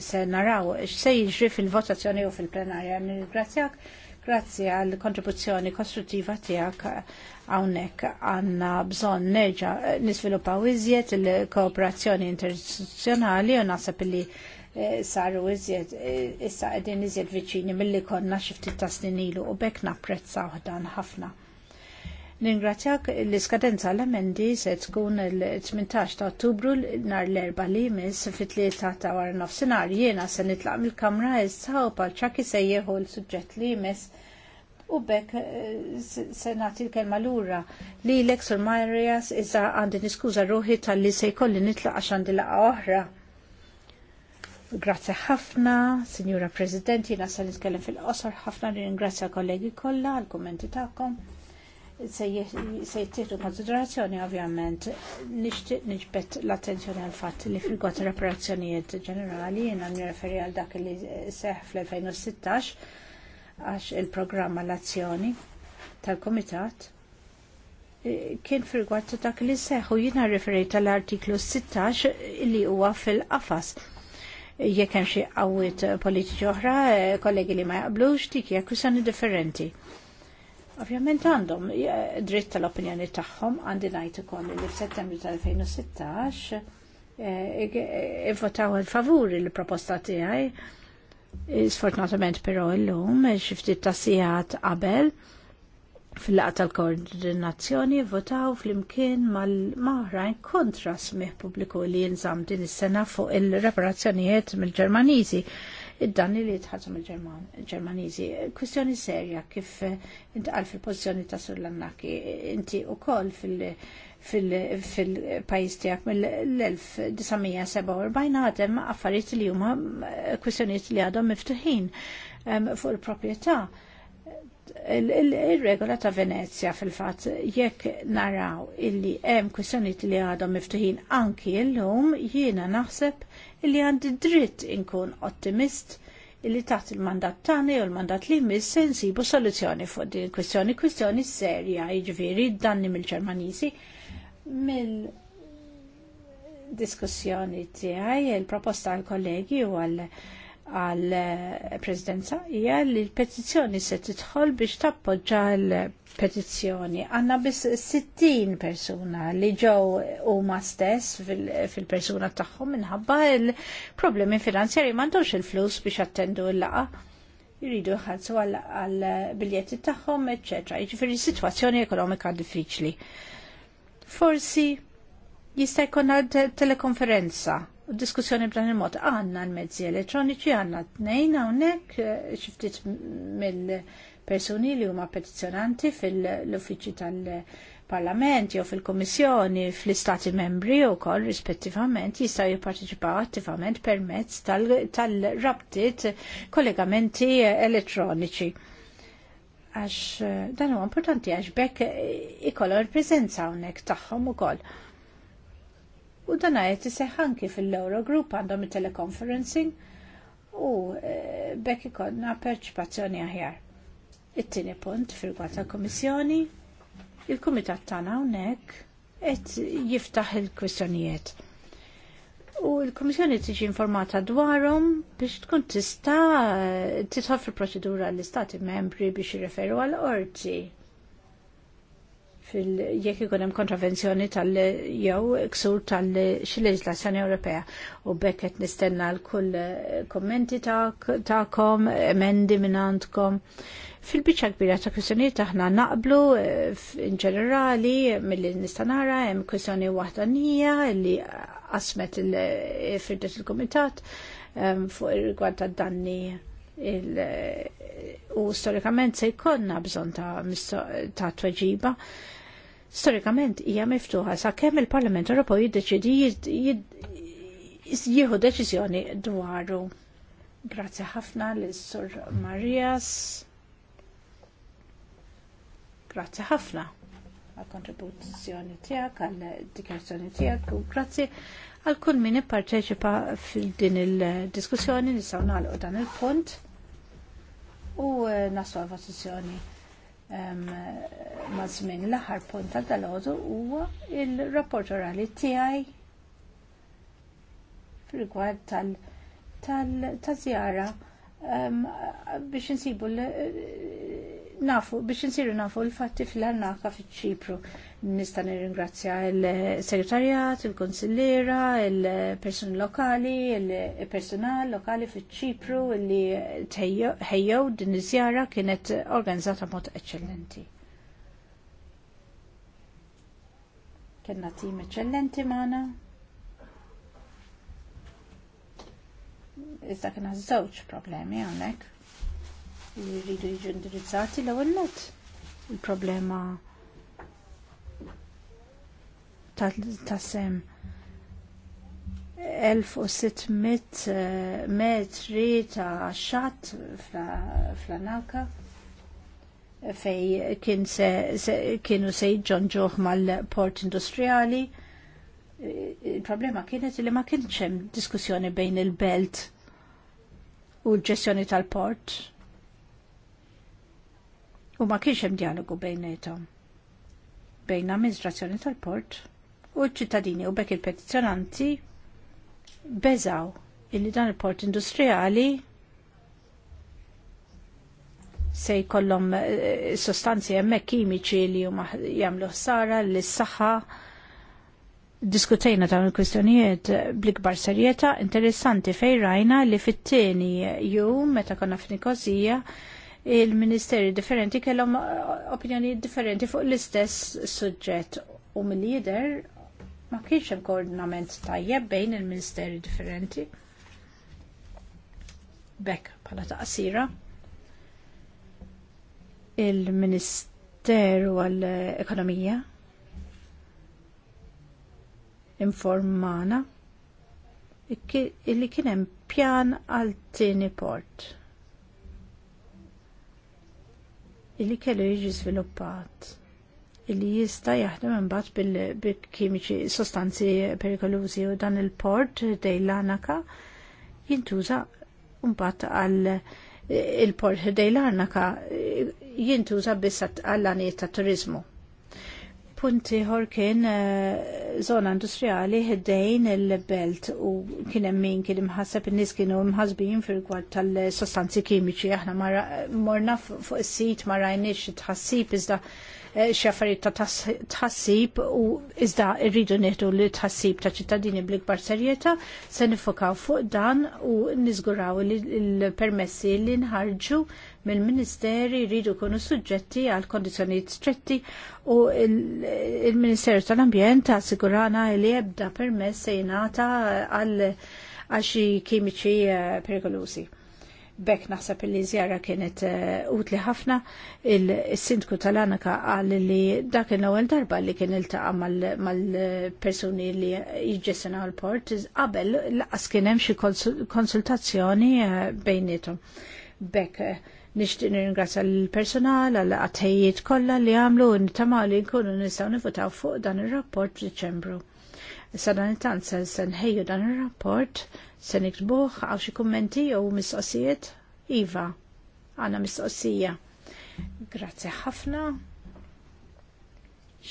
Speaker 4: se naraw x'se jiġri fil-votazzjoni u fil-plenarja. Nirringrazzjak Grazzi għal kontribuzzjoni kostruttiva tijak għawnek għanna bżon neġa nisviluppaw iżjed il-kooperazzjoni interistituzjonali u nasab li eh, saru iżjed eh, issa għedin iżjed viċini mill-li konna xifti ta' ilu u b'hekk napprezzaw dan ħafna. Ningrazzjak l-iskadenza l-emendi se tkun il-18 ta' ottubru nar l-erba li mis fit-tlieta ta' war nofsinhar jiena se nitlaq mill-kamra jessa u palċaki se jieħu l-suġġett li mis u bekk eh, se nagħti l-kelma lura li l Sur Marias iżda għandi niskuża ruħi tal-li se jkolli nitlaq għax għandi laqa oħra. Grazie ħafna, Signora Presidenti, se nitkellem fil-qosor ħafna ringrazzja kollegi kollha għal kummenti tagħkom se jittieħdu konsiderazzjoni ovvjament nixtieq nġbet l-attenzjoni għal fatt li fil-gwat reparazzjonijiet ġenerali jiena nirreferi għal dak li seħ fl-2016 għax il-programma l-azzjoni tal-Komitat e, kien fil-gwat dak li seħ u jiena referej tal-artiklu 16 li huwa fil-qafas jekk hemm xi qawwiet politiċi oħra, e, kollegi li ma jaqblux, dik jekk differenti Ovvjament għandhom dritt tal-opinjoni tagħhom għandi ngħid ukoll li f'Settembru tal-2016 eh, ivvotaw eh, il-favur il-proposta tiegħi. Sfortunatament però illum xiftit tassijat qabel fil-laqa tal-koordinazzjoni votaw fl-imkien mal-maħrajn kontra smih pubbliku li jinżam din is-sena fuq il-reparazzjonijiet mill-Ġermaniżi id-danni li tħatum il-Ġermaniżi. Kwistjoni serja kif intqal fil-pozizjoni ta' Sullannaki inti u koll fil-pajis tijak mill-1947 għadem affarijiet li huma kwistjonijiet li għadhom miftuħin fuq il-propieta il-regola ta' Venezia fil-fat jekk naraw illi hemm kwistjonijiet li għadhom miftuħin anki l-lum jiena naħseb illi għandi dritt inkun ottimist illi taħt il-mandat tani u l-mandat li jmiss se nsibu soluzzjoni fuq din kwistjoni, kwistjoni serja, jiġifieri danni mill-Ġermaniżi mill diskussjoni tiegħi il-proposta għal kollegi u għal għal eh, presidenza hija li l-petizzjoni se tidħol biex tappoġġa l-petizzjoni. Għanna biss 60 persuna li ġew huma stess fil-persuna tagħhom minħabba l-problemi finanzjari m'għandux il-flus biex attendu l-laqa jridu jħallsu għal biljetti tagħhom, eċċetra. Jiġifieri sitwazzjoni ekonomika diffiċli. Forsi jista' jkun telekonferenza diskussjoni b'dan il-mod għanna l-mezzi elettroniċi għanna t-nejn għonek eh, xiftit mill-personi li huma petizjonanti fil-uffiċi tal-parlament jew fil-komissjoni fl-istati membri u kol rispettivament jistaw jipparteċipaw attivament permezz tal-rabtit kollegamenti elettroniċi għax eh, dan huwa importanti għax bekk ikollhom prezenza preżenza hawnhekk tagħhom ukoll u dan għajt anki fil-Eurogroup għandhom il-teleconferencing u e, bekk ikonna perċipazzjoni aħjar. It-tieni punt fil-gwata komissjoni, il-komitat tagħna hawnhekk qed jiftaħ il-kwistjonijiet u l-Komissjoni tiġi informata dwarhom biex tkun tista' titħol fil-proċedura l-Istati membri biex jirreferu għal qorti jekk ikun hemm kontravenzjoni tal- jew ksur tal-leġislazzjoni Ewropea u bekket qed nistenna l kull kommenti tagħkom, emendi minn għandkom. fil bicċa kbira ta' kwistjonijiet aħna naqblu eh, in ġenerali milli nista' nara hemm kwistjoni waħda nija li asmet il-firdet il-kumitat ehm, fuq ir-rigward tad-danni u storikament se jkollna bżonn ta' ta' tweġiba storikament hija miftuħa sakemm il-Parlament Ewropew jiddeċidi jieħu deċiżjoni dwaru. Grazzi ħafna lis sur Marias. Grazzi ħafna għal kontribuzzjoni tiegħek, għal dikjazzjoni tiegħek u grazzi għal kull min ipparteċipa fil-din il-diskussjoni nistgħu nagħlqu dan il-punt u eh, naslu għall votazzjoni mażmin l-aħħar punt tal dalodu huwa il-rapport orali tiegħi rigward tal-żjara biex insibu nafu biex insiru nafu l-fatti fl-arnaka fiċ-Ċipru. Nista' nirringrazzja il-segretarjat, il-konsillera, il-persuni lokali, il-personal lokali fiċ-Ċipru li ħejjew din iż-żjara kienet organizzata mod eċċellenti. Kenna tim eċċellenti Mana. Iżda kena żewġ problemi hawnhekk Iridu jridu jiġu indirizzati l-ewwel il problema tas-sem. 1600 eh, metri ta' xatt fl-anaka eh, fej kien se, se, kienu se jġonġuħ mal-port industrijali. Eh, il-problema kienet li ma kienx hemm diskussjoni bejn il-belt u l-ġestjoni tal-port. U ma kienx hemm dialogu bejnietom bejn l-amministrazzjoni tal-port u ċittadini u bekk il-petizjonanti beżaw illi dan il-port industrijali se jkollhom eh, sostanzi hemmhekk kimiċi li huma jagħmlu ħsara lis saħħa Diskutejna dawn il-kwistjonijiet bl-ikbar serjeta interessanti fejn rajna li fit-tieni jum meta konna f'Nikozija il-ministeri differenti kellhom eh, opinjonijiet differenti fuq l-istess suġġett u mill-jider ma kienx hemm koordinament tajjeb bejn il-ministeri differenti. Bekk bħala taqsira il-Ministeru għall-Ekonomija informana illi kien hemm pjan għal tieni port illi kellu jiġi sviluppat illi jista jaħdem imbagħad bil-kimiċi sostanzi perikolużi u dan il-port dej l-anaka jintuża mbagħad għal il-port dej l-anaka jintuża biss għall-għaniet ta' turizmu. Punti ħor kien eh, zona industriali ħeddejn il-belt u kien hemm min kien imħasseb in-nies kienu mħasbin fil-rigward tal-sostanzi kimiċi aħna morna fuq is-sit ma rajniex tħassib iżda Eh, xaffariet ta' tħassib u iżda rridu nieħdu li tħassib ta' ċittadini bl-ikbar serjeta se nifokaw fuq dan u niżguraw li l-permessi li nħarġu mill-Ministeri jridu jkunu suġġetti għal kondizjonijiet stretti u il-Ministeru il ministeru tal ambjent assigurana li ebda permess se għal għaxi kimiċi eh, perikolużi. Bekk naħseb li zjara kienet eh, utli ħafna. Il-sindku tal-Anaka għal li dak l-ewwel darba li kien iltaqa' mal-persuni li jġessina l-port qabel laqas kien hemm xi konsultazzjoni eh, bejnietom. Bekk eh, nixtieq nirringrazzja l-personal għal għatejjiet kollha li għamlu nittama' li nkunu nistgħu nifutaw fuq dan ir-rapport f'Diċembru. Issa dan it-tant se nħejju dan ir-rapport, se nikbuh għaw xi kummenti jew mistoqsijiet. Iva, għandna mistoqsija. Grazzi ħafna.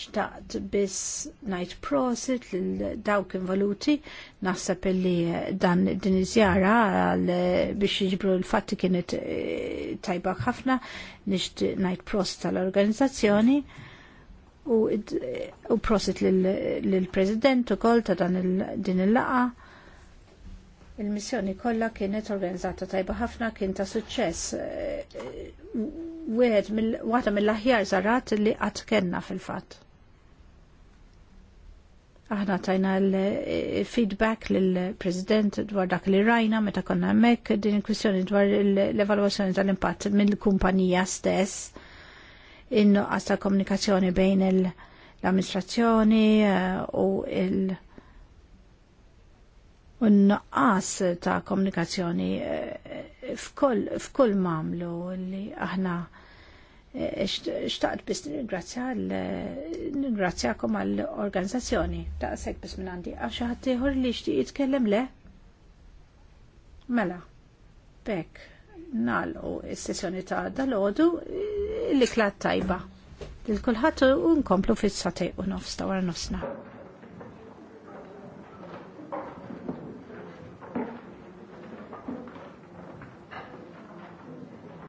Speaker 4: Xtaqt biss ngħid prosit lil dawk involuti naħseb li dan din iżjara biex jiġbru l-fatti kienet eh, tajba ħafna nixtieq ngħid prosit tal-organizzazzjoni u, u prosit l-President u kol ta' dan din il-laqa. Il-missjoni kollha kienet organizzata tajba ħafna kien ta' suċċess. Eh, wieħed waħda mill-aħjar żarat li qatt kellna fil-fatt. Aħna tajna l-feedback eh, lill-President dwar dak li rajna meta konna hemmhekk din il-kwistjoni dwar l-evalwazzjoni tal-impatt mill-kumpanija stess in-nuqqas ta' komunikazzjoni bejn l-amministrazzjoni eh, u il- Un-nuqqas ta' komunikazzjoni eh, f'kull mamlu li aħna eh, xtaqt bis ningrazzja ningrazzjakom għall-organizzazzjoni ta' sekk bis minn għandi għax ħadd ieħor li xtieq jitkellem le. Mela, bekk nalqu is-sessjoni ta' dalodu l-iklat tajba. Il-kulħat unkomplu fit-satej u nofs ta' wara nofsna.